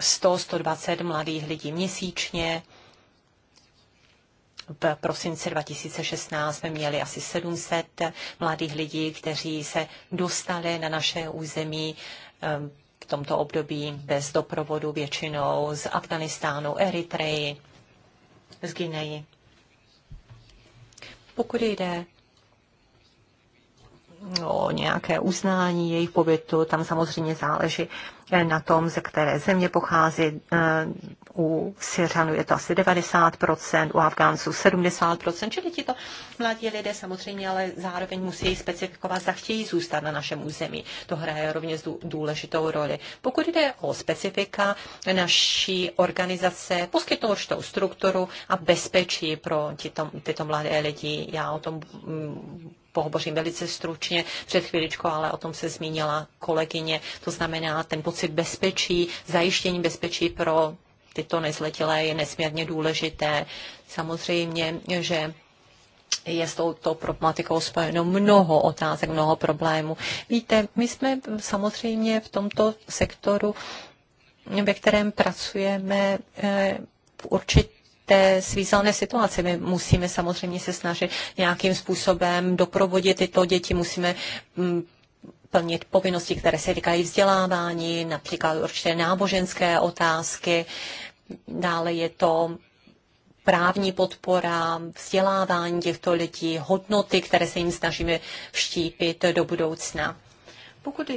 Speaker 3: 100-120 mladých lidí měsíčně, v prosinci 2016 jsme měli asi 700 mladých lidí, kteří se dostali na naše území eh, v tomto období bez doprovodu většinou z Afganistánu, Eritreji, z Gineji. Pokud jde o nějaké uznání jejich pobytu, tam samozřejmě záleží na tom, ze které země pochází eh, u Syřanů je to asi 90%, u Afgánců 70%, čili ti to mladí lidé samozřejmě, ale zároveň musí specifikovat, zda chtějí zůstat na našem území. To hraje rovněž důležitou roli. Pokud jde o specifika naší organizace, poskytnou určitou strukturu a bezpečí pro tyto, tyto mladé lidi. Já o tom mm, pohovořím velice stručně před chvíličkou, ale o tom se zmínila kolegyně. To znamená ten pocit bezpečí, zajištění bezpečí pro tyto nezletilé je nesmírně důležité. Samozřejmě, že je s touto problematikou spojeno mnoho otázek, mnoho problémů. Víte, my jsme samozřejmě v tomto sektoru, ve kterém pracujeme eh, v určitě té svízelné situaci. My musíme samozřejmě se snažit nějakým způsobem doprovodit tyto děti, musíme mm, plnit povinnosti, které se týkají vzdělávání, například určité náboženské otázky. Dále je to právní podpora, vzdělávání těchto lidí, hodnoty, které se jim snažíme vštípit do budoucna. Pokud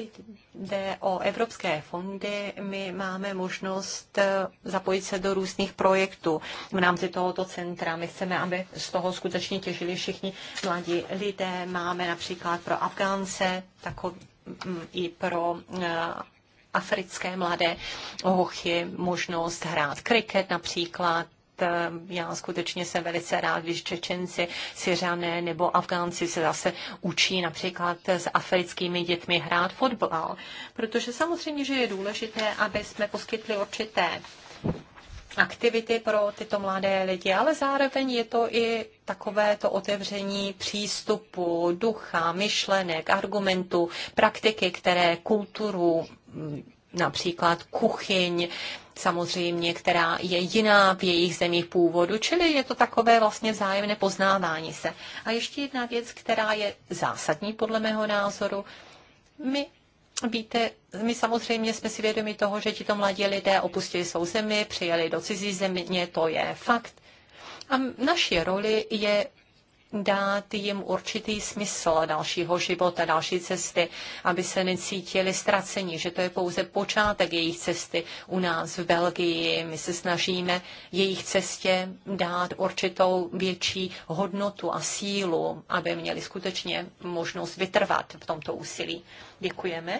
Speaker 3: jde o evropské fondy, my máme možnost eh, zapojit se do různých projektů v rámci tohoto centra. My chceme, aby z toho skutečně těžili všichni mladí lidé. Máme například pro Afgánce, takový mm, i pro eh, africké mladé hochy možnost hrát kriket například Eh, já skutečně jsem velice rád, když Čečenci, Syřané nebo Afgánci se zase učí například s africkými dětmi hrát fotbal. Protože samozřejmě, že je důležité, aby jsme poskytli určité aktivity pro tyto mladé lidi, ale zároveň je to i takové to otevření přístupu, ducha, myšlenek, argumentu, praktiky, které kulturu, hm, například kuchyň, samozřejmě, která je jiná v jejich zemích původu, čili je to takové vlastně vzájemné poznávání se. A ještě jedna věc, která je zásadní podle mého názoru. My Víte, my samozřejmě jsme si vědomi toho, že tito mladí lidé opustili svou zemi, přijeli do cizí země, to je fakt. A naší roli je dát jim určitý smysl dalšího života, další cesty, aby se necítili ztraceni, že to je pouze počátek jejich cesty u nás v Belgii. My se snažíme jejich cestě dát určitou větší hodnotu a sílu, aby měli skutečně možnost vytrvat v tomto úsilí. Děkujeme,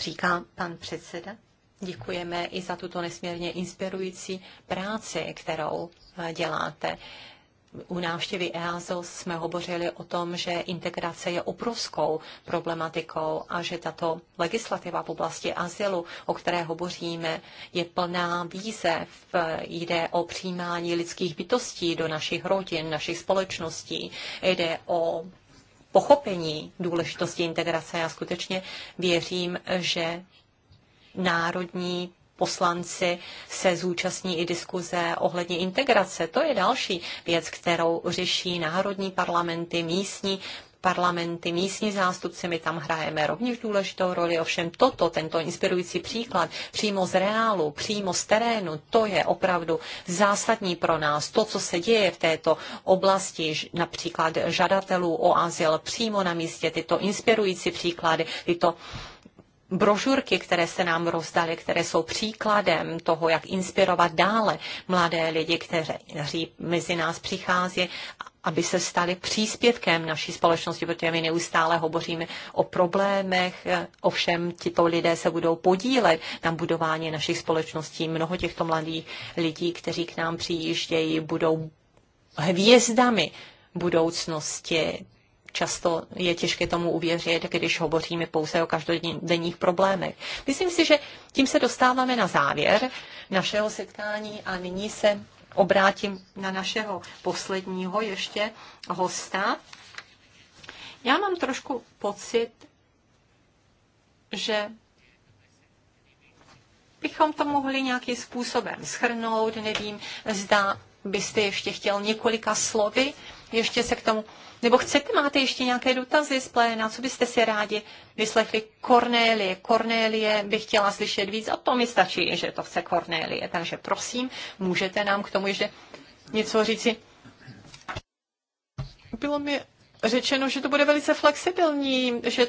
Speaker 3: říká pan předseda. Děkujeme i za tuto nesmírně inspirující práci, kterou děláte u návštěvy EASO jsme hovořili o tom, že integrace je obrovskou problematikou a že tato legislativa v oblasti azylu, o které hovoříme, je plná výzev. Jde o přijímání lidských bytostí do našich rodin, našich společností. Jde o pochopení důležitosti integrace. Já skutečně věřím, že národní poslanci se zúčastní i diskuze ohledně integrace. To je další věc, kterou řeší národní parlamenty, místní parlamenty, místní zástupci, my tam hrajeme rovněž důležitou roli, ovšem toto, tento inspirující příklad přímo z reálu, přímo z terénu, to je opravdu zásadní pro nás. To, co se děje v této oblasti, například žadatelů o azyl přímo na místě, tyto inspirující příklady, tyto brožurky, které se nám rozdaly, které jsou příkladem toho, jak inspirovat dále mladé lidi, kteří mezi nás přichází, aby se stali příspěvkem naší společnosti, protože my neustále hovoříme o problémech, ovšem tito lidé se budou podílet na budování našich společností. Mnoho těchto mladých lidí, kteří k nám přijíždějí, budou hvězdami budoucnosti často je těžké tomu uvěřit, když hovoříme pouze o každodenních problémech. Myslím si, že tím se dostáváme na závěr našeho setkání a nyní se obrátím na našeho posledního ještě hosta. Já mám trošku pocit, že bychom to mohli nějakým způsobem schrnout. Nevím, zda byste ještě chtěl několika slovy ještě se k tomu, nebo chcete, máte ještě nějaké dotazy z pléna, co byste si rádi vyslechli Kornélie. Kornélie bych chtěla slyšet víc a to mi stačí, že to chce Kornélie. Takže prosím, můžete nám k tomu ještě něco říci. Bylo mi řečeno, že to bude velice flexibilní, že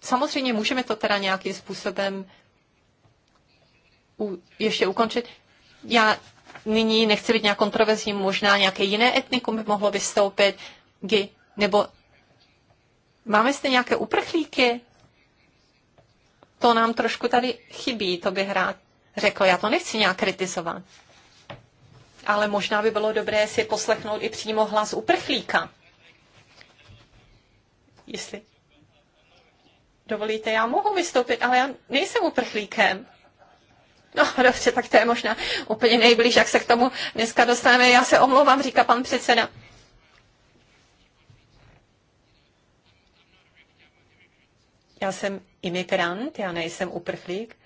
Speaker 3: samozřejmě můžeme to teda nějakým způsobem u, ještě ukončit. Já nyní nechci být nějak kontroverzní, možná nějaké jiné etnikum by mohlo vystoupit, gy, nebo máme zde nějaké uprchlíky? To nám trošku tady chybí, to bych rád řekl. Já to nechci nějak kritizovat. Ale možná by bylo dobré si poslechnout i přímo hlas uprchlíka. Jestli dovolíte, já mohu vystoupit, ale já nejsem uprchlíkem. No dobře, tak to je možná úplně nejblíž, jak se k tomu dneska dostaneme. Já se omlouvám, říká pan předseda. Já jsem imigrant, já nejsem uprchlík,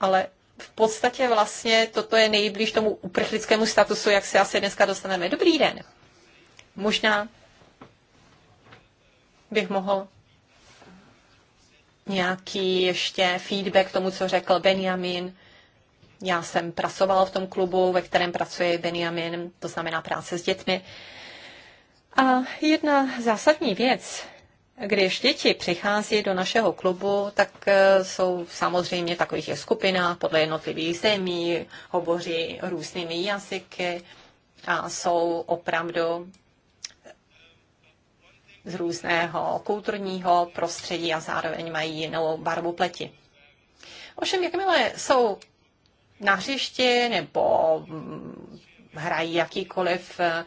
Speaker 3: ale v podstatě vlastně toto je nejblíž tomu uprchlickému statusu, jak se asi dneska dostaneme. Dobrý den. Možná bych mohl nějaký ještě feedback k tomu, co řekl Benjamin. Já jsem pracoval v tom klubu, ve kterém pracuje Benjamin, to znamená práce s dětmi. A jedna zásadní věc, když děti přichází do našeho klubu, tak eh, jsou samozřejmě takových je skupina podle jednotlivých zemí, hovoří různými jazyky a jsou opravdu z různého kulturního prostředí a zároveň mají jinou barvu pleti. Ovšem, jakmile jsou na hřišti nebo mm, hrají jakýkoliv eh,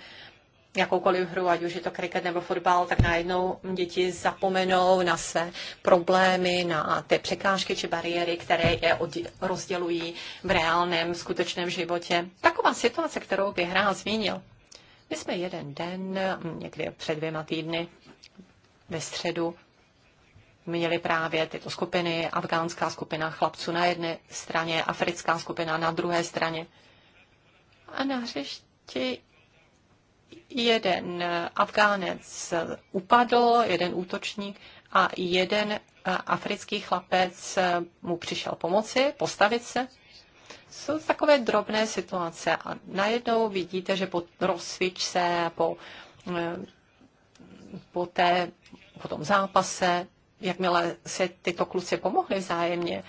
Speaker 3: jakoukoliv hru, ať už je to kriket nebo fotbal, tak najednou děti zapomenou na své problémy, na ty překážky či bariéry, které je rozdělují v reálném, skutečném životě. Taková situace, kterou bych rád zmínil. My jsme jeden den, mm, někdy před dvěma týdny, ve středu měli právě tyto skupiny, afgánská skupina chlapců na jedné straně, africká skupina na druhé straně. A na hřešti jeden Afgánec upadl, jeden útočník a jeden eh, africký chlapec eh, mu přišel pomoci, postavit se. Jsou takové drobné situace a najednou vidíte, že po rozsvičce, po eh, po, té, po tom zápase, jakmile se tyto kluci pomohli vzájemně,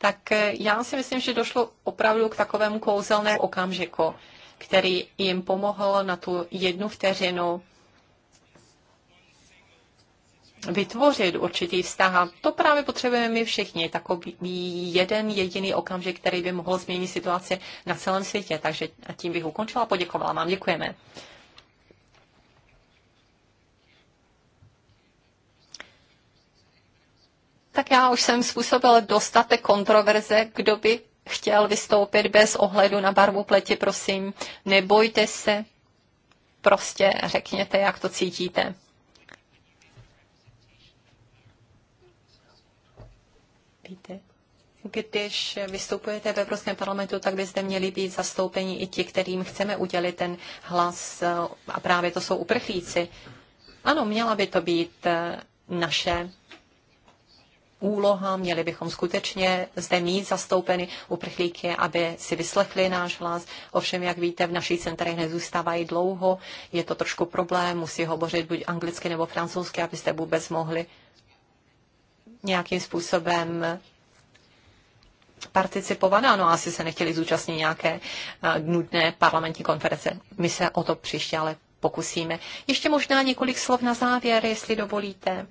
Speaker 3: tak já si myslím, že došlo opravdu k takovému kouzelnému okamžiku, který jim pomohl na tu jednu vteřinu vytvořit určitý vztah. A to právě potřebujeme my všichni, takový jeden jediný okamžik, který by mohl změnit situaci na celém světě. Takže tím bych ukončila a poděkovala vám. Děkujeme. tak já už jsem způsobil dostatek kontroverze, kdo by chtěl vystoupit bez ohledu na barvu pleti, prosím, nebojte se, prostě řekněte, jak to cítíte. Víte, když vystupujete ve Evropském parlamentu, tak by zde měli být zastoupeni i ti, kterým chceme udělit ten hlas, a právě to jsou uprchlíci. Ano, měla by to být eh, naše úloha, měli bychom skutečně zde mít zastoupeny uprchlíky, aby si vyslechli náš hlas. Ovšem, jak víte, v našich centrech nezůstávají dlouho, je to trošku problém, musí hovořit buď anglicky nebo francouzsky, abyste vůbec mohli nějakým způsobem participovat. Ano, asi se nechtěli zúčastnit nějaké eh, nudné parlamentní konference. My se o to příště ale pokusíme. Ještě možná několik slov na závěr, jestli dovolíte.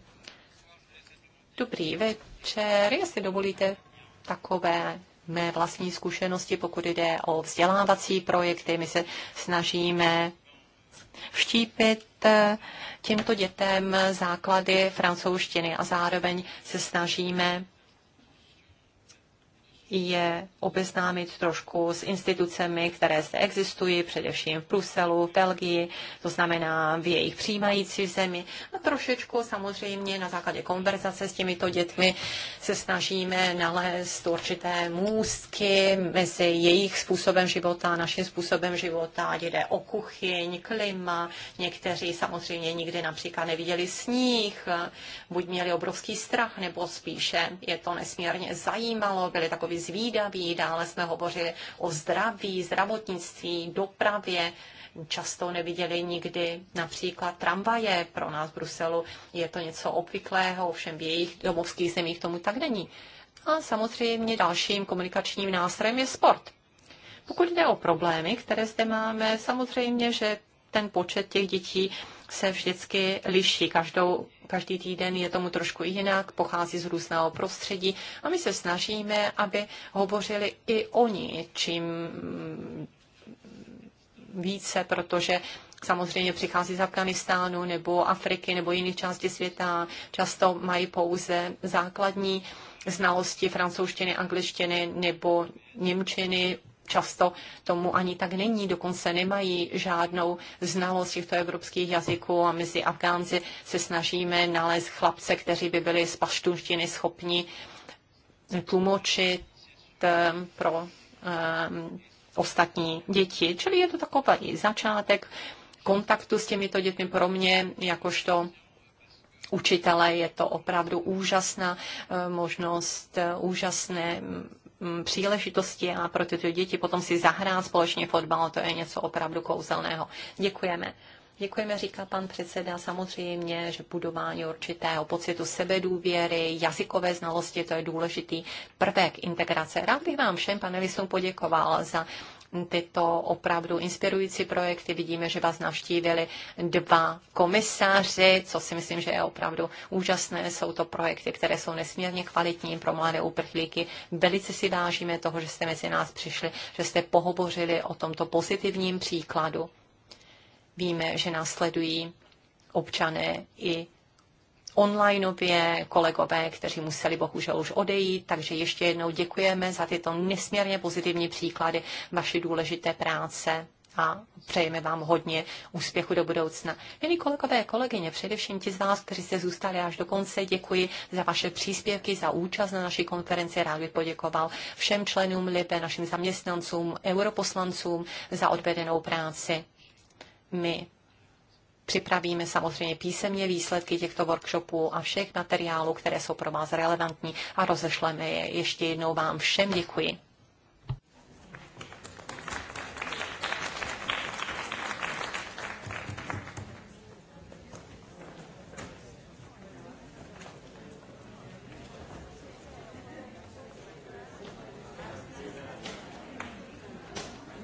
Speaker 3: Dobrý večer, jestli dovolíte takové mé vlastní zkušenosti, pokud jde o vzdělávací projekty. My se snažíme vštípit eh, těmto dětem základy francouzštiny a zároveň se snažíme je obeznámit trošku s institucemi, které zde existují, především v Bruselu, v Belgii, to znamená v jejich přijímající zemi. A trošičku samozřejmě na základě konverzace s těmito dětmi se snažíme nalézt určité můstky mezi jejich způsobem života a naším způsobem života, jde o kuchyň, klima. Někteří samozřejmě nikdy například neviděli sníh, buď měli obrovský strach, nebo spíše je to nesmírně zajímalo, byli takový byli zvídaví, dále jsme hovořili o zdraví, zdravotnictví, dopravě, často neviděli nikdy například tramvaje. Pro nás v Bruselu je to něco obvyklého, ovšem v jejich domovských zemích tomu tak není. A samozřejmě dalším komunikačním nástrojem je sport. Pokud jde o problémy, které zde máme, samozřejmě, že ten počet těch dětí se vždycky liší. Každou, každý týden je tomu trošku jinak, pochází z různého prostředí a my se snažíme, aby hovořili i oni, čím více, protože samozřejmě přichází z Afganistánu nebo Afriky nebo jiných částí světa, často mají pouze základní znalosti francouzštiny, angličtiny nebo němčiny, často tomu ani tak není. Dokonce nemají žádnou znalost těchto evropských jazyků a my si Afgánci se snažíme nalézt chlapce, kteří by byli z paštunštiny schopni tlumočit ehm, pro um, ostatní děti. Čili je to takový začátek kontaktu s těmito dětmi pro mě, jakožto učitele je to opravdu úžasná ehm, možnost, úžasné Mm, příležitosti a pro tyto děti potom si zahrát společně fotbal, to je něco opravdu kouzelného. Děkujeme. Děkujeme, říká pan předseda, samozřejmě, že budování určitého pocitu sebedůvěry, jazykové znalosti, to je důležitý prvek integrace. Rád bych vám všem panelistům poděkoval za tyto opravdu inspirující projekty. Vidíme, že vás navštívili dva komisáři, co si myslím, že je opravdu úžasné. Jsou to projekty, které jsou nesmírně kvalitní pro mladé uprchlíky. Velice si vážíme toho, že jste mezi nás přišli, že jste pohovořili o tomto pozitivním příkladu. Víme, že nás sledují občané i onlineově kolegové, kteří museli bohužel už odejít, takže ještě jednou děkujeme za tyto nesmírně pozitivní příklady vaší důležité práce a přejeme vám hodně úspěchu do budoucna. Milí kolegové a kolegyně, především ti z vás, kteří jste zůstali až do konce, děkuji za vaše příspěvky, za účast na naší konferenci. Rád bych poděkoval všem členům LIPE, našim zaměstnancům, europoslancům za odvedenou práci. My Připravíme samozřejmě písemně výsledky těchto workshopů a všech materiálů, které jsou pro vás relevantní a rozešleme je. Ještě jednou vám všem děkuji.